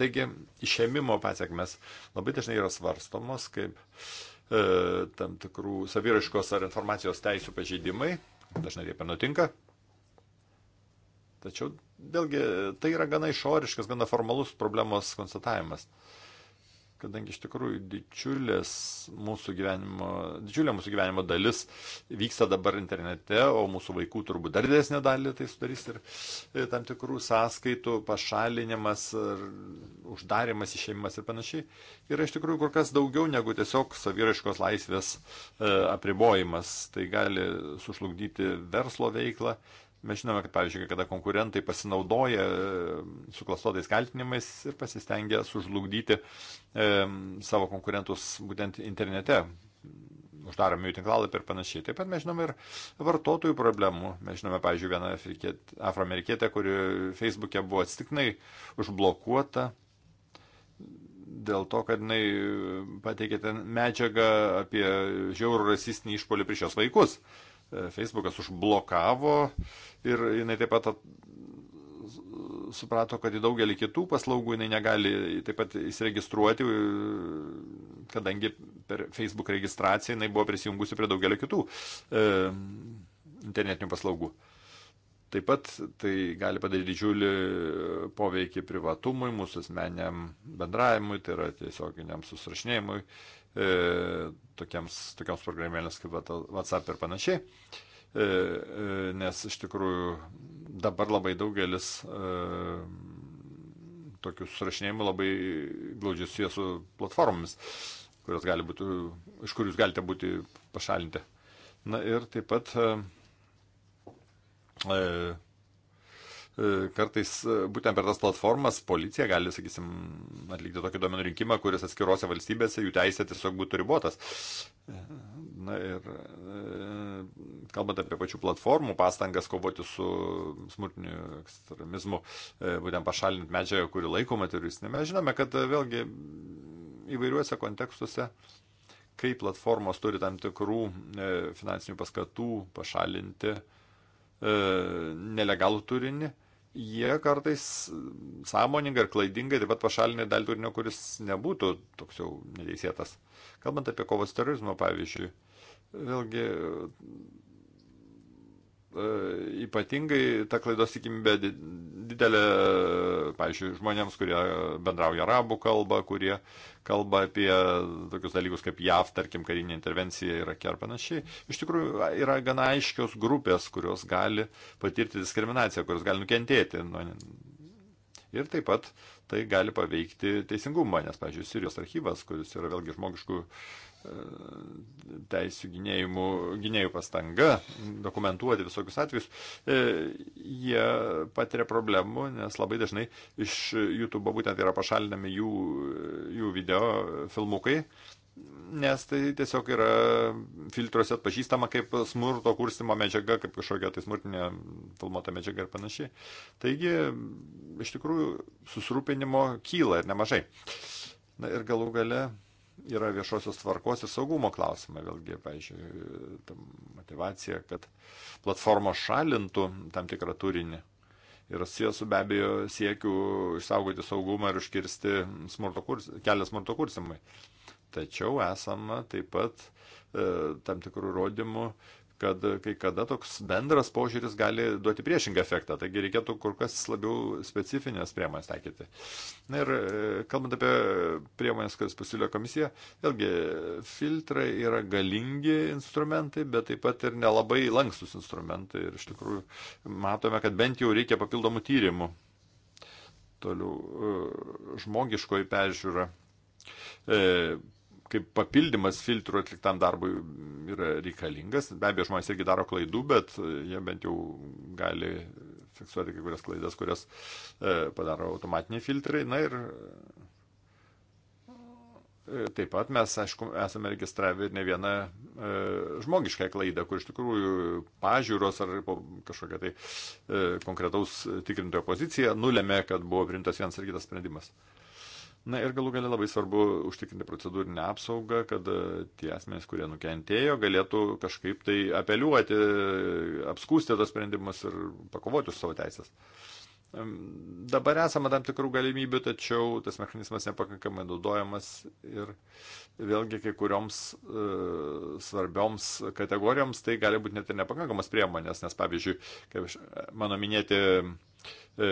Taigi, išėmimo pasiekmes labai dažnai yra svarstomos kaip e, tam tikrų saviraškos ar informacijos teisų pažeidimai, dažnai taip ir nutinka. Tačiau, vėlgi, tai yra gana išoriškas, gana formalus problemos konstatavimas. E, kadangi iš tikrųjų didžiulės mūsų gyvenimo, didžiulė mūsų gyvenimo dalis vyksta dabar internete, o mūsų vaikų turbūt dar didesnė dalį tai sudarys ir e, tam tikrų sąskaitų pašalinimas, uždarimas, išėmimas ir panašiai yra iš tikrųjų kur kas daugiau negu tiesiog saviraškos laisvės e, apribojimas. Tai gali sužlugdyti verslo veiklą Mes žinome, kad, pavyzdžiui, kada konkurentai pasinaudoja e, suklastotais kaltinimais ir pasistengia sužlugdyti e, savo konkurentus būtent internete, uždaromi jų tinklalapį ir panašiai. Taip pat mes žinome ir vartotojų problemų. Mes žinome, pavyzdžiui, vieną afroamerikietę, kuri Facebook'e buvo atsitiknai užblokuota dėl to, kad jinai pateikė ten medžiagą apie žiaurų rasistinį išpolį prieš jos vaikus. E, Facebookas užblokavo ir jinai taip pat suprato, kad į daugelį kitų paslaugų jinai negali taip pat įsiregistruoti, kadangi per Facebook registraciją jinai buvo prisijungusi prie daugelio kitų e, internetinių paslaugų. Taip pat tai gali padaryti didžiulį poveikį privatumui, mūsų asmeniam bendravimui, tai yra tiesioginiam susrašinėjimui e, tokiems, tokiams programėlės kaip WhatsApp ir panašiai. E, e, nes iš tikrųjų dabar labai daugelis e, tokių surašinėjimų labai glaudžiai susiję su platformomis, gali būti, iš kurių jūs galite būti pašalinti. Na ir taip pat e, e E, kartais e, būtent per tas platformas policija gali, sakysim, atlikti tokį duomenų rinkimą, kuris atskirose valstybėse jų teisė tiesiog būtų ribotas. E, na ir kalbant apie pačių platformų pastangas kovoti su smurtiniu ekstremizmu, būtent pašalinti medžiagą, kuri laikoma teroristinė, mes žinome, kad vėlgi įvairiuose kontekstuose kai platformos turi tam tikrų finansinių paskatų pašalinti nelegalų turinį, jie kartais sąmoningai ir klaidingai taip pat pašalinė dalį turinio, kuris nebūtų toks jau neteisėtas. Kalbant apie kovos terorizmą, pavyzdžiui, vėlgi E, ypatingai ta klaidos tikimybė didelė, pavyzdžiui, žmonėms, kurie bendrauja arabų kalbą, kurie kalba apie tokius dalykus kaip JAV, tarkim, karinė intervencija Irake ir panašiai. Iš tikrųjų, yra gana aiškios grupės, kurios gali patirti diskriminaciją, kurios gali nukentėti. Nu, ir taip pat tai gali paveikti teisingumą, nes, pavyzdžiui, Sirijos archyvas, kuris yra vėlgi žmogiškų teisų gynėjimų, gynėjų pastanga dokumentuoti visokius atvejus, e, jie patiria problemų, nes labai dažnai iš YouTube būtent yra pašalinami jų, jų video filmukai, nes tai tiesiog yra filtruose atpažįstama kaip smurto kurstimo medžiaga, kaip kažkokia tai smurtinė filmuota medžiaga ir panašiai. Taigi, iš tikrųjų, susirūpinimo kyla ir nemažai. Na ir galų gale yra viešosios tvarkos ir saugumo klausimai. Vėlgi, pavyzdžiui, motivacija, kad platformos šalintų tam tikrą turinį. Ir susijęs su be abejo siekiu išsaugoti saugumą ir užkirsti smurto kurs, kelią smurto kursimui. Tačiau esama taip pat e, tam tikrų rodimų, kad kai kada toks bendras požiūris gali duoti priešingą efektą, taigi reikėtų kur kas labiau specifinės priemonės taikyti. Na ir e, kalbant apie priemonės, kurias pasiūlė komisija, vėlgi filtrai yra galingi instrumentai, bet taip pat ir nelabai lankstus instrumentai ir iš tikrųjų matome, kad bent jau reikia papildomų tyrimų. Toliau e, žmogiškoji peržiūra. E, kaip papildymas filtrų atliktam darbui yra reikalingas. Be abejo, žmonės irgi daro klaidų, bet e, jie bent jau gali fiksuoti kai kurias klaidas, kurias e, padaro automatiniai filtrai. Na ir e, Taip pat mes, aišku, esame registravę ir ne vieną e, žmogišką klaidą, kur iš tikrųjų pažiūros ar kažkokia tai e, konkretaus tikrintojo pozicija nulėmė, kad buvo priimtas vienas ar kitas sprendimas. E, Na ir galų galia labai svarbu užtikrinti procedūrinę apsaugą, kad e, tie asmenys, kurie nukentėjo, galėtų kažkaip tai apeliuoti, apskūsti tos sprendimus ir pakovoti už savo teisės. Dabar esame tam tikrų galimybių, tačiau tas mechanizmas nepakankamai naudojamas ir vėlgi kai kurioms e, svarbioms kategorijoms tai gali būti net ir nepakankamas priemonės, nes pavyzdžiui, kaip e, mano minėti E,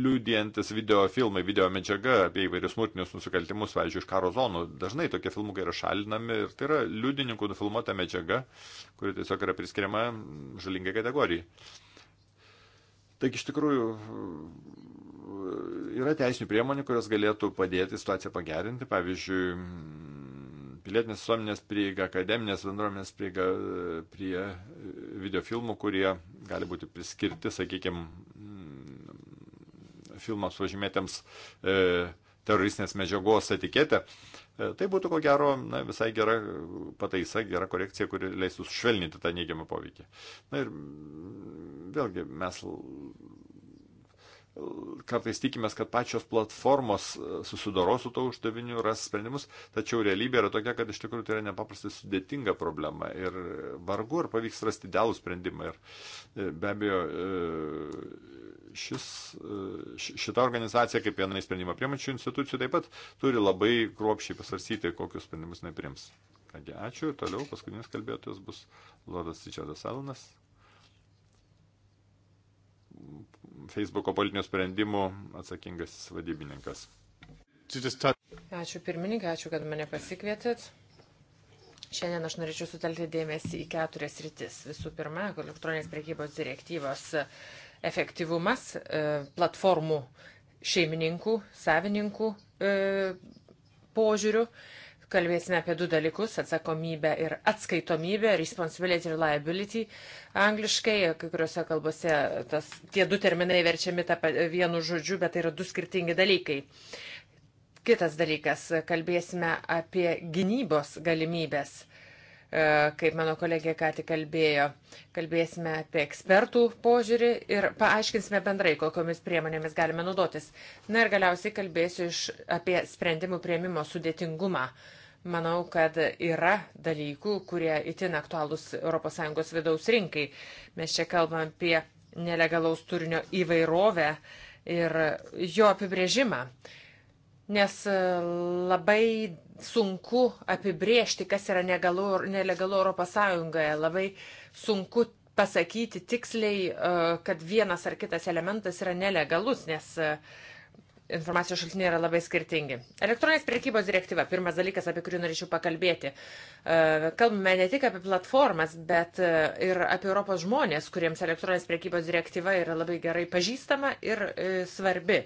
liūdėjantis video filmai, video medžiaga apie įvairius smurtinius nusikaltimus, pavyzdžiui, iš karo zonų. Dažnai tokie filmukai yra šalinami ir tai yra liudininkų nufilmuota medžiaga, kuri tiesiog yra priskiriama žalingai kategorijai. Taigi iš tikrųjų yra teisinių priemonių, kurios galėtų padėti situaciją pagerinti, pavyzdžiui, pilietinės visuomenės prieiga, akademinės bendruomenės prieiga e, prie e, videofilmų, kurie gali būti priskirti, sakykime, filmams pažymėtėms e, teroristinės medžiagos etiketę. E, tai būtų ko gero na, visai gera pataisa, gera korekcija, kuri leistų sušvelninti tą neigiamą poveikį. Na ir mm, vėlgi mes kartais tikimės, kad pačios platformos e, susidoro su to uždaviniu, ras sprendimus, tačiau realybė yra tokia, kad iš tikrųjų tai yra nepaprastai sudėtinga problema ir vargu ar pavyks rasti idealų sprendimą. Ir e, be abejo, e, šis, e, šita organizacija, kaip viena iš sprendimą priemačių institucijų, taip pat turi labai kruopšiai pasvarsyti, kokius sprendimus neprims. Kągi, ačiū. Toliau paskutinis kalbėtojas bus Lordas Richardas Alanas. Facebooko politinių sprendimų atsakingasis vadybininkas. Ačiū pirmininkai, ačiū, kad mane pasikvietėt. Šiandien aš norėčiau sutelkti dėmesį į keturias rytis. Visų pirma, elektroninės priekybos direktyvos efektyvumas e, platformų šeimininkų, savininkų e, požiūrių. Kalbėsime apie du dalykus - atsakomybę ir atskaitomybę, responsibility ir liability. Angliškai, kai kuriuose kalbose tas, tie du terminai verčiami tą vienu žodžiu, bet tai yra du skirtingi dalykai. Kitas dalykas - kalbėsime apie gynybos galimybės E, kaip mano kolegė ką tik kalbėjo. Kalbėsime apie ekspertų požiūrį ir paaiškinsime bendrai, kokiomis priemonėmis galime naudotis. Na ir galiausiai kalbėsiu iš, apie sprendimų prieimimo sudėtingumą. Manau, kad yra dalykų, kurie itin aktualūs ES vidaus rinkai. Mes čia kalbam apie nelegalaus turinio įvairovę ir jo apibrėžimą. Uh, nes e, labai sunku apibriežti, kas yra negalu, nelegalu Europos Sąjungoje. Labai sunku pasakyti tiksliai, e, kad vienas ar kitas elementas yra nelegalus, nes e, informacijos šaltiniai yra labai skirtingi. Elektroninės priekybos direktyva, pirmas dalykas, apie kurį norėčiau pakalbėti. Kalbame ne tik apie platformas, bet ir apie Europos žmonės, kuriems elektroninės priekybos direktyva yra labai gerai pažįstama ir svarbi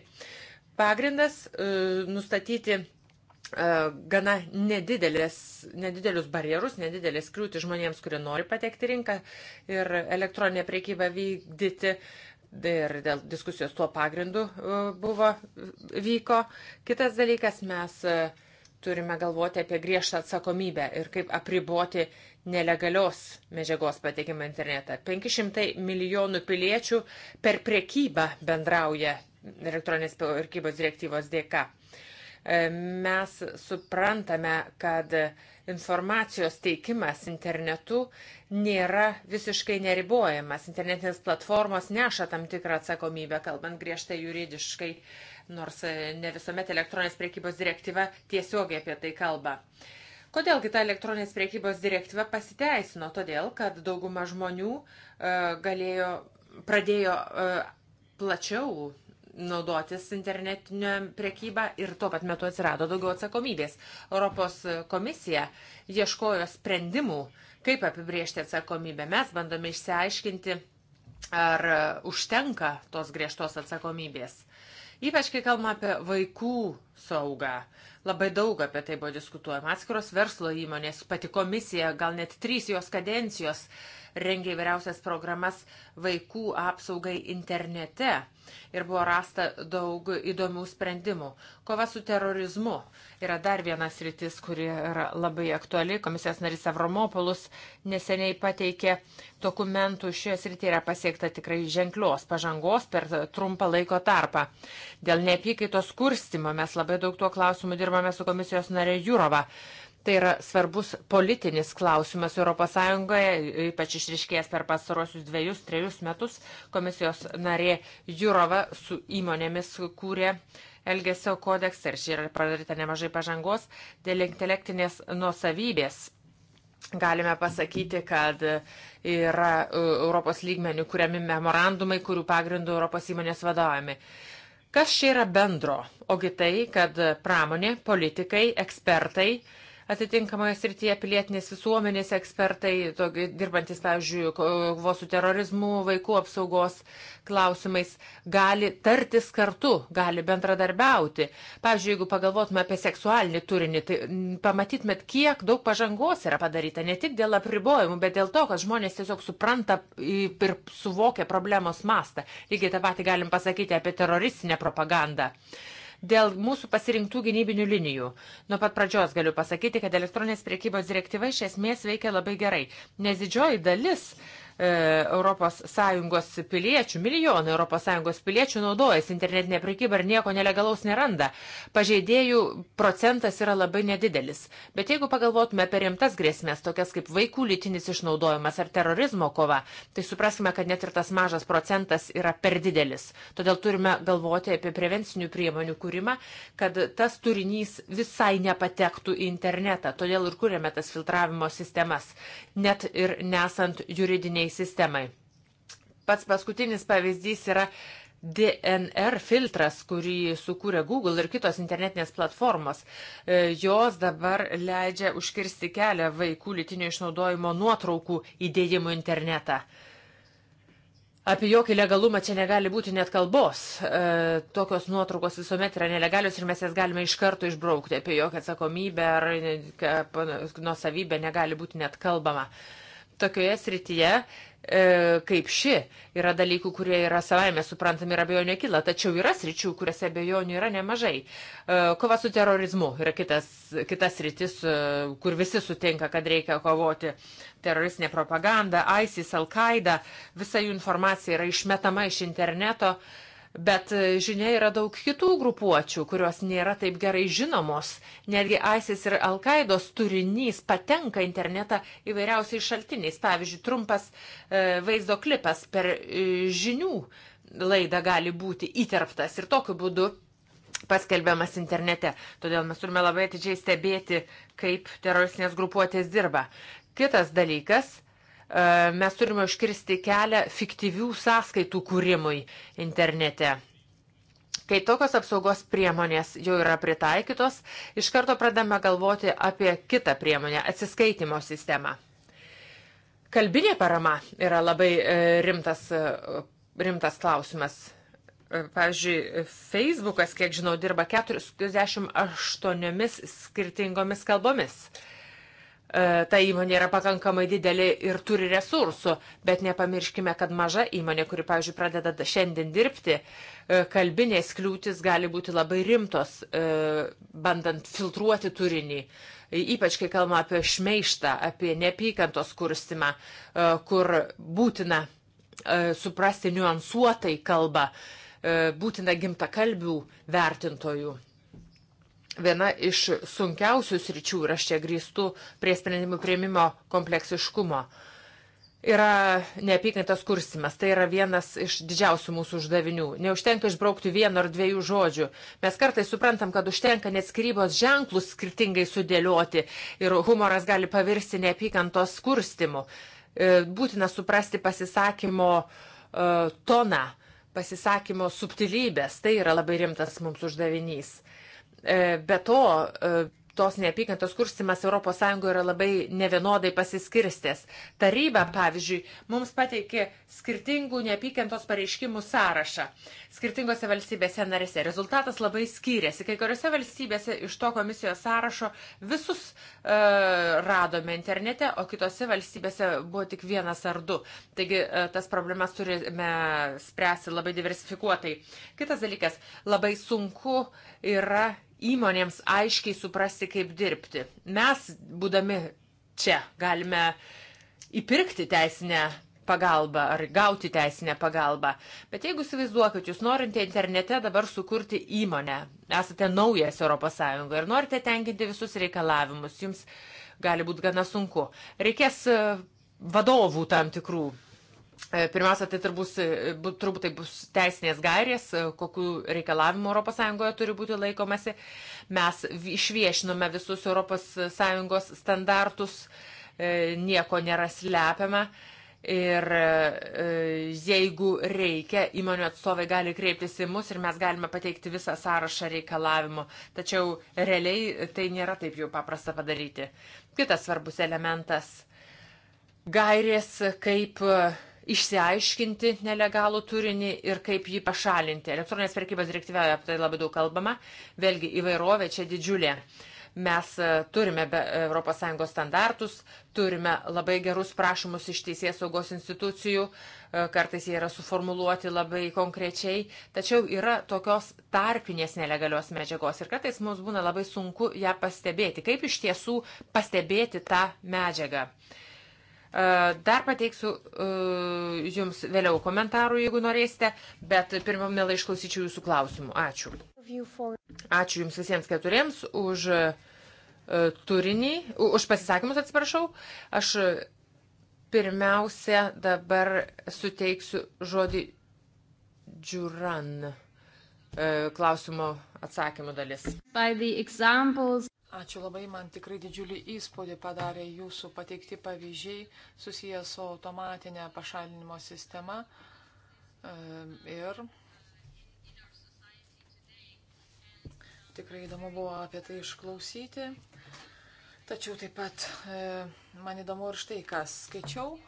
pagrindas e, nustatyti e, gana nedidelės, nedidelius barjerus, nedidelės kliūtis žmonėms, kurie nori patekti rinką ir elektroninę priekybą vykdyti. Ir dėl diskusijos tuo pagrindu e, buvo, vyko. Kitas dalykas, mes turime galvoti apie griežtą atsakomybę ir kaip apriboti nelegalios medžiagos patekimą internetą. 500 milijonų piliečių per priekybą bendrauja elektroninės prekybos direktyvos dėka. E, mes suprantame, kad informacijos teikimas internetu nėra visiškai neribojamas. Internetinės platformos neša tam tikrą atsakomybę, kalbant griežtai juridiškai, nors e, ne visuomet elektroninės prekybos direktyva tiesiogiai apie tai kalba. Kodėl kita elektroninės priekybos direktyva pasiteisino? Todėl, kad dauguma žmonių e, galėjo, pradėjo plačiau naudotis internetinio prekybą ir tuo pat metu atsirado daugiau atsakomybės. Europos komisija ieškojo sprendimų, kaip apibriežti atsakomybę. Mes bandome išsiaiškinti, ar užtenka tos griežtos atsakomybės. Ypač kai kalbame apie vaikų saugą. Labai daug apie tai buvo diskutuojama. Atskiros verslo įmonės, pati komisija, gal net trys jos kadencijos rengė įvairiausias programas vaikų apsaugai internete ir buvo rasta daug įdomių sprendimų. Kova su terorizmu yra dar vienas rytis, kuri yra labai aktuali. Komisijos narys Avromopolus neseniai pateikė dokumentų šioje srityje yra pasiekta tikrai ženklios pažangos per trumpą laiko tarpą. Dėl neapykaitos kurstimo mes labai labai daug tuo klausimu dirbame su komisijos narė Jurova. Tai yra svarbus politinis klausimas ES, ypač išriškės per pastarosius dviejus, trejus metus. Komisijos narė Jurova su įmonėmis kūrė Elgesio kodeksą ir čia yra padaryta nemažai pažangos dėl intelektinės nuosavybės galime pasakyti, kad yra e, Europos lygmenių kuriami memorandumai, kurių pagrindų Europos įmonės vadovaujami. Kas čia yra bendro? Ogi tai, kad pramonė, politikai, ekspertai, uh, atitinkamoje srityje pilietinės visuomenės ekspertai, dirbantis, pavyzdžiui, kovos su terorizmu, vaikų apsaugos klausimais, gali tartis kartu, gali bendradarbiauti. Pavyzdžiui, jeigu pagalvotume apie seksualinį turinį, tai pamatytumėt, kiek daug pažangos yra padaryta, ne tik dėl apribojimų, bet dėl to, kad žmonės tiesiog supranta ir suvokia problemos mastą. Lygiai tą patį galim pasakyti apie teroristinę propagandą dėl mūsų pasirinktų gynybinių linijų. Nuo pat pradžios galiu pasakyti, kad elektroninės priekybos direktyva iš esmės veikia labai gerai, nes didžioji dalis uh, ES piliečių, milijonai ES piliečių naudojasi internetinė prekyba ir nieko nelegalaus neranda. Pažeidėjų procentas yra labai nedidelis. Bet jeigu pagalvotume apie rimtas grėsmės, tokias kaip vaikų lytinis išnaudojimas ar terorizmo kova, tai suprasime, kad net ir tas mažas procentas yra per didelis. Todėl turime galvoti apie prevencinių priemonių kūrimą, kad tas turinys visai nepatektų į internetą. Todėl ir kūrėme tas filtravimo sistemas, net ir nesant juridiniai dabartiniai sistemai. Pats paskutinis pavyzdys yra DNR filtras, kurį sukūrė Google ir kitos internetinės platformos. E, jos dabar leidžia užkirsti kelią vaikų lytinio išnaudojimo nuotraukų įdėjimų internetą. Apie jokį legalumą čia negali būti net kalbos. E, tokios nuotraukos visuomet yra nelegalios ir mes jas galime iš karto išbraukti. Apie jokią atsakomybę ar e, nusavybę negali būti net kalbama. E, tokioje srityje e, kaip ši yra dalykų, kurie yra savaime suprantami ir abejonių nekyla, tačiau yra sričių, kuriuose abejonių yra nemažai. E, kova su terorizmu yra kitas, kitas sritis, e, kur visi sutinka, kad reikia kovoti. Teroristinė propaganda, ISIS, Al-Qaeda, visa jų informacija yra išmetama iš interneto. E, Bet e, žinia yra daug kitų grupuočių, kurios nėra taip gerai žinomos. Netgi ISIS ir Al-Qaidos turinys patenka internetą įvairiausiais šaltiniais. Pavyzdžiui, trumpas e, vaizdo klipas per e, žinių laidą gali būti įterptas ir tokiu būdu paskelbiamas internete. Todėl mes turime labai atidžiai stebėti, kaip teroristinės grupuotės dirba. Kitas dalykas E, mes turime užkirsti kelią fiktyvių sąskaitų kūrimui internete. Kai tokios apsaugos priemonės jau yra pritaikytos, iš karto pradame galvoti apie kitą priemonę - atsiskaitimo sistemą. Kalbinė parama yra labai e, rimtas, e, rimtas klausimas. Pavyzdžiui, Facebookas, kiek žinau, dirba 48 skirtingomis kalbomis. E, ta įmonė yra pakankamai didelė ir turi resursų, bet nepamirškime, kad maža įmonė, kuri, pavyzdžiui, pradeda šiandien dirbti, e, kalbinės kliūtis gali būti labai rimtos, e, bandant filtruoti turinį. Ypač, kai kalbame apie šmeištą, apie neapykantos kurstimą, kur būtina suprasti niuansuotai kalbą, būtina gimtakalbių vertintojų viena iš sunkiausių sričių, ir aš čia grįstu prie sprendimų prieimimo kompleksiškumo, yra neapykantas kursimas. Tai yra vienas iš didžiausių mūsų uždavinių. Neužtenka išbraukti vieno ar dviejų žodžių. Mes kartais suprantam, kad užtenka net skirybos ženklus skirtingai sudėlioti ir humoras gali pavirsti neapykantos kurstimu. E, būtina suprasti pasisakymo e, toną, pasisakymo subtilybės. Tai yra labai rimtas mums uždavinys. E, be to, e, tos neapykantos kurstimas ES yra labai nevienodai pasiskirstęs. Taryba, pavyzdžiui, mums pateikė skirtingų neapykantos pareiškimų sąrašą skirtingose valstybėse narėse. Rezultatas labai skyrėsi. Kai kuriuose valstybėse iš to komisijos sąrašo visus e, radome internete, o kitose valstybėse buvo tik vienas ar du. Taigi e, tas problemas turime spręsti labai diversifikuotai. Kitas dalykas, labai sunku yra įmonėms aiškiai suprasti, kaip dirbti. Mes, būdami čia, galime įpirkti teisinę pagalbą ar gauti teisinę pagalbą. Bet jeigu įsivaizduokit, jūs norite internete dabar sukurti įmonę, esate naujas ES ir norite tenkinti visus reikalavimus, jums gali būti gana sunku. Reikės e, vadovų tam tikrų E, pirmiausia, tai turbus, e, turbūt tai bus teisinės gairės, e, kokiu reikalavimu ES turi būti laikomasi. Mes išviešinome visus ES standartus, nieko nėra slepiama. Ir jeigu reikia, įmonių atstovai gali kreiptis į mus ir mes galime pateikti visą sąrašą reikalavimų. Tačiau realiai tai nėra taip jau paprasta padaryti. Kitas svarbus elementas - gairės, kaip išsiaiškinti nelegalų turinį ir kaip jį pašalinti. Elektroninės prekybos direktyvoje apie tai labai daug kalbama. Vėlgi įvairovė čia didžiulė. Mes e, turime ES standartus, turime labai gerus prašymus iš teisės saugos institucijų, e, kartais jie yra suformuluoti labai konkrečiai, tačiau yra tokios tarpinės nelegalios medžiagos ir kartais mums būna labai sunku ją pastebėti, kaip iš tiesų pastebėti tą medžiagą. Uh, Dar pateiksiu e, jums vėliau komentarų, jeigu norėsite, bet pirmiau mielai išklausyčiau jūsų klausimų. Ačiū. Ačiū jums visiems keturiems už e, turinį, už pasisakymus atsiprašau. Aš e, pirmiausia dabar suteiksiu žodį Džiuran klausimo atsakymo dalis. Ačiū labai, man tikrai didžiulį įspūdį padarė jūsų pateikti pavyzdžiai susijęs su automatinė pašalinimo sistema. Ehm, ir tikrai įdomu buvo apie tai išklausyti. Tačiau taip pat ehm, man įdomu ir štai, kas skaičiau e,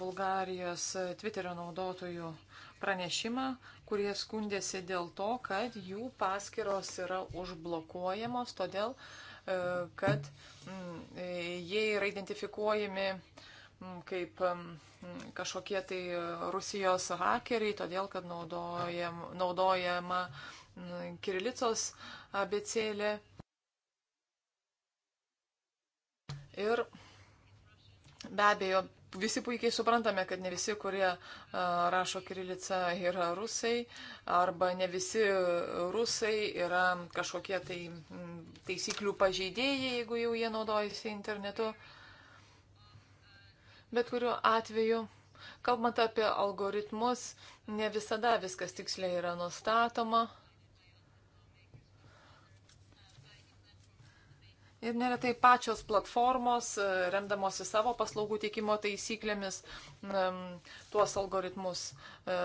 Bulgarijos Twitterio naudotojų pranešimą kurie skundėsi dėl to, kad jų paskiros yra užblokuojamos, todėl e, kad mm, e, jie yra identifikuojami mm, kaip mm, kažkokie tai Rusijos hakeriai, todėl kad naudojam, naudojama Kirilicos abecėlė. Ir be abejo, visi puikiai suprantame, kad ne visi, kurie rašo kirilica, yra rusai, arba ne visi rusai yra kažkokie tai taisyklių pažeidėjai, jeigu jau jie naudojasi internetu. Bet kuriuo atveju, kalbant apie algoritmus, ne visada viskas tiksliai yra nustatoma. Ir neretai pačios platformos, e, remdamosi savo paslaugų teikimo taisyklėmis, tuos algoritmus e,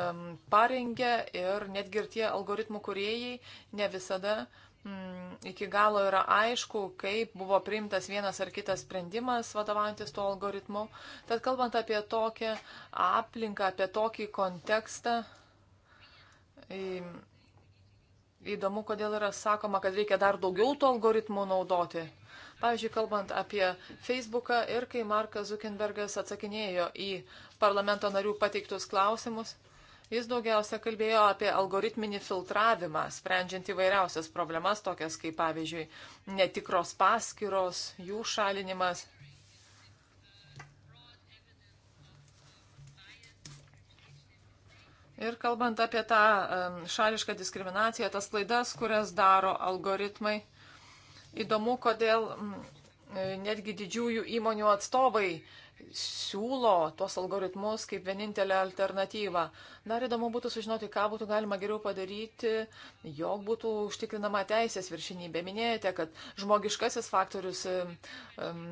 parengia ir netgi ir tie algoritmų kuriejai ne visada iki galo yra aišku, kaip buvo priimtas vienas ar kitas sprendimas vadovantis tuo algoritmu. Tad kalbant apie tokią aplinką, apie tokį kontekstą, įdomu, kodėl yra sakoma, kad reikia dar daugiau tų algoritmų naudoti. Pavyzdžiui, kalbant apie Facebooką ir kai Markas Zuckerbergas atsakinėjo į parlamento narių pateiktus klausimus, jis daugiausia kalbėjo apie algoritminį filtravimą, sprendžiant įvairiausias problemas, tokias kaip, pavyzdžiui, netikros paskiros, jų šalinimas Ir kalbant apie tą šališką diskriminaciją, tas klaidas, kurias daro algoritmai, Įdomu, kodėl mm, e, netgi didžiųjų įmonių atstovai siūlo tuos algoritmus kaip vienintelę alternatyvą. Dar įdomu būtų sužinoti, ką būtų galima geriau padaryti, jog būtų užtikrinama teisės viršinybė. Minėjote, kad žmogiškasis faktorius um,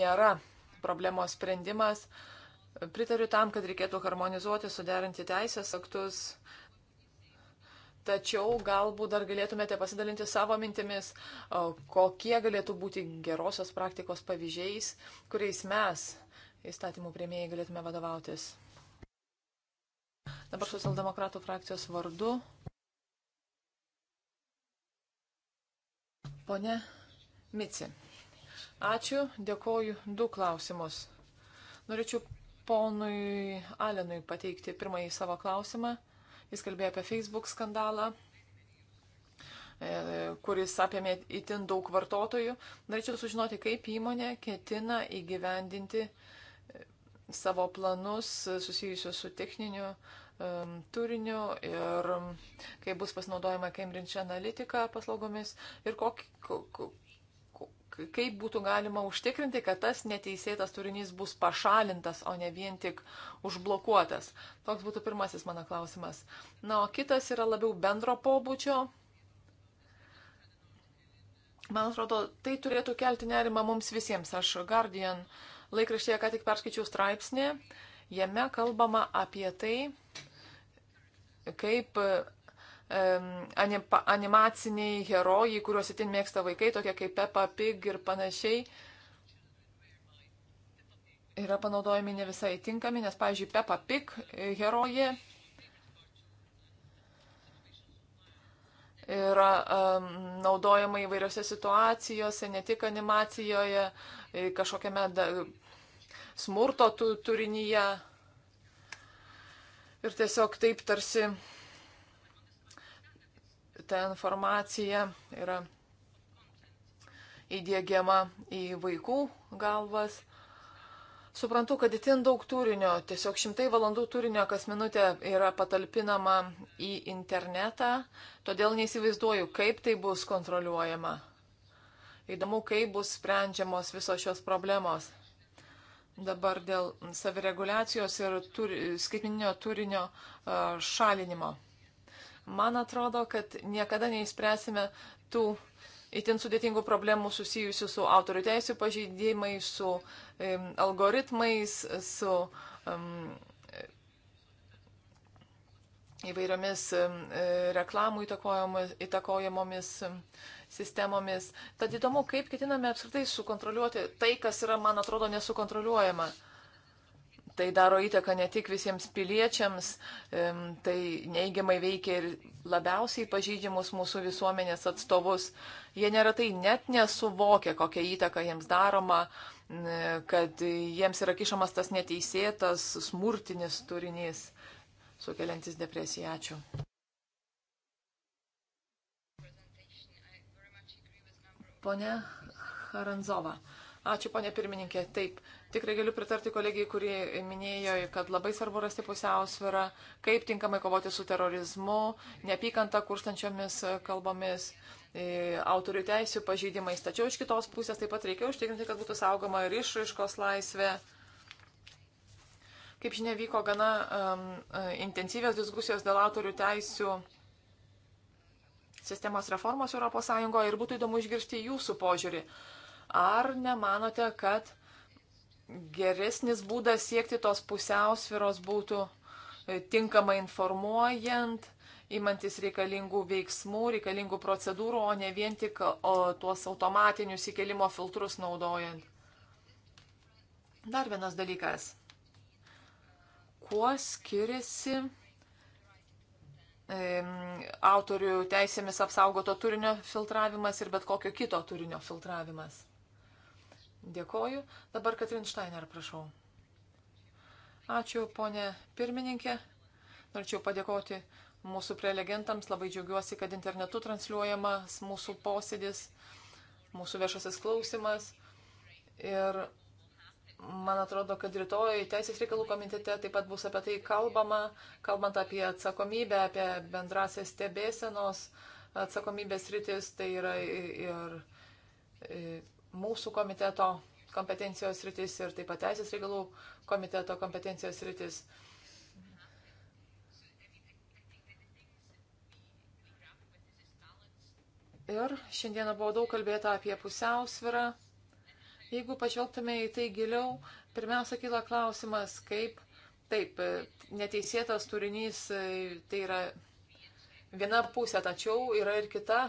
nėra problemos sprendimas. Pritariu tam, kad reikėtų harmonizuoti, suderinti teisės aktus Tačiau galbūt dar galėtumėte pasidalinti savo mintimis, kokie galėtų būti gerosios praktikos pavyzdžiais, kuriais mes, įstatymų prieimėjai, galėtume vadovautis. Dabar socialdemokratų frakcijos vardu. Pone Mici. Ačiū, dėkoju. Du klausimus. Norėčiau ponui Alenui pateikti pirmąjį savo klausimą. Jis kalbėjo apie Facebook skandalą e, kuris apėmė itin daug vartotojų. Norėčiau sužinoti, kaip įmonė ketina įgyvendinti e, savo planus susijusius su techniniu um, turiniu ir um, kaip bus pasinaudojama Cambridge Analytica paslaugomis ir kok, kok, kaip būtų galima užtikrinti, kad tas neteisėtas turinys bus pašalintas, o ne vien tik užblokuotas. Toks būtų pirmasis mano klausimas. Na, o kitas yra labiau bendro pobūdžio. Man atrodo, tai turėtų kelti nerimą mums visiems. Aš Guardian laikraštėje ką tik perskaičiau straipsnį. Jame kalbama apie tai, kaip animaciniai herojai, kuriuos itin mėgsta vaikai, tokie kaip Peppa Pig ir panašiai, yra panaudojami ne visai tinkami, nes, pavyzdžiui, Peppa Pig e, herojė yra um, naudojama įvairiose situacijose, ne tik animacijoje, e, kažkokiame da, smurto tu, turinyje. Ir tiesiog taip tarsi ta informacija yra įdėgiama į vaikų galvas. Suprantu, kad itin daug turinio, tiesiog šimtai valandų turinio kas minutę yra patalpinama į internetą, todėl neįsivaizduoju, kaip tai bus kontroliuojama. Įdomu, kaip bus sprendžiamos visos šios problemos. Dabar dėl savireguliacijos ir turi, skaitmininio turinio šalinimo. Man atrodo, kad niekada neįspręsime tų itin sudėtingų problemų susijusių su autorių teisų pažeidimais, su um, algoritmais, su um, įvairiomis um, reklamų įtakojamomis sistemomis. Tad įdomu, kaip ketiname apskritai sukontroliuoti tai, kas yra, man atrodo, nesukontroliuojama. Uh, tai daro įtaką ne tik visiems piliečiams, tai neigiamai veikia ir labiausiai pažydžiamus mūsų visuomenės atstovus. Jie neretai net nesuvokia, kokią įtaką jiems daroma, kad jiems yra kišamas tas neteisėtas, smurtinis turinys, sukeliantis depresiją. Ačiū. Pone Haranzova. Ačiū, ponė pirmininkė. Taip, Tikrai galiu pritarti kolegijai, kurie minėjo, kad labai svarbu rasti pusiausvyrą, kaip tinkamai kovoti su terorizmu, neapykantą kurstančiomis kalbomis, e, autorių teisų pažydimais. Tačiau iš kitos pusės taip pat reikia užtikrinti, kad būtų saugoma ir išraiškos laisvė. Kaip žinia, vyko gana um, intensyvios diskusijos dėl autorių teisų sistemos reformos ES ir būtų įdomu išgirsti jūsų požiūrį. Ar nemanote, kad geresnis būdas siekti tos pusiausviros būtų e, tinkamai informuojant, įmantis reikalingų veiksmų, reikalingų procedūrų, o ne vien tik o, tuos automatinius įkelimo filtrus naudojant. Dar vienas dalykas. Kuo skiriasi e, autorių teisėmis apsaugoto turinio filtravimas ir bet kokio kito turinio filtravimas? Dėkoju. Dabar Katrin Steiner, prašau. Ačiū, ponė pirmininkė. Norėčiau padėkoti mūsų prelegentams. Labai džiaugiuosi, kad internetu transliuojamas mūsų posėdis, mūsų viešasis klausimas. Ir man atrodo, kad rytoj Teisės reikalų komitete taip pat bus apie tai kalbama, kalbant apie atsakomybę, apie bendrasias stebėsenos atsakomybės rytis. Tai yra ir. ir mūsų komiteto kompetencijos rytis ir taip pat teisės reikalų komiteto kompetencijos rytis. Ir šiandieną buvo daug kalbėta apie pusiausvirą. Jeigu pažvelgtume į tai giliau, pirmiausia kyla klausimas, kaip taip, neteisėtas turinys tai yra viena pusė, tačiau yra ir kita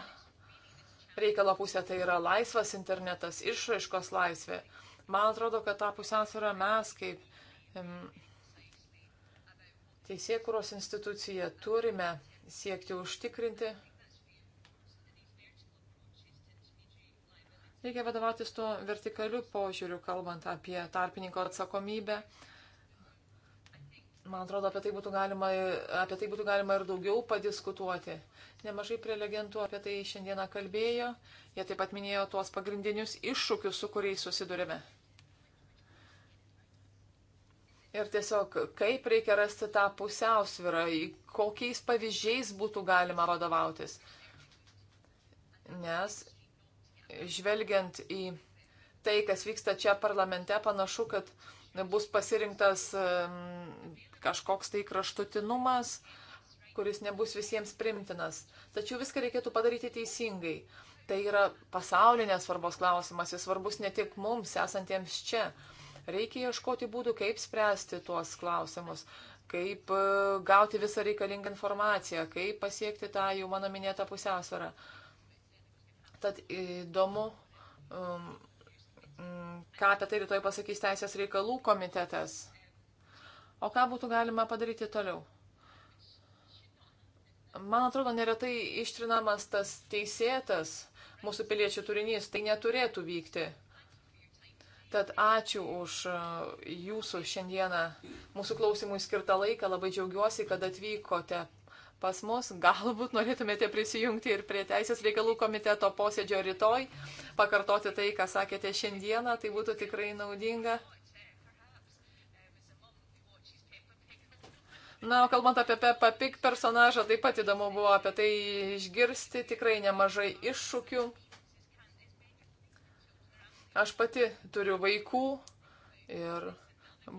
reikalo pusė tai yra laisvas internetas, išraiškos laisvė. Man atrodo, kad tą pusiausvyrą mes kaip um, teisėkuros institucija turime siekti užtikrinti. Reikia vadovautis tuo vertikaliu požiūriu, kalbant apie tarpininko atsakomybę, Man atrodo, apie tai būtų galima, apie tai būtų galima ir daugiau padiskutuoti. Nemažai prelegentų apie tai šiandieną kalbėjo. Jie taip pat minėjo tuos pagrindinius iššūkius, su kuriais susidurime. Ir tiesiog, kaip reikia rasti tą pusiausvyrą, kokiais pavyzdžiais būtų galima vadovautis. Nes žvelgiant į tai, kas vyksta čia parlamente, panašu, kad uh, bus pasirinktas kažkoks tai kraštutinumas, kuris nebus visiems primtinas. Tačiau viską reikėtų padaryti teisingai. Tai yra pasaulinės svarbos klausimas, jis svarbus ne tik mums, esantiems čia. Reikia ieškoti būdų, kaip spręsti tuos klausimus, kaip e, gauti visą reikalingą informaciją, kaip pasiekti tą jau mano minėtą pusiausvyrą. Tad įdomu um, Mm, ką apie tai rytoj pasakys Teisės reikalų komitetas. O ką būtų galima padaryti toliau? Man atrodo, neretai ištrinamas tas teisėtas mūsų piliečių turinys. Tai neturėtų vykti. Tad ačiū už e, jūsų šiandieną mūsų klausimui skirtą laiką. Labai džiaugiuosi, kad atvykote pas mus. Galbūt norėtumėte prisijungti ir prie Teisės reikalų komiteto posėdžio rytoj, pakartoti tai, ką sakėte šiandieną, tai būtų tikrai naudinga. Na, o kalbant apie Peppa Pig personažą, taip pat įdomu buvo apie tai išgirsti, tikrai nemažai iššūkių. Aš pati turiu vaikų ir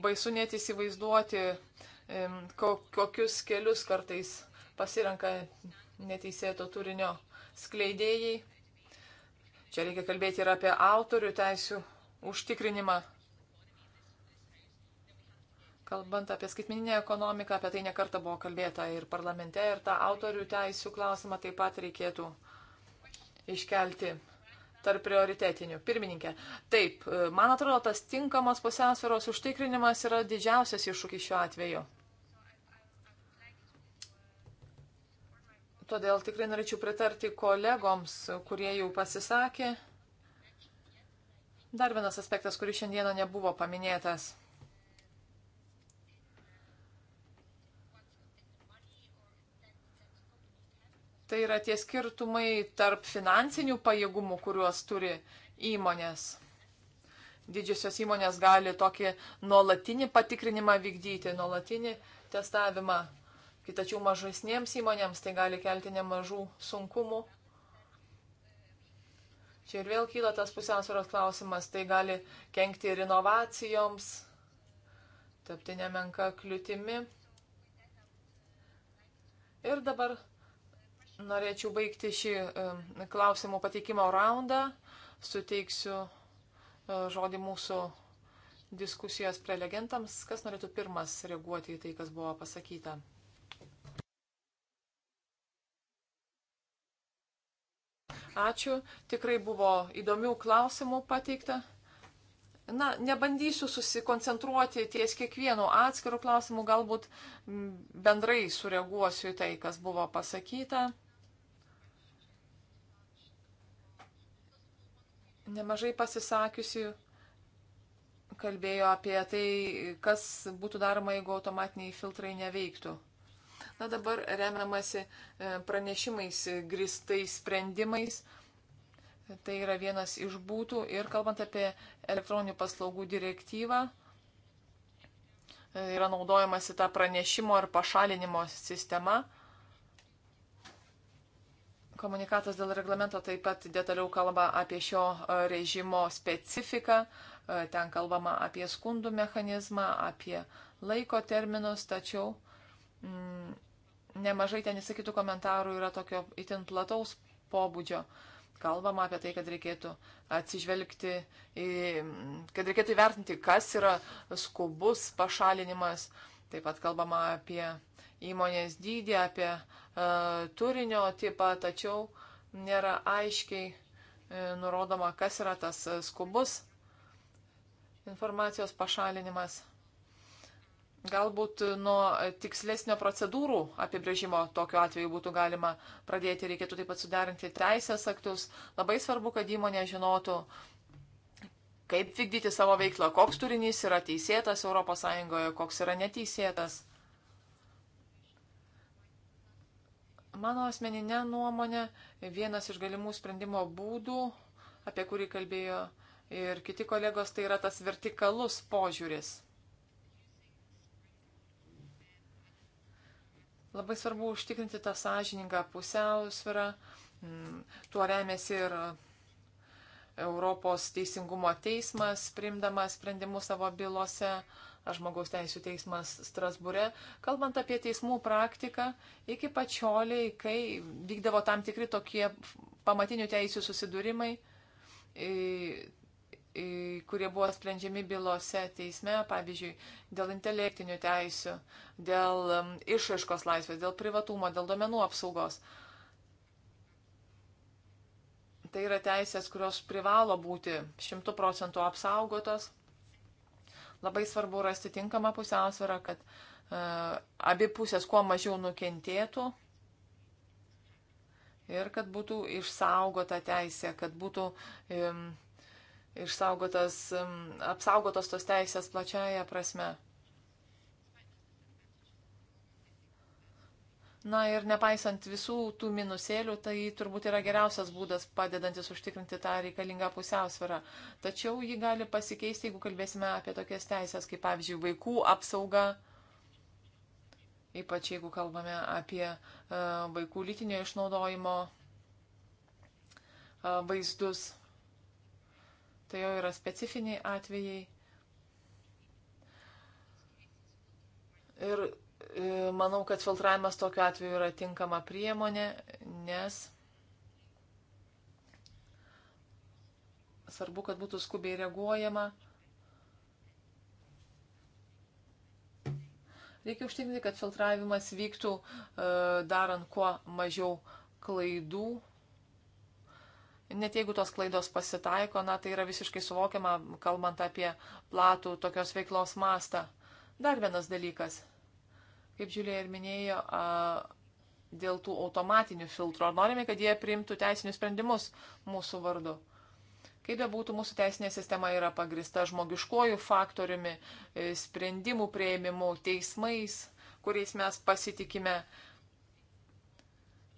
baisu net įsivaizduoti, kokius kelius kartais pasirenka neteisėto turinio skleidėjai. Čia reikia kalbėti ir apie autorių teisų užtikrinimą. Kalbant apie skaitmininę ekonomiką, apie tai nekarta buvo kalbėta ir parlamente, ir tą autorių teisų klausimą taip pat reikėtų iškelti tarp prioritetinių. Pirmininkė, taip, man atrodo, tas tinkamas pusiausvėros užtikrinimas yra didžiausias iššūkis šiuo atveju. Todėl tikrai norėčiau pritarti kolegoms, kurie jau pasisakė. Dar vienas aspektas, kuris šiandieną nebuvo paminėtas. Tai yra tie skirtumai tarp finansinių pajėgumų, kuriuos turi įmonės. Didžiosios įmonės gali tokį nuolatinį patikrinimą vykdyti, nuolatinį testavimą Kai tačiau mažesniems įmonėms tai gali kelti nemažų sunkumų. Čia ir vėl kyla tas pusiausvėros klausimas, tai gali kenkti ir inovacijoms, tapti nemenka kliūtimi. Ir dabar norėčiau baigti šį e, klausimų pateikimo raundą. Suteiksiu e, žodį mūsų diskusijos prelegentams. Kas norėtų pirmas reaguoti į tai, kas buvo pasakyta? Ačiū, tikrai buvo įdomių klausimų pateikta. Na, nebandysiu susikoncentruoti ties kiekvienu atskiru klausimu, galbūt bendrai sureaguosiu į tai, kas buvo pasakyta. Nemažai pasisakiusių kalbėjo apie tai, kas būtų daroma, jeigu automatiniai filtrai neveiktų. Na dabar remiamasi e, pranešimais e, gristais sprendimais. Tai yra vienas iš būtų. Ir kalbant apie elektroninių paslaugų direktyvą, e, yra naudojamasi ta pranešimo ir pašalinimo sistema. Komunikatas dėl reglamento taip pat detaliau kalba apie šio režimo specifiką. Ten kalbama apie skundų mechanizmą, apie laiko terminus, tačiau uh, Mm, nemažai ten įsakytų komentarų yra tokio itin plataus pobūdžio. Kalbama apie tai, kad reikėtų atsižvelgti, į, kad reikėtų įvertinti, kas yra skubus pašalinimas. Taip pat kalbama apie įmonės dydį, apie e, turinio tipą, tačiau nėra aiškiai e, nurodoma, kas yra tas skubus informacijos pašalinimas. Galbūt e, nuo e, tikslesnio procedūrų apibrėžimo tokiu atveju būtų galima pradėti, reikėtų taip pat suderinti teisės aktus. Labai svarbu, kad įmonė žinotų, kaip vykdyti savo veiklą, koks turinys yra teisėtas ES, koks yra neteisėtas. Mano asmeninė nuomonė, vienas iš galimų sprendimo būdų, apie kurį kalbėjo ir kiti kolegos, tai yra tas vertikalus požiūris. Labai svarbu užtikrinti tą sąžiningą pusiausvyrą. Mm, tuo remiasi ir Europos teisingumo teismas, primdamas sprendimus savo bylose, ar žmogaus teisų teismas Strasbūre. Kalbant apie teismų praktiką, iki pačioliai, kai vykdavo tam tikri tokie pamatinių teisų susidūrimai, kurie buvo sprendžiami bylose teisme, pavyzdžiui, dėl intelektinių teisių, dėl um, išaiškos laisvės, dėl privatumo, dėl domenų apsaugos. Tai yra teisės, kurios privalo būti šimtų procentų apsaugotos. Labai svarbu rasti tinkamą pusiausvyrą, kad uh, abi pusės kuo mažiau nukentėtų ir kad būtų išsaugota teisė, kad būtų um, išsaugotas, apsaugotos tos teisės plačiaja prasme. Na ir nepaisant visų tų minusėlių, tai turbūt yra geriausias būdas padedantis užtikrinti tą reikalingą pusiausvyrą. Tačiau ji gali pasikeisti, jeigu kalbėsime apie tokias teisės, kaip pavyzdžiui, vaikų apsauga, ypač jeigu kalbame apie e, vaikų lytinio išnaudojimo e, vaizdus tai jau yra specifiniai atvejai. Ir e, manau, kad filtravimas tokiu atveju yra tinkama priemonė, nes svarbu, kad būtų skubiai reaguojama. Reikia užtikrinti, kad filtravimas vyktų e, darant kuo mažiau klaidų Net jeigu tos klaidos pasitaiko, na tai yra visiškai suvokiama, kalbant apie platų tokios veiklos mastą. Dar vienas dalykas. Kaip Žiūlė ir minėjo, a, dėl tų automatinių filtrų, ar norime, kad jie priimtų teisinius sprendimus mūsų vardu. Kaip be būtų, mūsų teisinė sistema yra pagrista žmogiškojų faktoriumi, e, sprendimų prieimimu, teismais, kuriais mes pasitikime.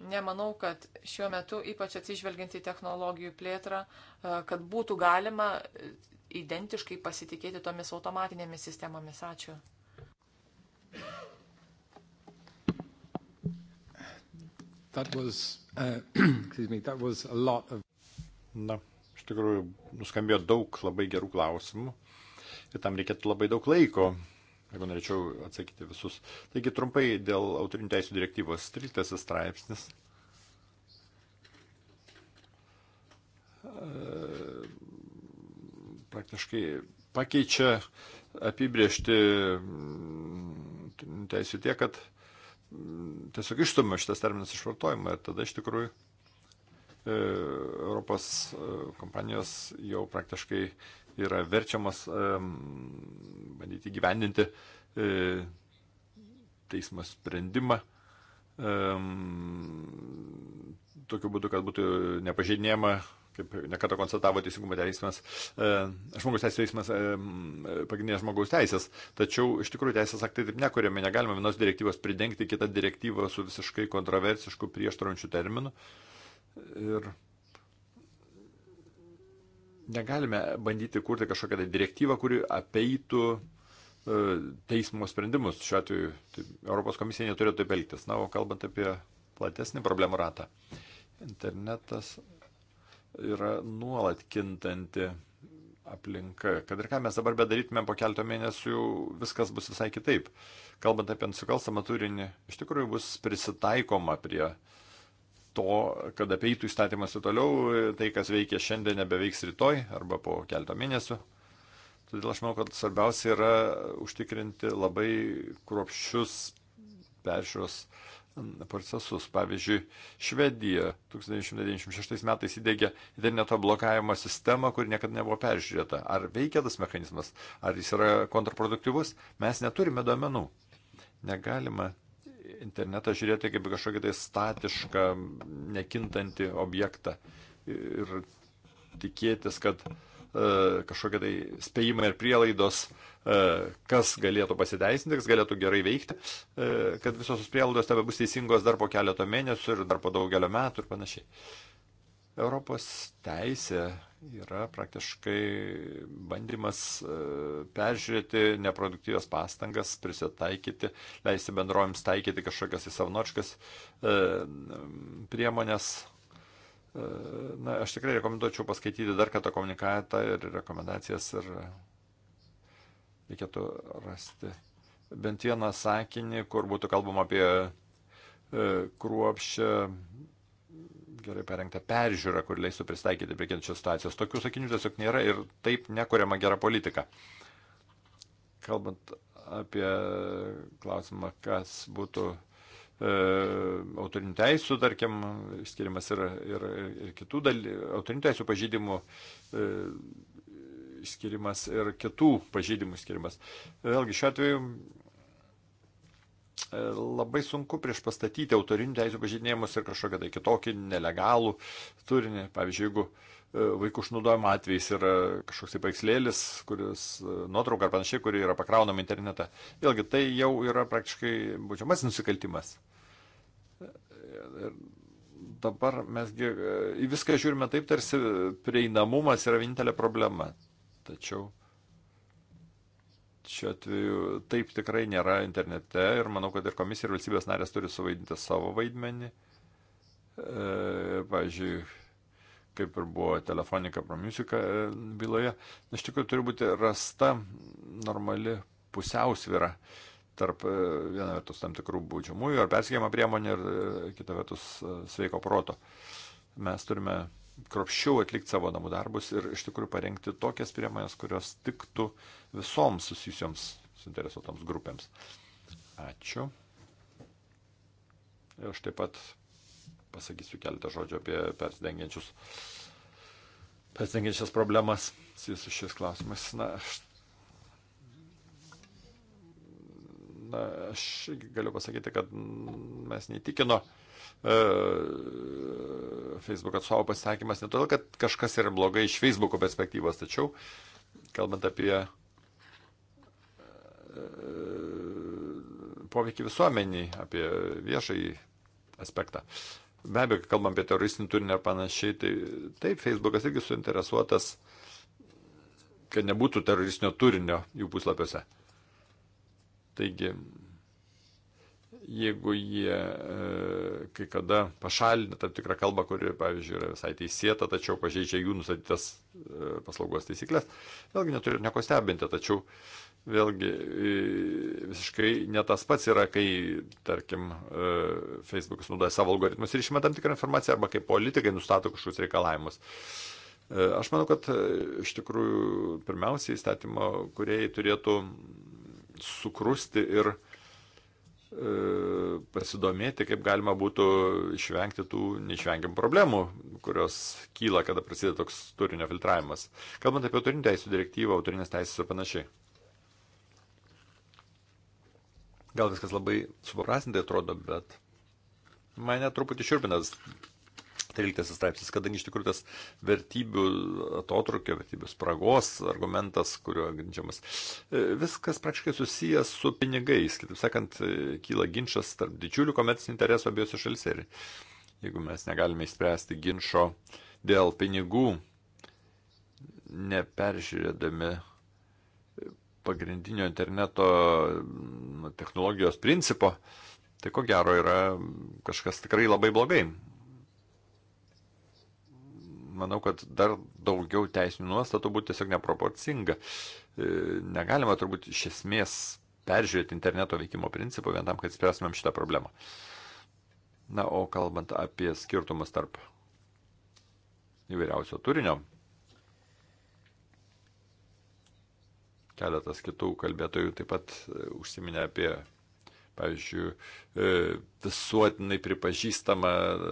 Nemanau, kad šiuo metu, ypač atsižvelgiant į technologijų plėtrą, e, kad būtų galima identiškai pasitikėti tomis automatinėmis sistemomis. Ačiū. That was, uh, me, that was a lot of... Na, iš tikrųjų, nuskambėjo daug labai gerų klausimų ir tam reikėtų labai daug laiko jeigu norėčiau atsakyti visus. Taigi trumpai dėl autorinių teisų direktyvos 13 straipsnis. E, praktiškai pakeičia apibriežti mm, teisų tiek, kad mm, tiesiog išstumia šitas terminas iš vartojimo ir tada iš tikrųjų e, Europos e, kompanijos jau praktiškai yra verčiamas bandyti gyvendinti e, teismo sprendimą tokiu būdu, kad būtų nepažeidinėjama kaip nekartą konstatavo Teisingumo teismas, e, žmogus teisės teismas pagrindinės žmogaus teisės. Tačiau iš tikrųjų teisės aktai taip nekuriami, negalima vienos direktyvos pridengti kitą direktyvą su visiškai kontroversišku prieštarančiu terminu. Ir Negalime bandyti kurti kažkokią tai direktyvą, kuri apeitų e, teismo sprendimus. Šiuo atveju tai Europos komisija neturėtų taip elgtis. Na, o kalbant apie platesnį problemų ratą. Internetas yra nuolat kintanti aplinka. Kad ir ką mes dabar bedarytumėm po kelto mėnesių, viskas bus visai kitaip. Kalbant apie nusikalstamą turinį, iš tikrųjų bus prisitaikoma prie uh, to, kad apeitų įstatymas ir toliau, tai kas veikia šiandien nebeveiks rytoj arba po keletą mėnesių. Todėl aš manau, kad svarbiausia yra užtikrinti labai kruopščius peržiūros procesus. Pavyzdžiui, Švedija 1996 metais įdėgė interneto blokavimo sistemą, kuri niekada nebuvo peržiūrėta. Ar veikia tas mechanizmas, ar jis yra kontraproduktyvus, mes neturime duomenų. Negalima internetą žiūrėti kaip kažkokį tai statišką, nekintantį objektą ir tikėtis, kad e, kažkokie tai spėjimai ir prielaidos, e, kas galėtų pasiteisinti, kas galėtų gerai veikti, e, kad visos tos prielaidos tebe bus teisingos dar po keleto mėnesių ir dar po daugelio metų ir panašiai. Europos teisė yra praktiškai bandymas e, peržiūrėti neproduktyvės pastangas, prisitaikyti, leisti bendrojams taikyti kažkokias į savanoriškas e, priemonės. E, na, aš tikrai rekomenduočiau paskaityti dar kartą komunikatą ir rekomendacijas ir reikėtų rasti bent vieną sakinį, kur būtų kalbama apie kruopščią gerai parengta peržiūra, kur leistų pristaikyti prie kenčios situacijos. Tokių sakinių tiesiog nėra ir taip nekuriama gera politika. Kalbant apie klausimą, kas būtų e, autorinių teisų, tarkim, išskirimas ir, ir, ir kitų dalykų, autorinių teisų pažydimų e, išskirimas ir kitų pažydimų išskirimas. Vėlgi šiuo atveju E, labai sunku prieš pastatyti autorinių teisų pažydinėjimus ir kažkokią tai kitokį nelegalų turinį. Pavyzdžiui, jeigu e, vaikų išnaudojimo atvejais yra kažkoks tai paikslėlis, kuris e, nuotrauka ar panašiai, kuri yra pakraunama internetą, vėlgi tai jau yra praktiškai būčiamas nusikaltimas. Ir dabar mesgi į viską žiūrime taip, tarsi prieinamumas yra vienintelė problema. Tačiau šiuo atveju taip tikrai nėra internete ir manau, kad ir komisija ir valstybės narės turi suvaidinti savo vaidmenį. E, pavyzdžiui, kaip ir buvo telefonika promusika e, byloje, iš tikrųjų turi būti rasta normali pusiausvyra tarp e, viena vertus tam tikrų būdžiamųjų ar persikėjimo priemonių ir e, kita vertus sveiko proto. Mes turime kropščiau atlikti savo namų darbus ir iš tikrųjų parengti tokias priemonės, kurios tiktų visoms susijusioms suinteresuotoms grupėms. Ačiū. Ir aš taip pat pasakysiu keletą žodžių apie persidengiančius, persidengiančias problemas su šiais klausimais. Na, aš, na, aš galiu pasakyti, kad mes neįtikino. E, Facebook atstovo pasisakymas ne todėl, kad kažkas yra blogai iš Facebook'o perspektyvos, tačiau kalbant apie e, poveikį visuomeniai, apie viešai aspektą. Be abejo, kalbam apie teroristinį turinį ir panašiai, tai taip, Facebookas irgi suinteresuotas, kad nebūtų teroristinio turinio jų puslapiuose. Taigi, jeigu jie e, kai kada pašalina tam tikrą kalbą, kuri, pavyzdžiui, yra visai teisėta, tačiau pažeidžia jų nusatytas e, paslaugos taisyklės, vėlgi neturi nieko stebinti, tačiau vėlgi e, visiškai ne tas pats yra, kai, tarkim, Facebookas naudoja savo algoritmus ir išima tam tikrą informaciją arba kai politikai nustato kažkokius reikalavimus. Aš manau, kad iš tikrųjų pirmiausiai įstatymo kuriejai turėtų sukrusti ir uh, pasidomėti, kaip galima būtų išvengti tų neišvengiamų problemų, kurios kyla, kada prasideda toks turinio filtravimas. Kalbant apie autorinių teisų direktyvą, autorinės teisės ir panašiai. Gal viskas labai supaprastintai atrodo, bet mane truputį širpinas 13 straipsnis, kadangi iš tikrųjų tas vertybių atotrukio, vertybių spragos argumentas, kuriuo grindžiamas, e, viskas praktiškai susijęs su pinigais. Kitaip sakant, e, kyla ginčas tarp didžiulių komercinių interesų abiejose šalise. Ir jeigu mes negalime išspręsti ginčo dėl pinigų, neperžiūrėdami pagrindinio interneto technologijos principo, tai ko gero yra kažkas tikrai labai blogai manau, kad dar daugiau teisinių nuostatų būtų tiesiog neproporcinga. E, negalima turbūt iš esmės peržiūrėti interneto veikimo principų vien tam, kad spręstumėm šitą problemą. Na, o kalbant apie skirtumus tarp įvairiausio turinio, keletas kitų kalbėtojų taip pat e, užsiminė apie pavyzdžiui, e, visuotinai pripažįstama e,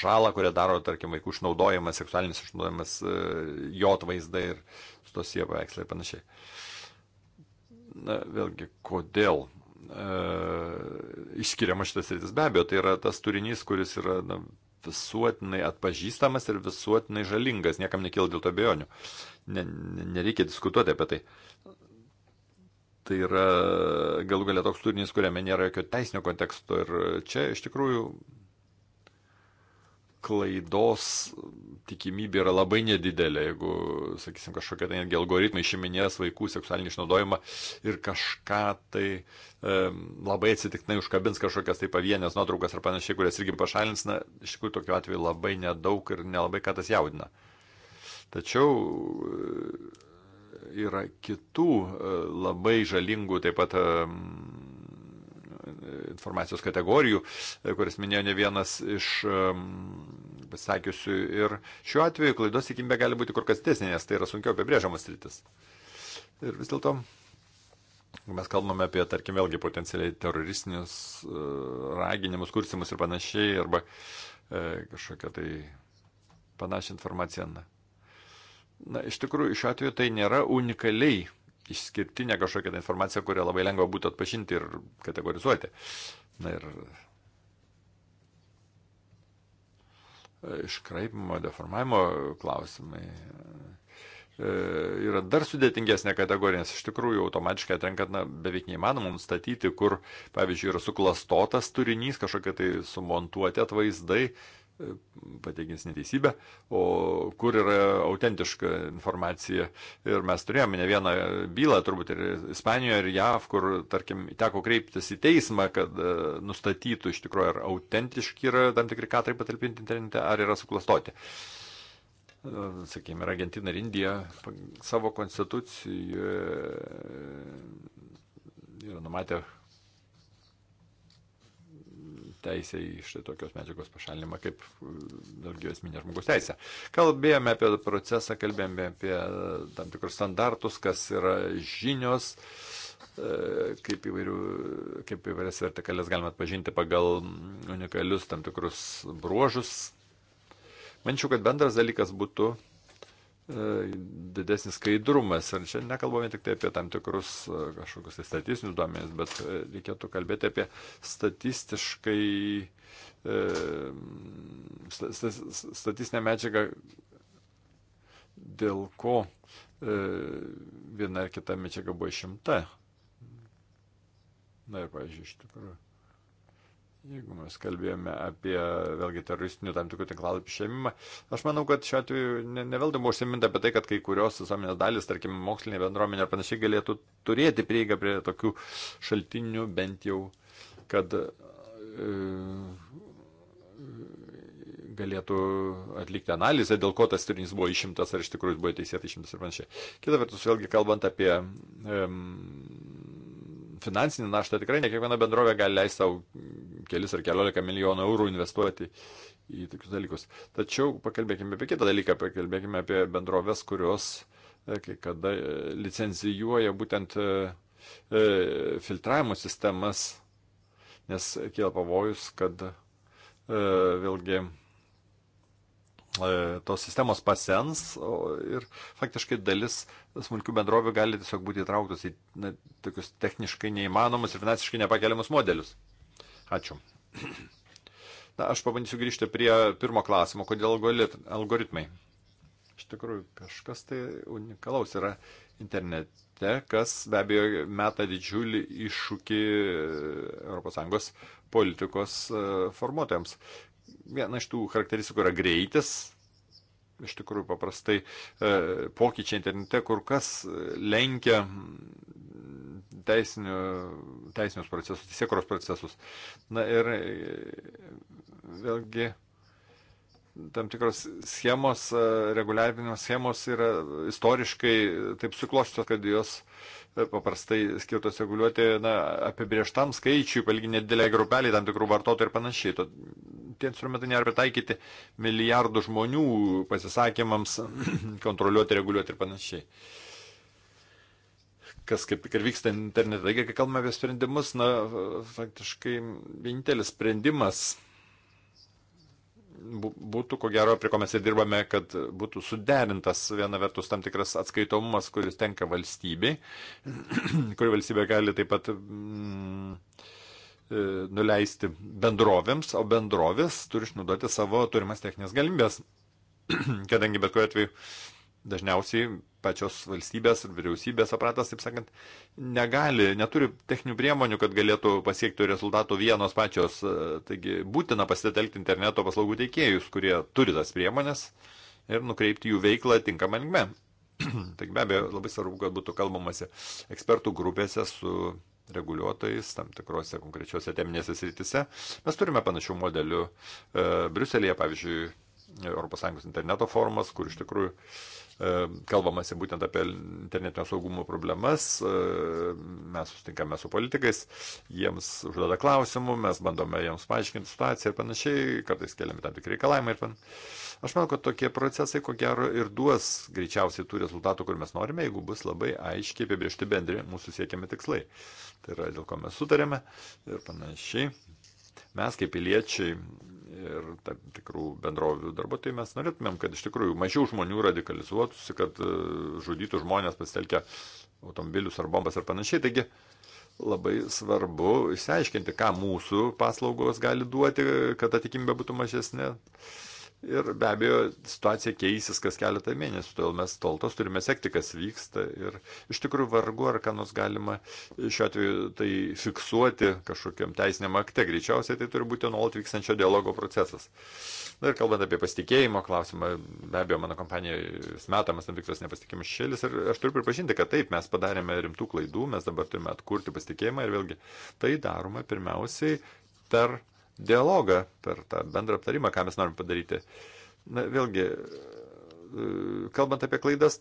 žalą, kurią daro, tarkim, vaikų išnaudojimas, seksualinis išnaudojimas, e, jo atvaizdai ir stosie paveikslai ir panašiai. Na, vėlgi, kodėl? E, išskiriama šitas rytis be abejo, tai yra tas turinys, kuris yra na, visuotinai atpažįstamas ir visuotinai žalingas, niekam nekyla dėl to bejonių. Ne, nereikia diskutuoti apie tai Tai yra galų galia toks turinys, kuriame nėra jokio teisinio konteksto. Ir čia iš tikrųjų klaidos tikimybė yra labai nedidelė, jeigu, sakysim, kažkokie tai netgi algoritmai išiminės vaikų seksualinį išnaudojimą ir kažką tai e, labai atsitiktinai užkabins kažkokias tai pavienės nuotraukas ar panašiai, kurias irgi pašalins, na, iš tikrųjų tokiu atveju labai nedaug ir nelabai ką tas jaudina. Tačiau yra kitų e, labai žalingų taip pat informacijos kategorijų, e, kuris minėjo ne vienas iš pasakiusių. Ir šiuo atveju klaidos tikimybė gali būti kur kas didesnė, nes tai yra sunkiau apibrėžiamas rytis. Ir vis dėlto mes kalbame apie, tarkim, vėlgi potencialiai teroristinius e, raginimus, kursimus ir panašiai, arba e, kažkokią tai panašią informaciją. Na. Na, iš tikrųjų, šiuo atveju tai nėra unikaliai išskirtinė kažkokia tai informacija, kurią labai lengva būtų atpažinti ir kategorizuoti. Na ir e, iškraipimo, deformavimo klausimai e, yra dar sudėtingesnė kategorija, nes iš tikrųjų automatiškai atrenka na, beveik neįmanoma nustatyti, kur, pavyzdžiui, yra suklastotas turinys, kažkokie tai sumontuoti atvaizdai, pateikins neteisybę, o kur yra autentiška informacija. Ir mes turėjome ne vieną bylą, turbūt ir Ispanijoje, ir JAV, kur, tarkim, teko kreiptis į teismą, kad e, nustatytų iš tikrųjų, ar autentiški yra tam tikri katrai patalpinti internete, ar yra suklastoti. E, Sakykime, ir Argentina ir Indija savo konstitucijoje yra numatę teisę į štai tokios medžiagos pašalinimą kaip dargi mm, esminė žmogus teisė. Kalbėjome apie procesą, kalbėjome apie e, tam tikrus standartus, kas yra žinios, e, kaip, įvairių, kaip įvairias vertikalės galima atpažinti pagal mm, unikalius tam tikrus bruožus. Mančiau, kad bendras dalykas būtų E, didesnis skaidrumas. Ir čia nekalbame tik tai apie tam tikrus e, kažkokius tai statistinius duomenys, bet e, reikėtų kalbėti apie statistiškai statistinę medžiagą, dėl ko viena ar kita medžiaga buvo išimta. Na ir, pažiūrėjau, iš tikrųjų Jeigu mes kalbėjome apie vėlgi teroristinių tam tikrų tinklalapį šeimimą, aš manau, kad šiuo atveju ne, neveldu buvo užsiminta apie tai, kad kai kurios visuomenės dalis, tarkim, mokslinė bendruomenė ar panašiai galėtų turėti prieigą prie tokių šaltinių, bent jau, kad e, galėtų atlikti analizę, dėl ko tas turinys buvo išimtas, ar iš tikrųjų buvo teisėtai išimtas ir panašiai. Kita vertus, vėlgi kalbant apie e, finansinį naštą tikrai ne kiekviena bendrovė gali leisti savo kelis ar keliolika milijonų eurų investuoti į tokius dalykus. Tačiau pakalbėkime apie kitą dalyką, pakalbėkime apie bendrovės, kurios e, kai kada e, licencijuoja būtent e, filtravimo sistemas, nes kyla pavojus, kad vėlgi E, tos sistemos pasens ir faktiškai dalis smulkių bendrovių gali tiesiog būti įtrauktos į na, tokius techniškai neįmanomus ir finansiškai nepakeliamus modelius. Ačiū. Na, aš pabandysiu grįžti prie pirmo klausimo, kodėl algoritmai. Iš tikrųjų, kažkas tai unikalaus yra internete, kas be abejo meta didžiulį iššūkį ES politikos e, formuotojams viena iš tų charakteristikų yra greitis. Iš tikrųjų, paprastai e, pokyčiai internete kur kas lenkia teisinių, teisinius procesus, teisėkuros procesus. Na ir e, vėlgi tam tikros schemos, e, reguliavimo schemos yra istoriškai taip suklostytos, kad jos paprastai skirtos reguliuoti na, apibrieštam skaičiui, palyginti nedidelę grupelį tam tikrų vartotojų ir panašiai. To, tie instrumentai nėra pritaikyti milijardų žmonių pasisakymams kontroliuoti, reguliuoti ir panašiai kas kaip ir vyksta internete. Taigi, kai kalbame apie sprendimus, na, faktiškai vienintelis sprendimas būtų, ko gero, prie ko mes ir dirbame, kad būtų suderintas viena vertus tam tikras atskaitomumas, kuris tenka valstybei, kurį valstybė gali taip pat mm, e, nuleisti bendrovėms, o bendrovės turi išnaudoti savo turimas techninės galimybės, kadangi bet kuriuo atveju dažniausiai pačios valstybės ir vyriausybės apratas, taip sakant, negali, neturi techninių priemonių, kad galėtų pasiekti rezultatų vienos pačios. E, taigi būtina pasitelkti interneto paslaugų teikėjus, kurie turi tas priemonės ir nukreipti jų veiklą tinkamą linkme. Taigi be abejo, labai svarbu, kad būtų kalbamasi ekspertų grupėse su reguliuotojais tam tikrose konkrečiose teminėse sritise. Mes turime panašių modelių e, Briuselėje, pavyzdžiui, ES interneto forumas, kur iš tikrųjų e, E, kalbamasi būtent apie internetinio saugumo problemas, e, mes sustinkame su politikais, jiems užduoda klausimų, mes bandome jiems paaiškinti situaciją ir panašiai, kartais keliami tam tikri reikalavimai ir panašiai. Aš manau, kad tokie procesai, ko gero, ir duos greičiausiai tų rezultatų, kur mes norime, jeigu bus labai aiškiai apibriežti bendri mūsų siekiami tikslai. Tai yra, dėl ko mes sutarėme ir panašiai. Mes kaip piliečiai ir tam tikrų bendrovių darbuotojų tai mes norėtumėm, kad iš tikrųjų mažiau žmonių radikalizuotųsi, kad e, žudytų žmonės pasitelkę automobilius ar bombas ar panašiai. Taigi labai svarbu išsiaiškinti, ką mūsų paslaugos gali duoti, kad atikimybė būtų mažesnė. Ir be abejo, situacija keisis kas keletą mėnesių, todėl mes toltos turime sekti, kas vyksta. Ir iš tikrųjų vargu, ar ką nors galima šiuo atveju tai fiksuoti kažkokiam teisiniam akte. Greičiausiai tai turi būti nuolat vykstančio dialogo procesas. Na ir kalbant apie pasitikėjimo klausimą, be abejo, mano kompanija metamas tam tikras nepasitikėjimas šėlis. Ir aš turiu pripažinti, kad taip, mes padarėme rimtų klaidų, mes dabar turime atkurti pasitikėjimą ir vėlgi tai daroma pirmiausiai per dialogą, per tą bendrą aptarimą, ką mes norim padaryti. Na, vėlgi, e, kalbant apie klaidas,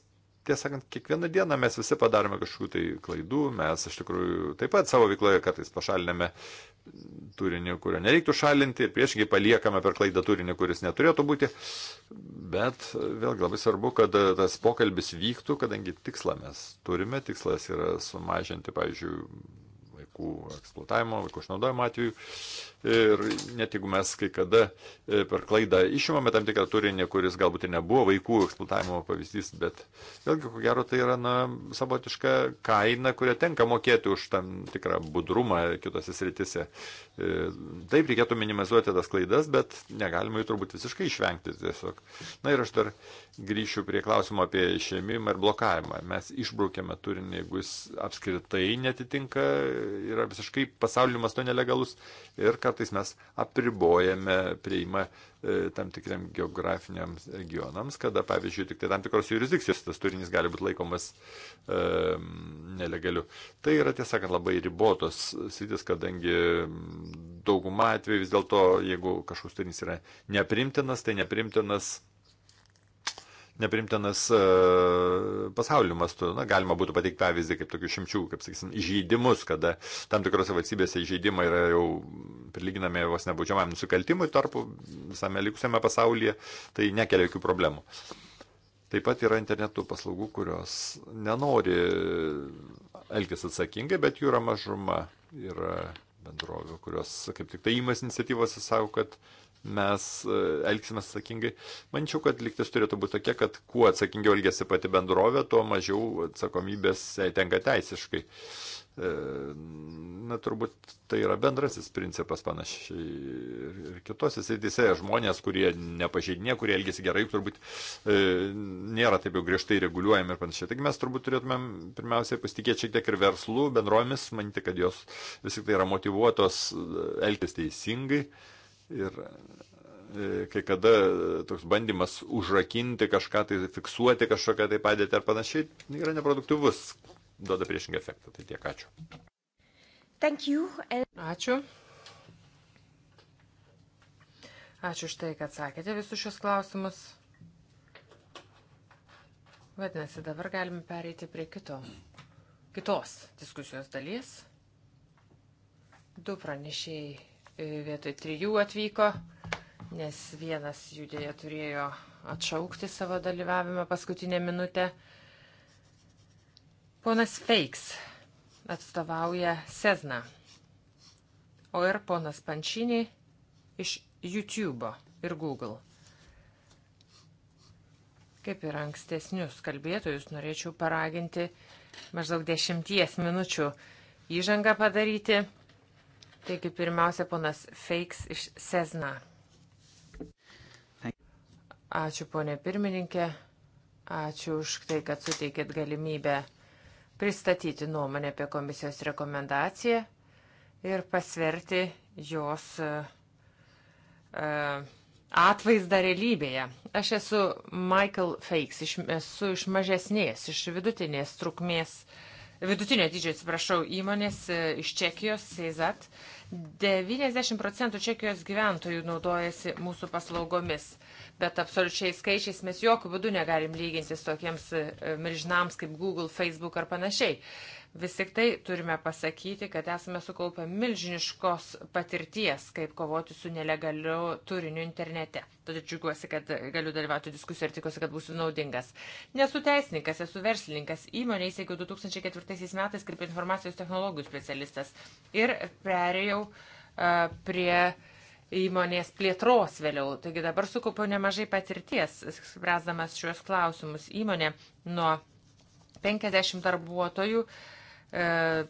tiesą sakant, kiekvieną dieną mes visi padarome kažkokių tai klaidų, mes iš tikrųjų taip pat savo veikloje kartais pašaliname turinį, kurio nereiktų šalinti ir priešingai paliekame per klaidą turinį, kuris neturėtų būti. Bet e, vėlgi labai svarbu, kad e, tas pokalbis vyktų, kadangi tikslą mes turime, tikslas yra sumažinti, pavyzdžiui, vaikų eksploatavimo, vaikų išnaudojimo atveju. Ir net jeigu mes kai kada e, per klaidą išimame tam tikrą turinį, kuris galbūt ir nebuvo vaikų eksploatavimo pavyzdys, bet vėlgi, ko gero, tai yra na, savotiška kaina, kurią tenka mokėti už tam tikrą budrumą kitose sritise. E, taip reikėtų minimizuoti tas klaidas, bet negalima jų turbūt visiškai išvengti tiesiog. Na ir aš dar grįšiu prie klausimo apie išėmimą ir blokavimą. Mes išbraukėme turinį, jeigu jis apskritai netitinka yra visiškai pasaulio mastu nelegalus ir kartais mes apribojame prieimą e, tam tikriam geografiniams regionams, kada, pavyzdžiui, tik tai tam tikros jurisdikcijos tas turinys gali būti laikomas e, nelegaliu. Tai yra tiesą sakant labai ribotos sritis, kadangi dauguma atveju vis dėlto, jeigu kažkoks turinys yra neprimtinas, tai neprimtinas neprimtinas e, pasaulio mastu. Na, galima būtų pateikti pavyzdį kaip tokių šimčių, kaip sakysim, įžeidimus, kada tam tikrose valstybėse įžeidimai yra jau prilyginami vos nebaudžiamam nusikaltimui, tarpu visame likusiame pasaulyje tai nekelia jokių problemų. Taip pat yra internetų paslaugų, kurios nenori elgtis atsakingai, bet jų yra mažuma. Yra bendrovių, kurios kaip tik tai įmas iniciatyvos ir sako, kad mes e, elgsime atsakingai. Mančiau, kad liktis turėtų būti tokia, kad kuo atsakingiau elgesi pati bendrovė, tuo mažiau atsakomybės tenka teisiškai. E, na, turbūt tai yra bendrasis principas panašiai ir kitose srityse. Žmonės, kurie nepažeidinė, kurie elgesi gerai, turbūt e, nėra taip jau griežtai reguliuojami ir panašiai. Taigi mes turbūt turėtumėm pirmiausiai pasitikėti šiek tiek ir verslų, bendromis, manyti, kad jos vis tik tai yra motivuotos e, elgtis teisingai. E, Ir e, kai kada toks bandymas užrakinti kažką, tai fiksuoti kažkokią tai padėtį ar panašiai, yra neproduktyvus, duoda priešingą efektą. Tai tiek ačiū. And... Ačiū. Ačiū už tai, kad sakėte visus šios klausimus. Vadinasi, dabar galime pereiti prie kito, kitos diskusijos dalies. Du pranešėjai E, vietoj trijų atvyko, nes vienas jų dėja turėjo atšaukti savo dalyvavimą paskutinę minutę. Ponas Feiks atstovauja Sezna, o ir ponas Pančinį iš YouTube ir Google. Kaip ir ankstesnius kalbėtojus, norėčiau paraginti maždaug dešimties minučių įžangą padaryti Taigi pirmiausia, ponas Feiks iš Sezna. Ačiū, ponė pirmininkė. Ačiū už tai, kad suteikėt galimybę pristatyti nuomonę apie komisijos rekomendaciją ir pasverti jos e, e, atvaizdą realybėje. Aš esu Michael Fakes, iš, esu iš mažesnės, iš vidutinės trukmės, vidutinio dydžio, atsiprašau, įmonės e, iš Čekijos, Seizat. Uh, 90 procentų Čekijos gyventojų naudojasi mūsų paslaugomis, bet absoliučiai skaičiais mes jokių būdų negalim lygintis tokiems e, milžinams kaip Google, Facebook ar panašiai. Vis tik tai turime pasakyti, kad esame sukaupę milžiniškos patirties, kaip kovoti su nelegaliu turiniu internete. Todėl džiugiuosi, kad galiu dalyvauti diskusijoje ir tikiuosi, kad būsiu naudingas. Nesu teisininkas, esu verslininkas. Įmonė įsiekiau 2004 metais kaip informacijos technologijų specialistas ir perėjau uh, prie įmonės plėtros vėliau. Taigi dabar sukaupiau nemažai patirties, spręsdamas šiuos klausimus. Įmonė nuo 50 darbuotojų uh, E,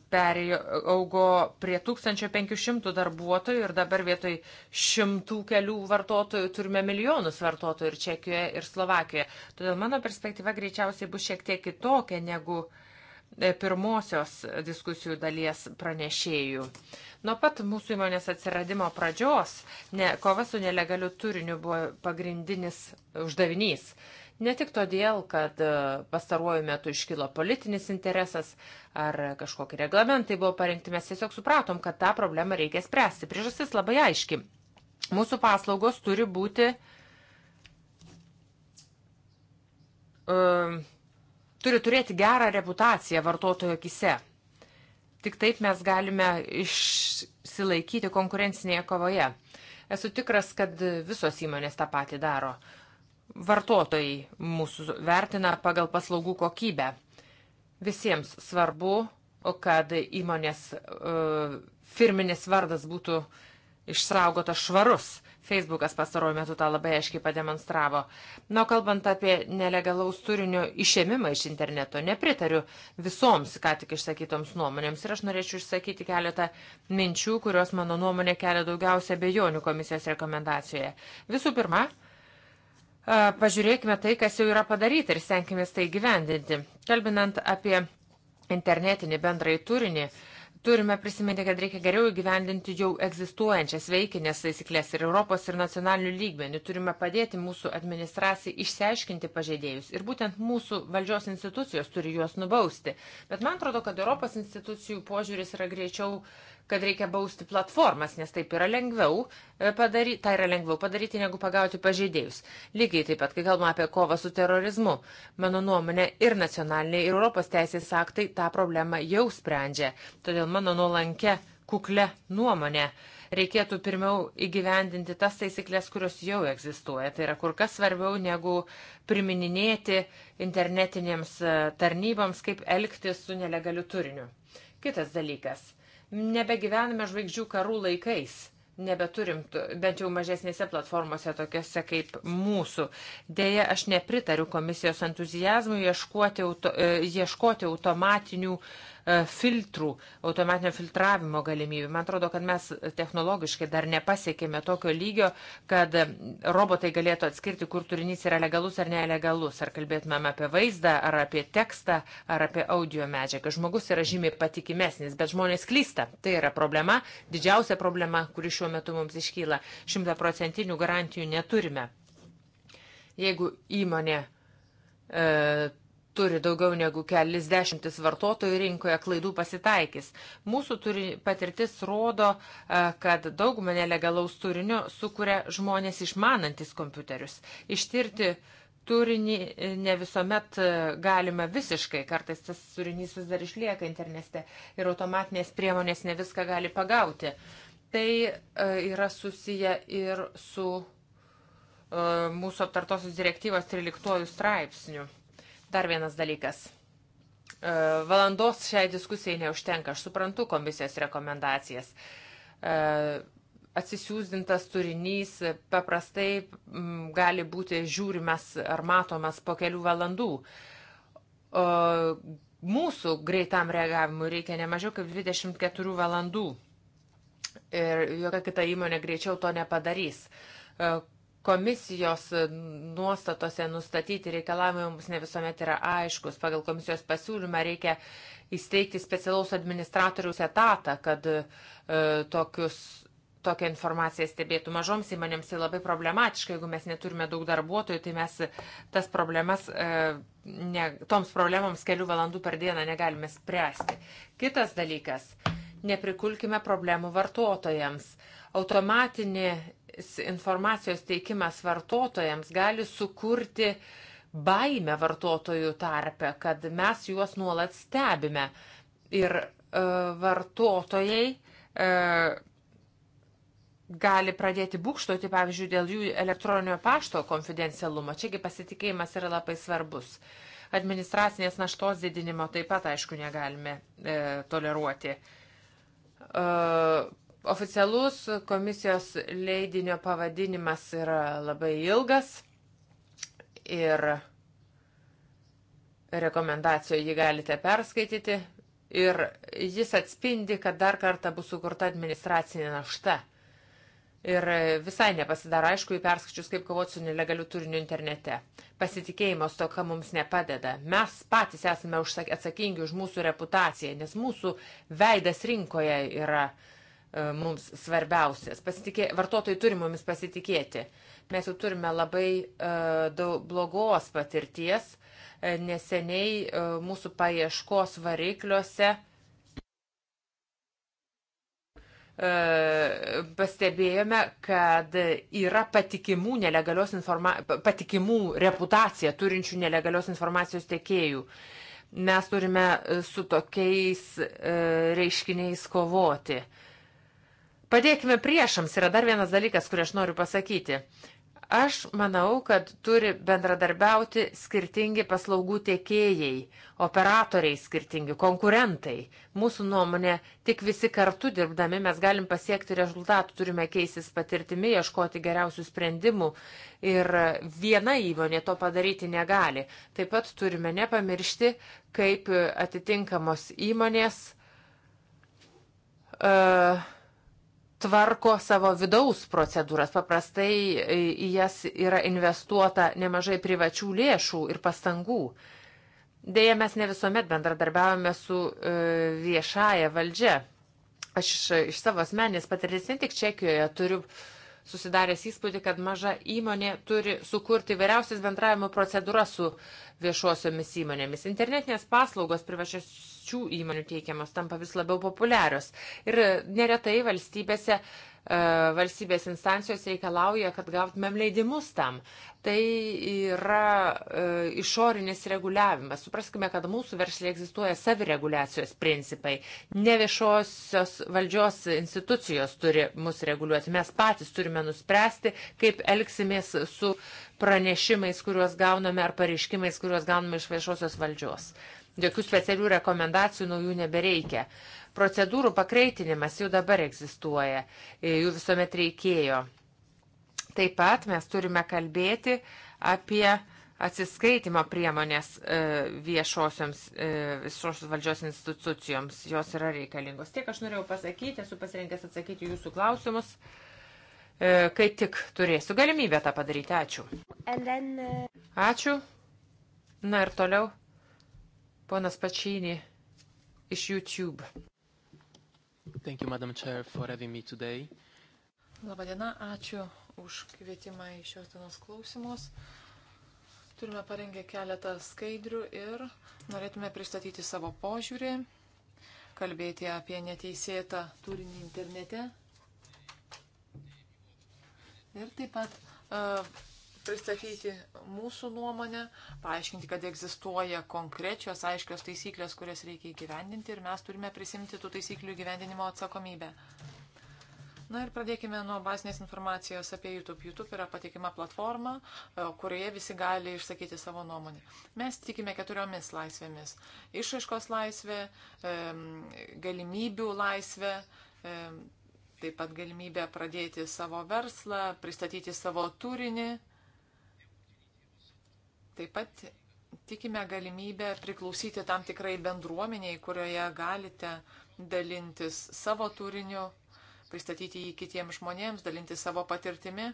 perėjo, augo prie 1500 darbuotojų ir dabar vietoj šimtų kelių vartotojų turime milijonus vartotojų ir Čekijoje, ir Slovakijoje. Todėl mano perspektyva greičiausiai bus šiek tiek kitokia negu e, pirmosios diskusijų dalies pranešėjų. Nuo pat mūsų įmonės atsiradimo pradžios ne, kova su nelegaliu turiniu buvo pagrindinis uždavinys. Uh, Ne tik todėl, kad e, pastaruoju metu iškilo politinis interesas ar kažkokie reglamentai buvo parengti, mes tiesiog supratom, kad tą problemą reikia spręsti. Priežastis labai aiški. Mūsų paslaugos turi būti. Um, turi turėti gerą reputaciją vartotojo akise. Tik taip mes galime išsilaikyti konkurencinėje kovoje. Esu tikras, kad visos įmonės tą patį daro vartotojai mūsų vertina pagal paslaugų kokybę. Visiems svarbu, kad įmonės e, firminis vardas būtų išsaugotas švarus. Facebookas pastaruoju metu tą labai aiškiai pademonstravo. Na, kalbant apie nelegalaus turinio išėmimą iš interneto, nepritariu visoms ką tik išsakytoms nuomonėms ir aš norėčiau išsakyti keletą minčių, kurios mano nuomonė kelia daugiausia bejonių komisijos rekomendacijoje. Visų pirma, pažiūrėkime tai, kas jau yra padaryta ir stenkime tai gyvendinti. Kalbinant apie internetinį bendrąjį turinį, turime prisiminti, kad reikia geriau įgyvendinti jau egzistuojančias veikinės taisyklės ir Europos ir nacionalinių lygmenių. Turime padėti mūsų administracijai išsiaiškinti pažeidėjus ir būtent mūsų valdžios institucijos turi juos nubausti. Bet man atrodo, kad Europos institucijų požiūris yra greičiau kad reikia bausti platformas, nes taip yra lengviau e, padaryti, tai yra lengviau padaryti, negu pagauti pažeidėjus. Lygiai taip pat, kai kalbame apie kovą su terorizmu, mano nuomonė ir nacionaliniai, ir Europos teisės aktai tą problemą jau sprendžia. Todėl mano nuolankė, kuklė nuomonė. Reikėtų pirmiau įgyvendinti tas taisyklės, kurios jau egzistuoja. Tai yra kur kas svarbiau negu primininėti internetinėms e, tarnyboms, kaip elgtis su nelegaliu turiniu. Kitas dalykas Nebegyvename žvaigždžių karų laikais nebeturim, bent jau mažesnėse platformose, tokiose kaip mūsų. Deja, aš nepritariu komisijos entuzijazmui ieškoti, auto, e, ieškoti automatinių E, filtrų, automatinio filtravimo galimybių. Man atrodo, kad mes technologiškai dar nepasiekėme tokio lygio, kad robotai galėtų atskirti, kur turinys yra legalus ar nelegalus. Ar kalbėtumėm apie vaizdą, ar apie tekstą, ar apie audio medžiagą. Žmogus yra žymiai patikimesnis, bet žmonės klysta. Tai yra problema, didžiausia problema, kuri šiuo metu mums iškyla. Šimtaprocentinių garantijų neturime. Jeigu įmonė e, turi daugiau negu kelis dešimtis vartotojų rinkoje, klaidų pasitaikys. Mūsų turi, patirtis rodo, e, kad daugumą nelegalaus turinio sukuria žmonės išmanantis kompiuterius. Ištirti turinį e, ne visuomet e, galima visiškai, kartais tas turinys vis dar išlieka internete ir automatinės priemonės ne viską gali pagauti. Tai yra susiję ir su mūsų aptartosios direktyvos 13 straipsniu. Dar vienas dalykas. E, valandos šiai diskusijai neužtenka. Aš suprantu komisijos rekomendacijas. E, Atsisiūsdintas turinys paprastai gali būti žiūrimas ar matomas po kelių valandų mūsų greitam reagavimui reikia nemažiau kaip 24 valandų. Ir jokia kita įmonė greičiau to nepadarys. E, Komisijos nuostatose nustatyti reikalavimai mums ne visuomet yra aiškus. Pagal komisijos pasiūlymą reikia įsteigti specialaus administratoriaus etatą, kad e, tokius, tokią informaciją stebėtų mažoms įmonėms. Tai labai problematiška, jeigu mes neturime daug darbuotojų, tai mes tas problemas, e, ne, toms problemams kelių valandų per dieną negalime spręsti. Kitas dalykas neprikulkime problemų vartotojams. Automatinė informacijos teikimas vartotojams gali sukurti baimę vartotojų tarpe, kad mes juos nuolat stebime. Ir e, vartotojai e, gali pradėti būkštoti, pavyzdžiui, dėl jų elektroninio pašto konfidencialumo. Čiagi pasitikėjimas yra labai svarbus. Administracinės naštos didinimo taip pat, aišku, negalime e, toleruoti. E, Oficialus komisijos leidinio pavadinimas yra labai ilgas ir rekomendacijoje jį galite perskaityti. Ir jis atspindi, kad dar kartą bus sukurta administracinė našta. Ir visai nepasidaro aišku, jį perskaičius, kaip kovoti su nelegaliu turiniu internete. Pasitikėjimo stoka mums nepadeda. Mes patys esame atsakingi už mūsų reputaciją, nes mūsų veidas rinkoje yra uh, E, mums svarbiausias. Pasitikė, vartotojai turi mumis pasitikėti. Mes jau turime labai e, daug blogos patirties. E, neseniai mūsų paieškos varikliuose pastebėjome, kad yra patikimų, informa patikimų reputaciją turinčių nelegalios informacijos tiekėjų. Mes turime su tokiais reiškiniais kovoti. Uh, Padėkime priešams yra dar vienas dalykas, kurį aš noriu pasakyti. Aš manau, kad turi bendradarbiauti skirtingi paslaugų tiekėjai, operatoriai skirtingi, konkurentai. Mūsų nuomonė, tik visi kartu dirbdami mes galim pasiekti rezultatų, turime keisis patirtimi, ieškoti geriausių sprendimų ir viena įmonė to padaryti negali. Taip pat turime nepamiršti, kaip atitinkamos įmonės. Uh, tvarko savo vidaus procedūras. Paprastai į jas yra investuota nemažai privačių lėšų ir pastangų. Deja, mes ne visuomet bendradarbiavame su e, viešaja valdžia. Aš iš, iš savo asmenės patirties ne tik Čekijoje turiu uh, susidaręs įspūdį, kad maža įmonė turi sukurti vairiausias bendravimo procedūras su viešuosiomis įmonėmis. Internetinės paslaugos privačiasių įmonių teikiamas tampa vis labiau populiarios ir neretai valstybėse E, valstybės instancijos reikalauja, kad gautumėm leidimus tam. Tai yra e, išorinis reguliavimas. Supraskime, kad mūsų verslė egzistuoja savireguliacijos principai. Ne viešosios valdžios institucijos turi mus reguliuoti. Mes patys turime nuspręsti, kaip elgsimės su pranešimais, kuriuos gauname, ar pareiškimais, kuriuos gauname iš viešosios valdžios. Jokių specialių rekomendacijų naujų nebereikia. Procedūrų pakreitinimas jau dabar egzistuoja, e, jų visuomet reikėjo. Taip pat mes turime kalbėti apie atsiskaitimo priemonės e, viešosioms, e, viešosios valdžios institucijoms. Jos yra reikalingos. Tiek aš norėjau pasakyti, esu pasirinkęs atsakyti jūsų klausimus, kai tik turėsiu galimybę tą padaryti. Ačiū. Elen... Uh, Ačiū. Na ir toliau Ponas Pačinį iš YouTube. Thank you, Madam Chair, for having me today. Labadiena, ačiū už kvietimą į šios dienos klausimus. Turime parengę keletą skaidrių ir norėtume pristatyti savo požiūrį, kalbėti apie neteisėtą turinį internete. Ir taip pat uh, pristatyti mūsų nuomonę, paaiškinti, kad egzistuoja konkrečios, aiškios taisyklės, kurias reikia įgyvendinti ir mes turime prisimti tų taisyklių įgyvendinimo atsakomybę. Na ir pradėkime nuo bazinės informacijos apie YouTube. YouTube yra patikima platforma, e, kurioje visi gali išsakyti savo nuomonę. Mes tikime keturiomis laisvėmis. Išaiškos laisvė, e, galimybių laisvė, e, taip pat galimybė pradėti savo verslą, pristatyti savo turinį Taip pat tikime galimybę priklausyti tam tikrai bendruomeniai, kurioje galite dalintis savo turiniu, pristatyti jį kitiems žmonėms, dalinti savo patirtimi.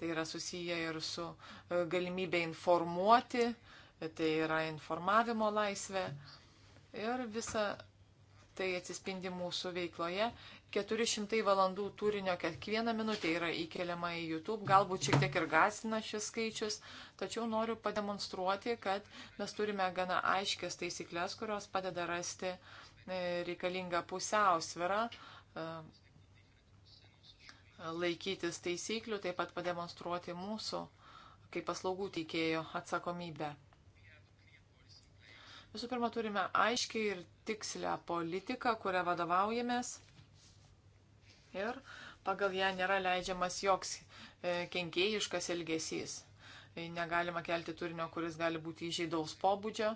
Tai yra susiję ir su e, galimybė informuoti, tai yra informavimo laisvė. Ir visa tai atsispindi mūsų veikloje 400 valandų turinio kiekvieną minutę yra įkeliama į YouTube. Galbūt šiek tiek ir gasina šis skaičius, tačiau noriu pademonstruoti, kad mes turime gana aiškias taisyklės, kurios padeda rasti e, reikalingą pusiausvirą, e, laikytis taisyklių, taip pat pademonstruoti mūsų kaip paslaugų teikėjo atsakomybę. Visų pirma, turime aiškiai ir tikslę politiką, kurią vadovaujamės ir pagal ją nėra leidžiamas joks e, kenkėjiškas elgesys. E, negalima kelti turinio, kuris gali būti įžeidaus pobūdžio.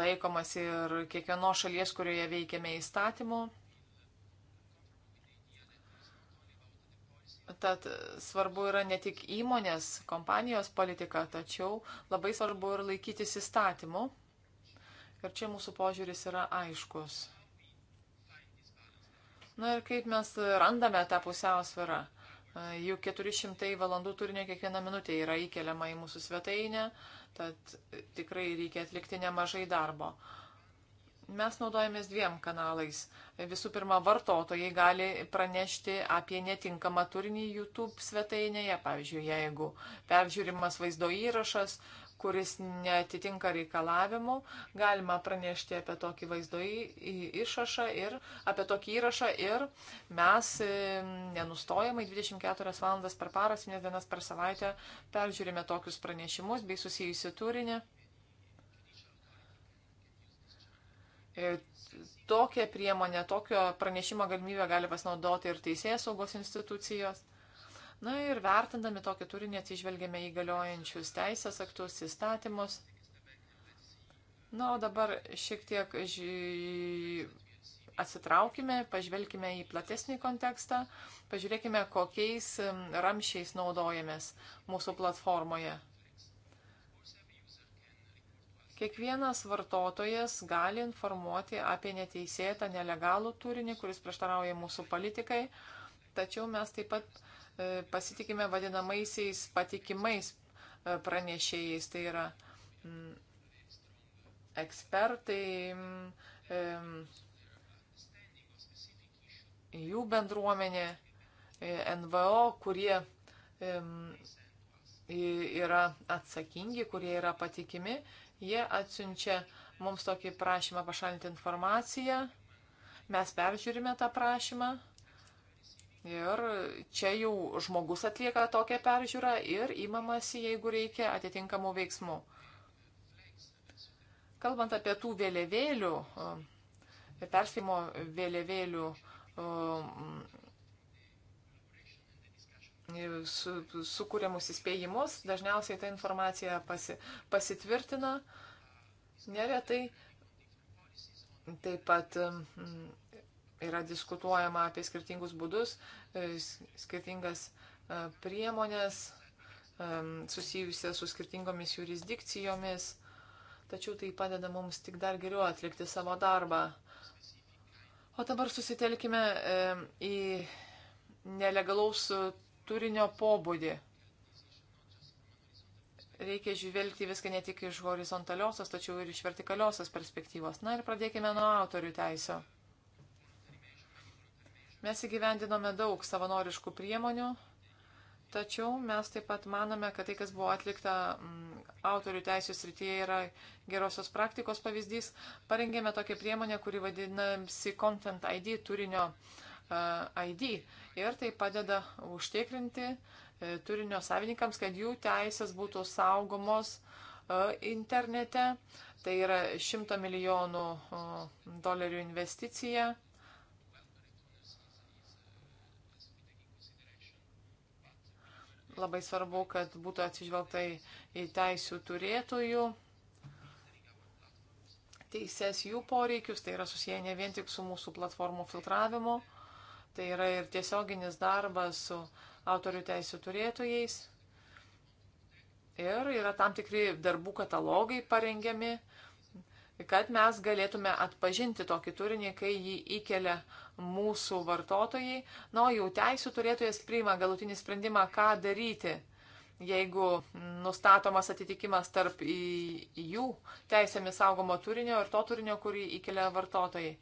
Laikomas ir kiekvienos šalies, kurioje veikiame įstatymų. Tad svarbu yra ne tik įmonės, kompanijos politika, tačiau labai svarbu ir laikytis įstatymų. Ir čia mūsų požiūris yra aiškus. Na ir kaip mes randame tą pusiausvyrą? Jų 400 valandų turinio kiekvieną minutę yra įkeliama į mūsų svetainę, tad tikrai reikia atlikti nemažai darbo. Mes naudojamės dviem kanalais. Visų pirma, vartotojai gali pranešti apie netinkamą turinį YouTube svetainėje. Pavyzdžiui, jeigu peržiūrimas vaizdo įrašas, kuris netitinka reikalavimų, galima pranešti apie tokį vaizdo išrašą ir apie tokį įrašą ir mes e, nenustojamai 24 valandas per parą, 7 dienas per savaitę peržiūrime tokius pranešimus bei susijusi turinį. Ir e, tokią priemonę, tokio pranešimo galimybę gali pasinaudoti ir teisėjas saugos institucijos. Na ir vertindami tokį turinį atsižvelgėme į galiojančius teisės aktus, įstatymus. Na, o dabar šiek tiek ži... atsitraukime, pažvelkime į platesnį kontekstą, pažiūrėkime, kokiais ramšiais naudojamės mūsų platformoje. Kiekvienas vartotojas gali informuoti apie neteisėtą nelegalų turinį, kuris prieštarauja mūsų politikai, tačiau mes taip pat E, pasitikime vadinamaisiais patikimais e, pranešėjais, tai yra mm, ekspertai, mm, jų bendruomenė, e, NVO, kurie yra atsakingi, kurie yra patikimi, jie atsiunčia mums tokį prašymą pašalinti informaciją, mes peržiūrime tą prašymą Ir čia jau žmogus atlieka tokią peržiūrą ir įmamasi, jeigu reikia, atitinkamų veiksmų. Kalbant apie tų vėliavėlių, e, perspėjimo vėliavėlių e, e, su, sukūrėmus įspėjimus, dažniausiai ta informacija pasi, pasitvirtina. Neretai taip pat yra diskutuojama apie skirtingus būdus, e, skirtingas e, priemonės e, susijusias su skirtingomis jurisdikcijomis, tačiau tai padeda mums tik dar geriau atlikti savo darbą. O dabar susitelkime į nelegalaus turinio pobūdį. Reikia žvelgti viską ne tik iš horizontaliosios, tačiau ir iš vertikaliosios perspektyvos. Na ir pradėkime nuo autorių teisio. Mes įgyvendinome daug savanoriškų priemonių, tačiau mes taip pat manome, kad tai, kas buvo atlikta mm, autorių teisų srityje, yra gerosios praktikos pavyzdys. Parengėme tokią priemonę, kuri vadinasi Content ID turinio e, ID ir tai padeda užtikrinti e, turinio savininkams, kad jų teisės būtų saugomos e, internete. Tai yra 100 milijonų dolerių investicija. labai svarbu, kad būtų atsižvelgta į teisų turėtojų teises jų poreikius, tai yra susiję ne vien tik su mūsų platformų filtravimu, tai yra ir tiesioginis darbas su autorių teisų turėtojais. Ir yra tam tikri darbų katalogai parengiami, kad mes galėtume atpažinti tokį turinį, kai jį įkelia mūsų vartotojai. Na, nu, jau teisų turėtojas priima galutinį sprendimą, ką daryti, jeigu nustatomas atitikimas tarp jų teisėmis saugomo turinio ir to turinio, kurį įkelia vartotojai.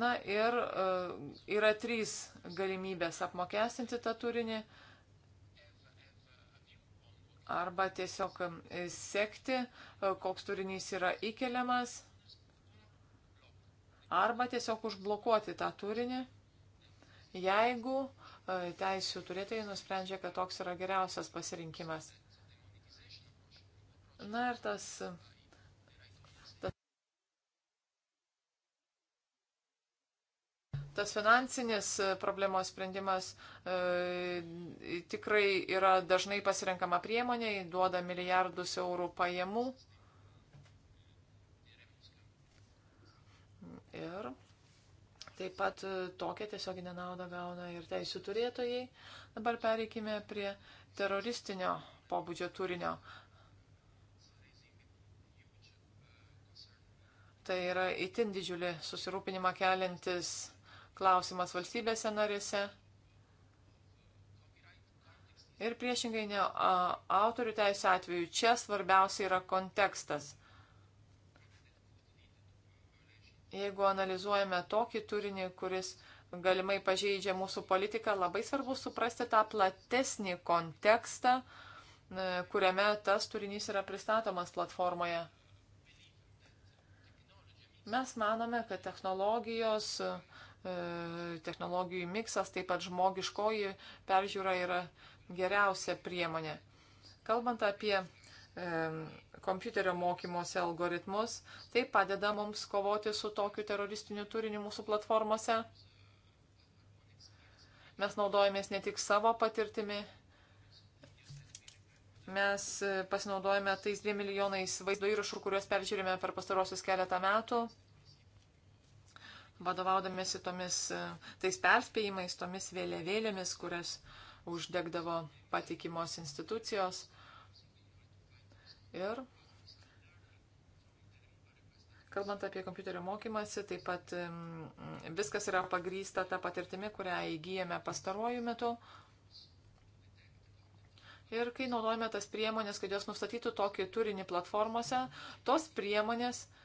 Na ir e, yra trys galimybės apmokestinti tą turinį arba tiesiog sekti, e, koks turinys yra įkeliamas, arba tiesiog užblokuoti tą turinį, jeigu e, teisų turėtojai nusprendžia, kad toks yra geriausias pasirinkimas. Na ir tas tas finansinis e, problemos sprendimas e, tikrai yra dažnai pasirenkama priemonė, duoda milijardus eurų pajamų. Ir taip pat e, tokią tiesioginę naudą gauna ir teisų turėtojai. Dabar pereikime prie teroristinio pobūdžio turinio. Tai yra itin didžiulį susirūpinimą keliantis klausimas valstybėse narėse. Ir priešingai ne autorių teisų atveju, čia svarbiausia yra kontekstas. Jeigu analizuojame tokį turinį, kuris galimai pažeidžia mūsų politiką, labai svarbu suprasti tą platesnį kontekstą, e, kuriame tas turinys yra pristatomas platformoje. Mes manome, kad technologijos uh, E, technologijų miksas, taip pat žmogiškoji peržiūra yra geriausia priemonė. Kalbant apie e, kompiuterio mokymosi algoritmus, tai padeda mums kovoti su tokiu teroristiniu turiniu mūsų platformose. Mes naudojamės ne tik savo patirtimi, mes e, pasinaudojame tais 2 milijonais vaizdo įrašų, kuriuos peržiūrime per pastarosius keletą metų vadovaudamėsi tomis e, tais perspėjimais, tomis vėliavėlėmis, kurias uždegdavo patikimos institucijos. Ir kalbant apie kompiuterio mokymasi, taip pat viskas yra pagrysta tą patirtimį, kurią įgyjame pastaruoju metu. Ir kai naudojame tas priemonės, kad jos nustatytų tokį turinį platformose, tos priemonės uh,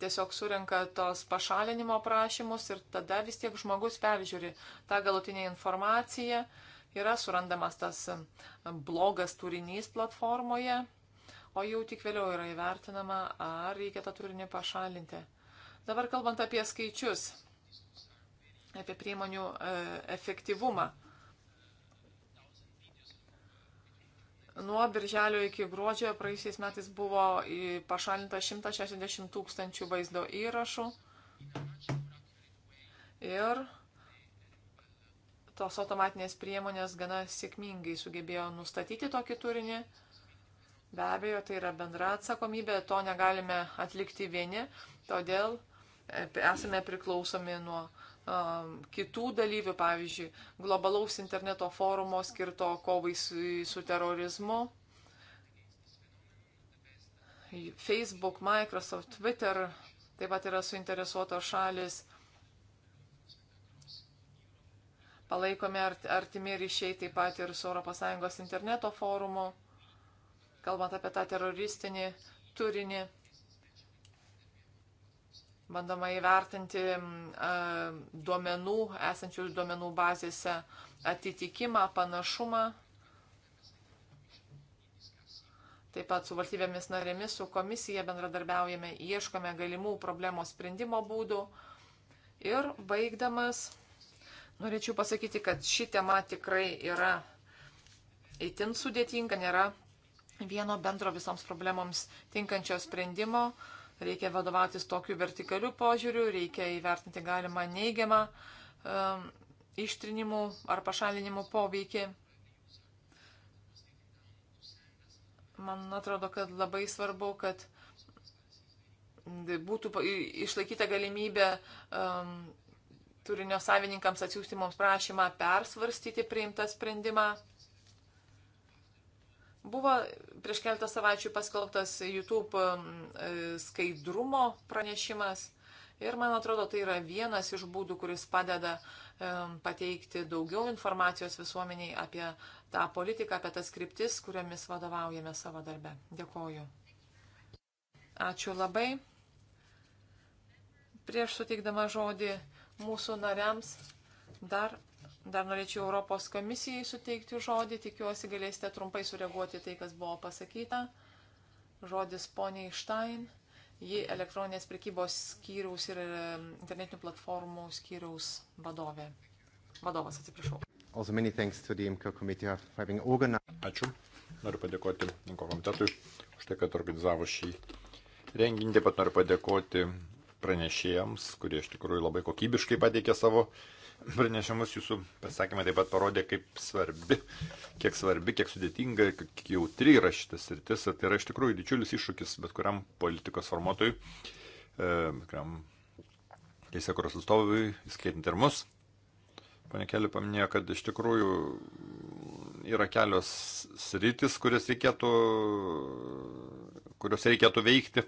tiesiog surenka tos pašalinimo prašymus ir tada vis tiek žmogus peržiūri tą galutinę informaciją, yra surandamas tas blogas turinys platformoje, o jau tik vėliau yra įvertinama, ar reikia tą turinį pašalinti. Dabar kalbant apie skaičius, apie priemonių e, efektyvumą. Nuo birželio iki gruodžio praeisiais metais buvo pašalinta 160 tūkstančių vaizdo įrašų. Ir tos automatinės priemonės gana sėkmingai sugebėjo nustatyti tokį turinį. Be abejo, tai yra bendra atsakomybė, to negalime atlikti vieni, todėl e, esame priklausomi nuo Um, kitų dalyvių, pavyzdžiui, globalaus interneto forumo skirto kovai su, su terorizmu. Facebook, Microsoft, Twitter taip pat yra suinteresuotos šalis. Palaikome artimi ryšiai taip pat ir su ES interneto forumu, kalbant apie tą teroristinį turinį bandoma įvertinti duomenų, esančių duomenų bazėse atitikimą, panašumą. Taip pat su valstybėmis narėmis, su komisija bendradarbiaujame, ieškome galimų problemos sprendimo būdų. Ir baigdamas, norėčiau pasakyti, kad ši tema tikrai yra itin sudėtinga, nėra vieno bendro visoms problemoms tinkančio sprendimo. Uh, Reikia vadovautis tokiu vertikaliu požiūriu, reikia įvertinti galimą neigiamą um, ištrinimų ar pašalinimų poveikį. Man atrodo, kad labai svarbu, kad būtų išlaikyta galimybė um, turinio savininkams atsiųsti mums prašymą persvarstyti priimtą sprendimą. Buvo prieš keletą savaičių paskelbtas YouTube um, e, skaidrumo pranešimas ir man atrodo tai yra vienas iš būdų, kuris padeda um, pateikti daugiau informacijos visuomeniai apie tą politiką, apie tas kryptis, kuriomis vadovaujame savo darbe. Dėkoju. Ačiū labai. Prieš suteikdama žodį mūsų nariams dar Dar norėčiau Europos komisijai suteikti žodį, tikiuosi galėsite trumpai sureaguoti tai, kas buvo pasakyta. Žodis poniai Štain, ji elektroninės prekybos skyriaus ir internetinių platformų skyriaus vadovė. Vadovas, atsiprašau. Ačiū. Noriu padėkoti Inko komitetui už tai, kad organizavo šį renginį. Taip pat noriu padėkoti pranešėjams, kurie iš tikrųjų labai kokybiškai pateikė savo uh, pranešimus, jūsų pasakymai taip pat parodė, kaip svarbi, kiek svarbi, kiek sudėtinga, kiek jautri yra šitas rytis. Tai yra iš tikrųjų didžiulis iššūkis bet kuriam politikos formuotojui, e, bet kuriam teisėkuros atstovui, įskaitant ir mus. Pane Keli paminėjo, kad iš tikrųjų yra kelios sritis, kurias reikėtų, kurios reikėtų veikti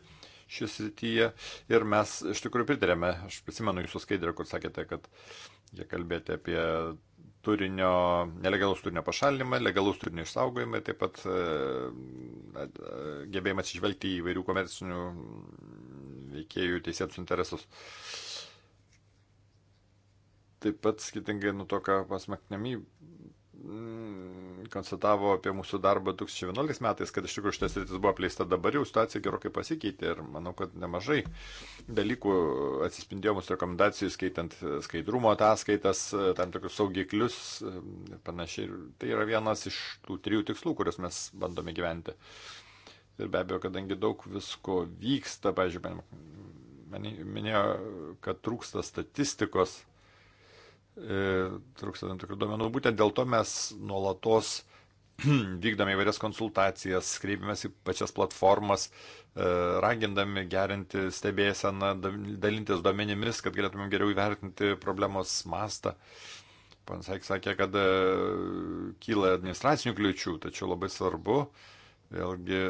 šis rytyje ir mes iš tikrųjų pritarėme, aš prisimenu jūsų skaidrę, kur sakėte, kad jie kalbėjote apie turinio, nelegalus turinio pašalinimą, legalus turinio išsaugojimą, taip pat e, e, gebėjimas išvelgti į vairių komercinių veikėjų teisėtus interesus. Taip pat skirtingai nuo to, ką pasmaknami, mm, konstatavo apie mūsų darbą 2011 metais, kad iš tikrųjų šitas rytis buvo apleista, dabar jau situacija gerokai pasikeitė ir manau, kad nemažai dalykų atsispindėjo mūsų rekomendacijų, skaitant skaidrumo ataskaitas, tam tikrus saugiklius e, ir panašiai. Tai yra vienas iš tų trijų tikslų, kuriuos mes bandome gyventi. Ir be abejo, kadangi daug visko vyksta, pažiūrėjau, minėjo, kad trūksta statistikos E, trūksta tam tikrų duomenų. Būtent dėl to mes nuolatos vykdome įvairias konsultacijas, kreipiamės į pačias platformas, e, ragindami gerinti stebėseną, dalintis duomenimis, kad galėtumėm geriau įvertinti problemos mastą. Panas Haik sakė, kad e, kyla administracinių kliučių, tačiau labai svarbu vėlgi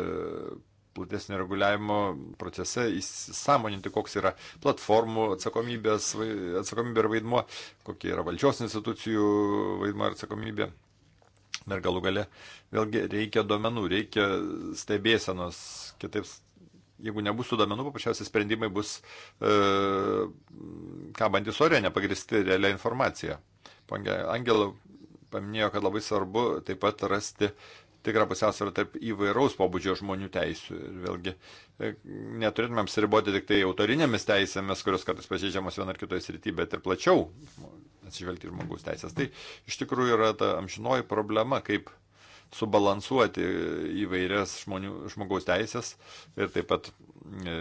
platesnio reguliavimo procese įsisamoninti, koks yra platformų atsakomybė ir vaidmo, kokie yra valdžios institucijų vaidmo ir atsakomybė. Ir galų gale vėlgi reikia domenų, reikia stebėsenos, kitaip jeigu nebus tų domenų, paprasčiausiai sprendimai bus, e, ką bandys orė, nepagristi realią informaciją. Angela paminėjo, kad labai svarbu taip pat rasti tikrą pusiausvyrą tarp įvairaus pobūdžio žmonių teisų. Ir vėlgi e, neturėtumėm siriboti tik tai autorinėmis teisėmis, kurios kartais pažeidžiamos viena ar kitoje srityje, bet ir plačiau atsižvelgti žmogaus teisės. Tai iš tikrųjų yra ta amžinoji problema, kaip subalansuoti įvairias žmonių, žmogaus teisės ir taip pat e,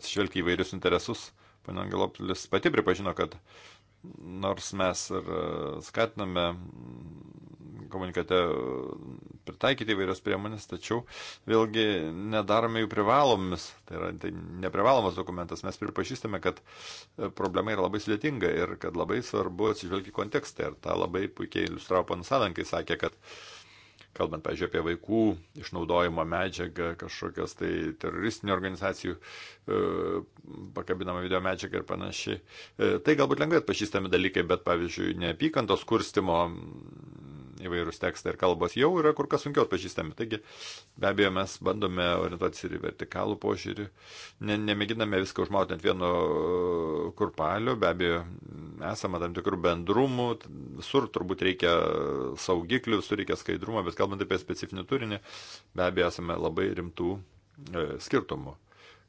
atsižvelgti įvairius interesus. Pana Angelopulis pati pripažino, kad nors mes ir e, skatiname komunikate e, pritaikyti įvairias priemonės, tačiau vėlgi nedarome jų privalomis. Tai yra tai neprivalomas dokumentas. Mes pripažįstame, kad e, problema yra labai sudėtinga ir kad labai svarbu atsižvelgti kontekstą. Ir tą labai puikiai iliustravo panas Adankai, sakė, kad uh, kalbant, pažiūrėjau, apie vaikų išnaudojimo medžiagą, kažkokias tai teroristinių organizacijų e, pakabinamą video medžiagą ir panašiai. E, tai galbūt lengvai atpažįstami dalykai, bet, pavyzdžiui, neapykantos kurstimo įvairūs tekstai ir kalbos jau yra kur kas sunkiau atpažįstami. Taigi, be abejo, mes bandome orientuotis ir į vertikalų požiūrį, ne, nemėginame viską užmauti ant vieno kurpalio, be abejo, esame tam tikrų bendrumų, visur turbūt reikia saugiklių, visur reikia skaidrumo, bet kalbant apie specifinį turinį, be abejo, esame labai rimtų e, skirtumų.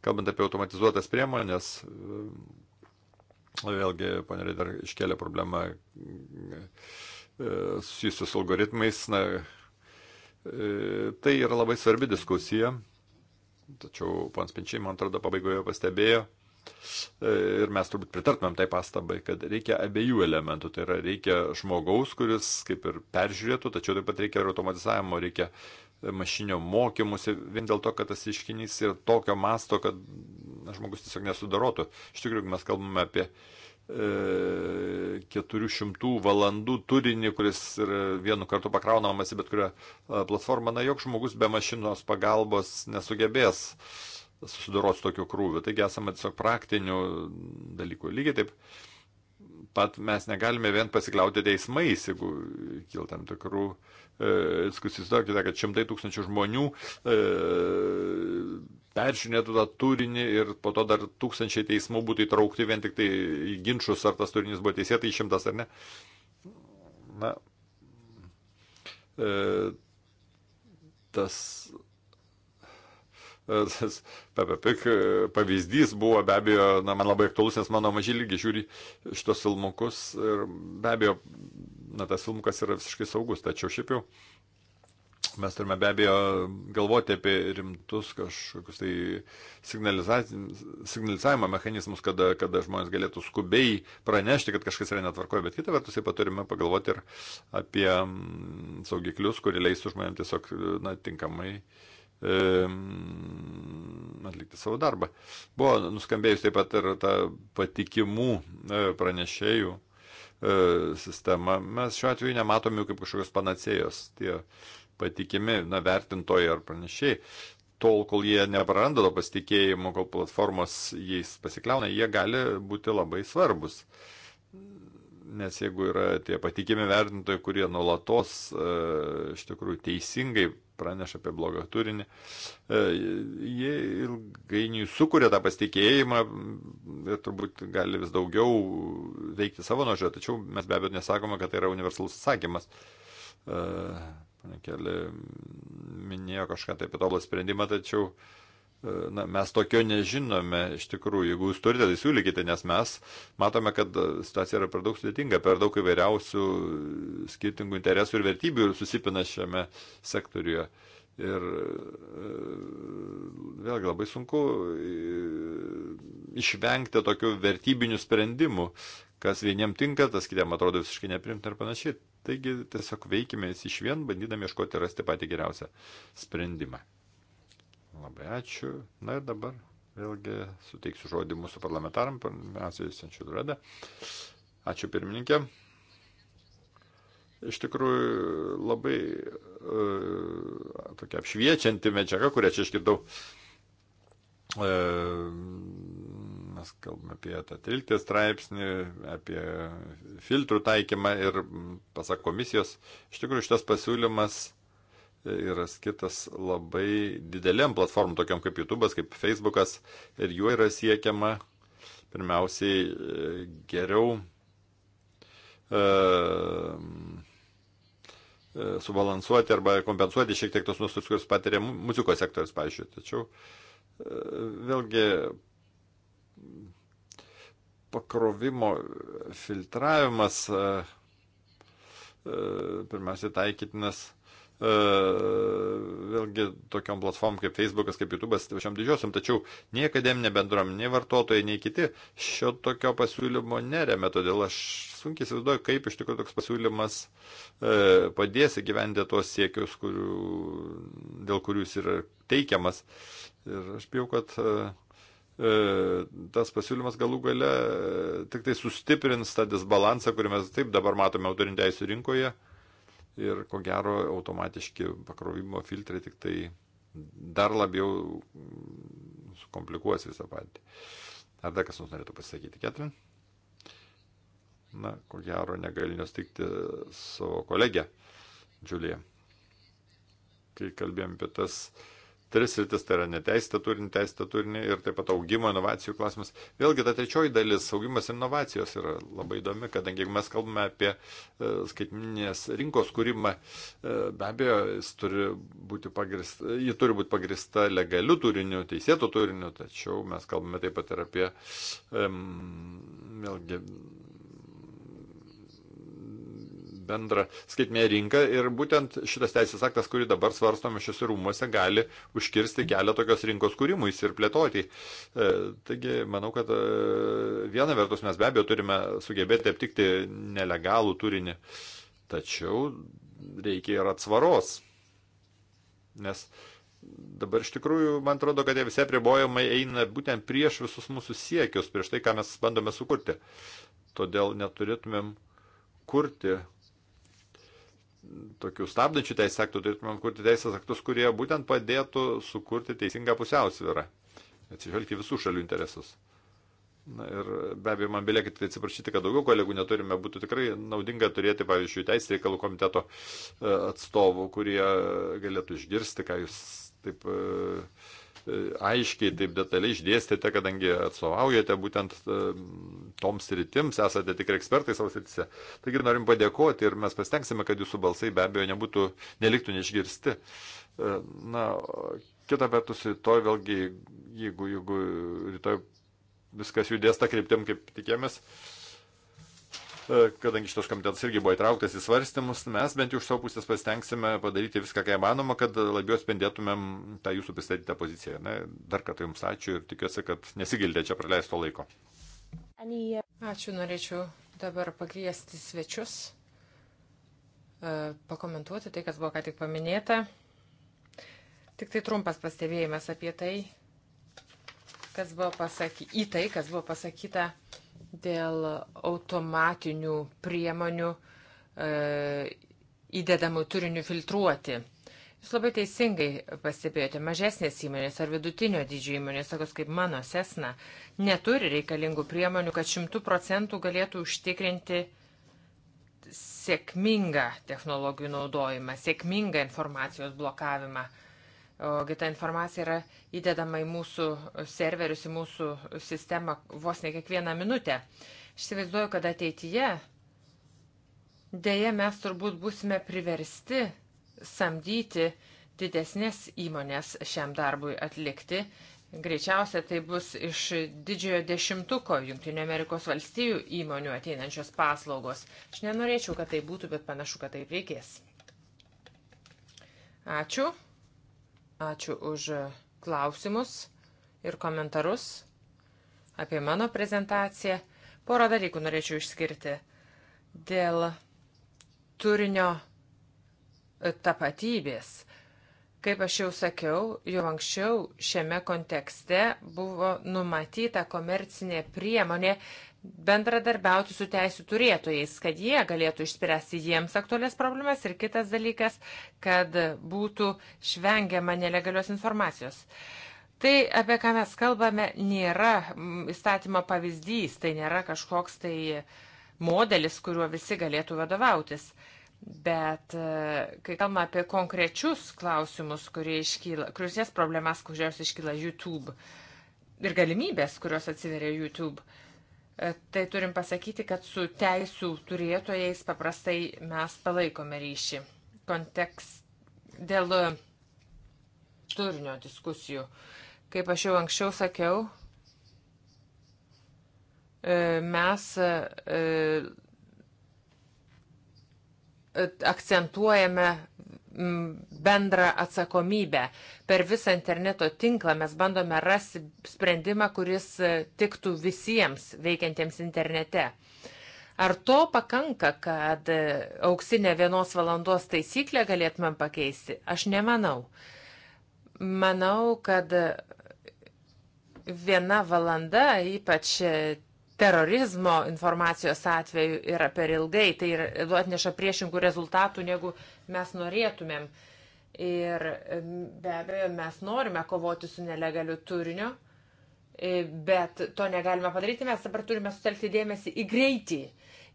Kalbant apie automatizuotas priemonės, e, Vėlgi, panelė dar iškelia problemą E, susijusių su algoritmais. Na, e, tai yra labai svarbi diskusija, tačiau pons Pinčiai, man atrodo, pabaigoje pastebėjo. E, ir mes turbūt pritartumėm tai pastabai, kad reikia abiejų elementų. Tai yra reikia žmogaus, kuris kaip ir peržiūrėtų, tačiau taip pat reikia ir automatizavimo, reikia mašinio mokymusi, vien dėl to, kad tas iškinys yra tokio masto, kad na, žmogus tiesiog nesudarotų. Iš tikrųjų, mes kalbame apie uh, 400 valandų turinį, kuris ir vienu kartu pakraunamas į bet kurią platformą, na, jog žmogus be mašinos pagalbos nesugebės susidoroti su tokiu krūviu. Taigi esame tiesiog praktinių dalykų. Lygiai taip pat mes negalime vien pasikliauti teismais, jeigu kil tam tikrų e, diskusijų. Įsivaizduokite, kad šimtai tūkstančių žmonių e, peržiūrėtų tą turinį ir po to dar tūkstančiai teismų būtų įtraukti vien tik tai į ginčius, ar tas turinys buvo teisėtai išimtas ar ne. Na, e, tas, e, tas PPP pavyzdys buvo be abejo, na, man labai aktualus, nes mano mažylgi žiūri šitos filmukus ir be abejo, na, tas filmukas yra visiškai saugus, tačiau šiaip jau Mes turime be abejo galvoti apie rimtus kažkokius tai signalizavimo mechanizmus, kada, kada žmonės galėtų skubiai pranešti, kad kažkas yra netvarkoje, bet kitą vertus taip pat turime pagalvoti ir apie mm, saugiklius, kurie leistų žmonėms tiesiog na, tinkamai atlikti savo darbą. Buvo nuskambėjus taip pat ir ta patikimų e, pranešėjų e, sistema. Mes šiuo atveju nematome jų kaip kažkokios panacėjos. Tie patikimi, na, vertintojai ar pranešiai, tol, kol jie nepraranda to pasitikėjimo, kol platformos jais pasikliauna, jie gali būti labai svarbus. Nes jeigu yra tie patikimi vertintojai, kurie nuolatos e, iš tikrųjų teisingai praneša apie blogą turinį, e, jie ilgainiui sukuria tą pasitikėjimą ir turbūt gali vis daugiau veikti savo nuožiūrę, tačiau mes be abejo nesakome, kad tai yra universalus atsakymas. E, Panekeli minėjo kažką tai apie tobulą sprendimą, tačiau e, na, mes tokio nežinome iš tikrųjų. Jeigu jūs turite, tai siūlykite, nes mes matome, kad e, situacija yra per daug sudėtinga, per daug įvairiausių skirtingų interesų ir vertybių susipina šiame sektoriuje. Ir e, vėlgi labai sunku išvengti tokių vertybinių sprendimų, kas vieniem tinka, tas kitiem atrodo visiškai neprimta ir panašiai. Taigi tiesiog veikime iš vien, bandydami ieškoti rasti patį geriausią sprendimą. Labai ačiū. Na ir dabar vėlgi suteiksiu žodį mūsų parlamentaram, pirmiausiai Senčių Durada. Ačiū pirmininkė. Iš tikrųjų labai uh, tokia apšviečianti medžiaga, kurią čia išgirdau. Uh, Mes kalbame apie tą 13 straipsnį, apie filtrų taikymą ir, pasak komisijos, iš tikrųjų šitas pasiūlymas yra skirtas labai dideliam platformom, tokiam kaip YouTube'as, kaip Facebookas, ir juo yra siekiama pirmiausiai e, geriau e, e, subalansuoti arba kompensuoti šiek tiek tos nuostolius, kuriuos patiria muzikos sektorius, pavyzdžiui. Tačiau e, vėlgi pakrovimo filtravimas e, e, pirmiausia taikytinas e, vėlgi tokiam platformom kaip Facebookas, kaip YouTube'as, šiam tai didžiosiam, tačiau nei akademinė bendruomenė, nei vartotojai, nei kiti šio tokio pasiūlymo neremia, todėl aš sunkiai įsivaizduoju, kaip iš tikrųjų toks pasiūlymas e, padės įgyvendė tuos siekius, kurių, dėl kurių jis yra teikiamas. Ir aš bijau, kad e, E, tas pasiūlymas galų gale e, tik tai sustiprins tą disbalansą, kurį mes taip dabar matome autorinių teisų rinkoje. Ir ko gero automatiški pakrovimo filtrai tik tai dar labiau mm, sukomplikuos visą patį. Ar dar kas nors norėtų pasakyti, Ketrin? Na, ko gero negaliu nestikti savo kolegę, Džiulė. Kai kalbėjom apie tas uh, tris rytis, tai yra neteisėta turinį, teisėta turinį ir taip pat augimo, inovacijų klausimas. Vėlgi ta trečioji dalis, augimas ir inovacijos yra labai įdomi, kadangi jeigu mes kalbame apie e, skaitminės rinkos kūrimą, e, be abejo, jis turi būti pagrista, ji turi būti pagrista legaliu turiniu, teisėtu turiniu, tačiau mes kalbame taip pat ir apie, um, vėlgi, bendrą skaitmė rinką ir būtent šitas teisės aktas, kurį dabar svarstome šiuose rūmuose, gali užkirsti kelią tokios rinkos kūrimui ir plėtoti. E, taigi, manau, kad e, viena vertus mes be abejo turime sugebėti aptikti nelegalų turinį, tačiau reikia ir atsvaros. Nes dabar iš tikrųjų, man atrodo, kad tie visi apribojimai eina būtent prieš visus mūsų siekius, prieš tai, ką mes bandome sukurti. Todėl neturėtumėm kurti tokių stabdančių teisės aktų, turėtumėm kurti teisės aktus, kurie būtent padėtų sukurti teisingą pusiausvyrą, atsižvelgti visų šalių interesus. Na ir be abejo, man belieka tik atsiprašyti, kad daugiau kolegų neturime, būtų tikrai naudinga turėti, pavyzdžiui, Teisės reikalų komiteto e, atstovų, kurie galėtų išgirsti, ką jūs taip uh, E, aiškiai taip detaliai išdėstėte, kadangi atsovaujate būtent e, toms rytims, esate tikrai ekspertai savo srityse. Taigi norim padėkoti ir mes pastengsime, kad jūsų balsai be abejo nebūtų, neliktų neišgirsti. E, na, kita vertus, rytoj vėlgi, jeigu, jeigu rytoj viskas judės tą kryptim, kaip tikėmės, uh, E, kadangi šitas komitetas irgi buvo įtrauktas į svarstymus, mes bent jau iš savo pusės pasitengsime padaryti viską, ką įmanoma, kad labiau spendėtumėm tą jūsų pristatytą poziciją. Na, dar kartą Jums ačiū ir tikiuosi, kad nesigildė čia praleisto laiko. Uh, ačiū, norėčiau dabar pakviesti svečius, e, pakomentuoti tai, kas buvo ką tik paminėta. Tik tai trumpas pastebėjimas apie tai, kas buvo pasakyta, į tai, kas buvo pasakyta dėl automatinių priemonių e, įdedamų turinių filtruoti. Jūs labai teisingai pastebėjote, mažesnės įmonės ar vidutinio dydžio įmonės, tokios kaip mano Sesna, neturi reikalingų priemonių, kad šimtų procentų galėtų užtikrinti sėkmingą technologijų naudojimą, sėkmingą informacijos blokavimą. E, Ogi ta informacija yra įdedama į mūsų serverius, į mūsų sistemą vos ne kiekvieną minutę. Aš įsivaizduoju, kad ateityje dėje mes turbūt būsime priversti samdyti didesnės įmonės šiam darbui atlikti. Greičiausia tai bus iš didžiojo dešimtuko Junktinio Amerikos valstijų įmonių ateinančios paslaugos. Aš nenorėčiau, kad tai būtų, bet panašu, kad taip reikės. Ačiū. Ačiū už klausimus ir komentarus apie mano prezentaciją. Porą dalykų norėčiau išskirti. Dėl turinio e, tapatybės. Kaip aš jau sakiau, jau anksčiau šiame kontekste buvo numatyta komercinė priemonė bendradarbiauti su teisų turėtojais, kad jie galėtų išspręsti jiems aktualias problemas ir kitas dalykas, kad būtų švengiama nelegalios informacijos. Tai, apie ką mes kalbame, nėra įstatymo pavyzdys, tai nėra kažkoks tai modelis, kuriuo visi galėtų vadovautis. Bet e, kai kalbame apie konkrečius klausimus, kurie iškyla, kuriuos problemas, kurios iškyla YouTube ir galimybės, kurios atsiveria YouTube, uh, tai turim pasakyti, kad su teisų turėtojais paprastai mes palaikome ryšį. Kontekst dėl e, turinio diskusijų. Kaip aš jau anksčiau sakiau, e, mes e, akcentuojame bendrą atsakomybę. Per visą interneto tinklą mes bandome rasti sprendimą, kuris e, tiktų visiems veikiantiems internete. Ar to pakanka, kad e, auksinę vienos valandos taisyklę galėtumėm pakeisti? Aš nemanau. Manau, kad e, viena valanda, ypač terorizmo informacijos atveju yra per ilgai, tai ir atneša priešingų rezultatų negu mes norėtumėm. Ir be abejo, mes norime kovoti su nelegaliu turiniu, e, bet to negalime padaryti, mes dabar turime sutelkti dėmesį į greitį.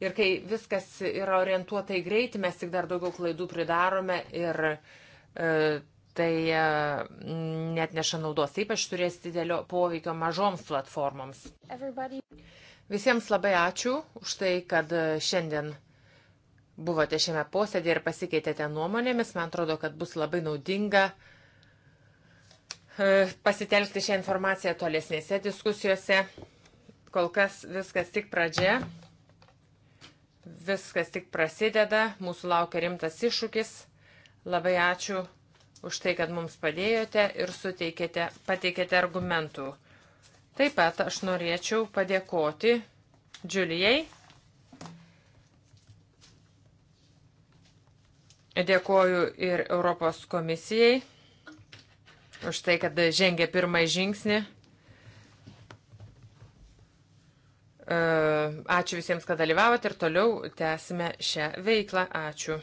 Ir kai viskas yra orientuota į greitį, mes tik dar daugiau klaidų pridarome ir e, tai e, net neša naudos. Ypač turės didelio poveikio mažoms platformoms. Everybody. Visiems labai ačiū už tai, kad e, šiandien buvote šiame posėdėje ir pasikeitėte nuomonėmis. Man atrodo, kad bus labai naudinga e, pasitelkti šią informaciją tolesnėse diskusijose. Kol kas viskas tik pradžia, viskas tik prasideda, mūsų laukia rimtas iššūkis. Labai ačiū už tai, kad mums padėjote ir suteikėte, pateikėte argumentų. Taip pat aš norėčiau padėkoti Džiulijai. Dėkoju ir Europos komisijai už tai, kad žengė pirmąjį žingsnį. E, ačiū visiems, kad dalyvavote ir toliau tęsime šią veiklą. Ačiū.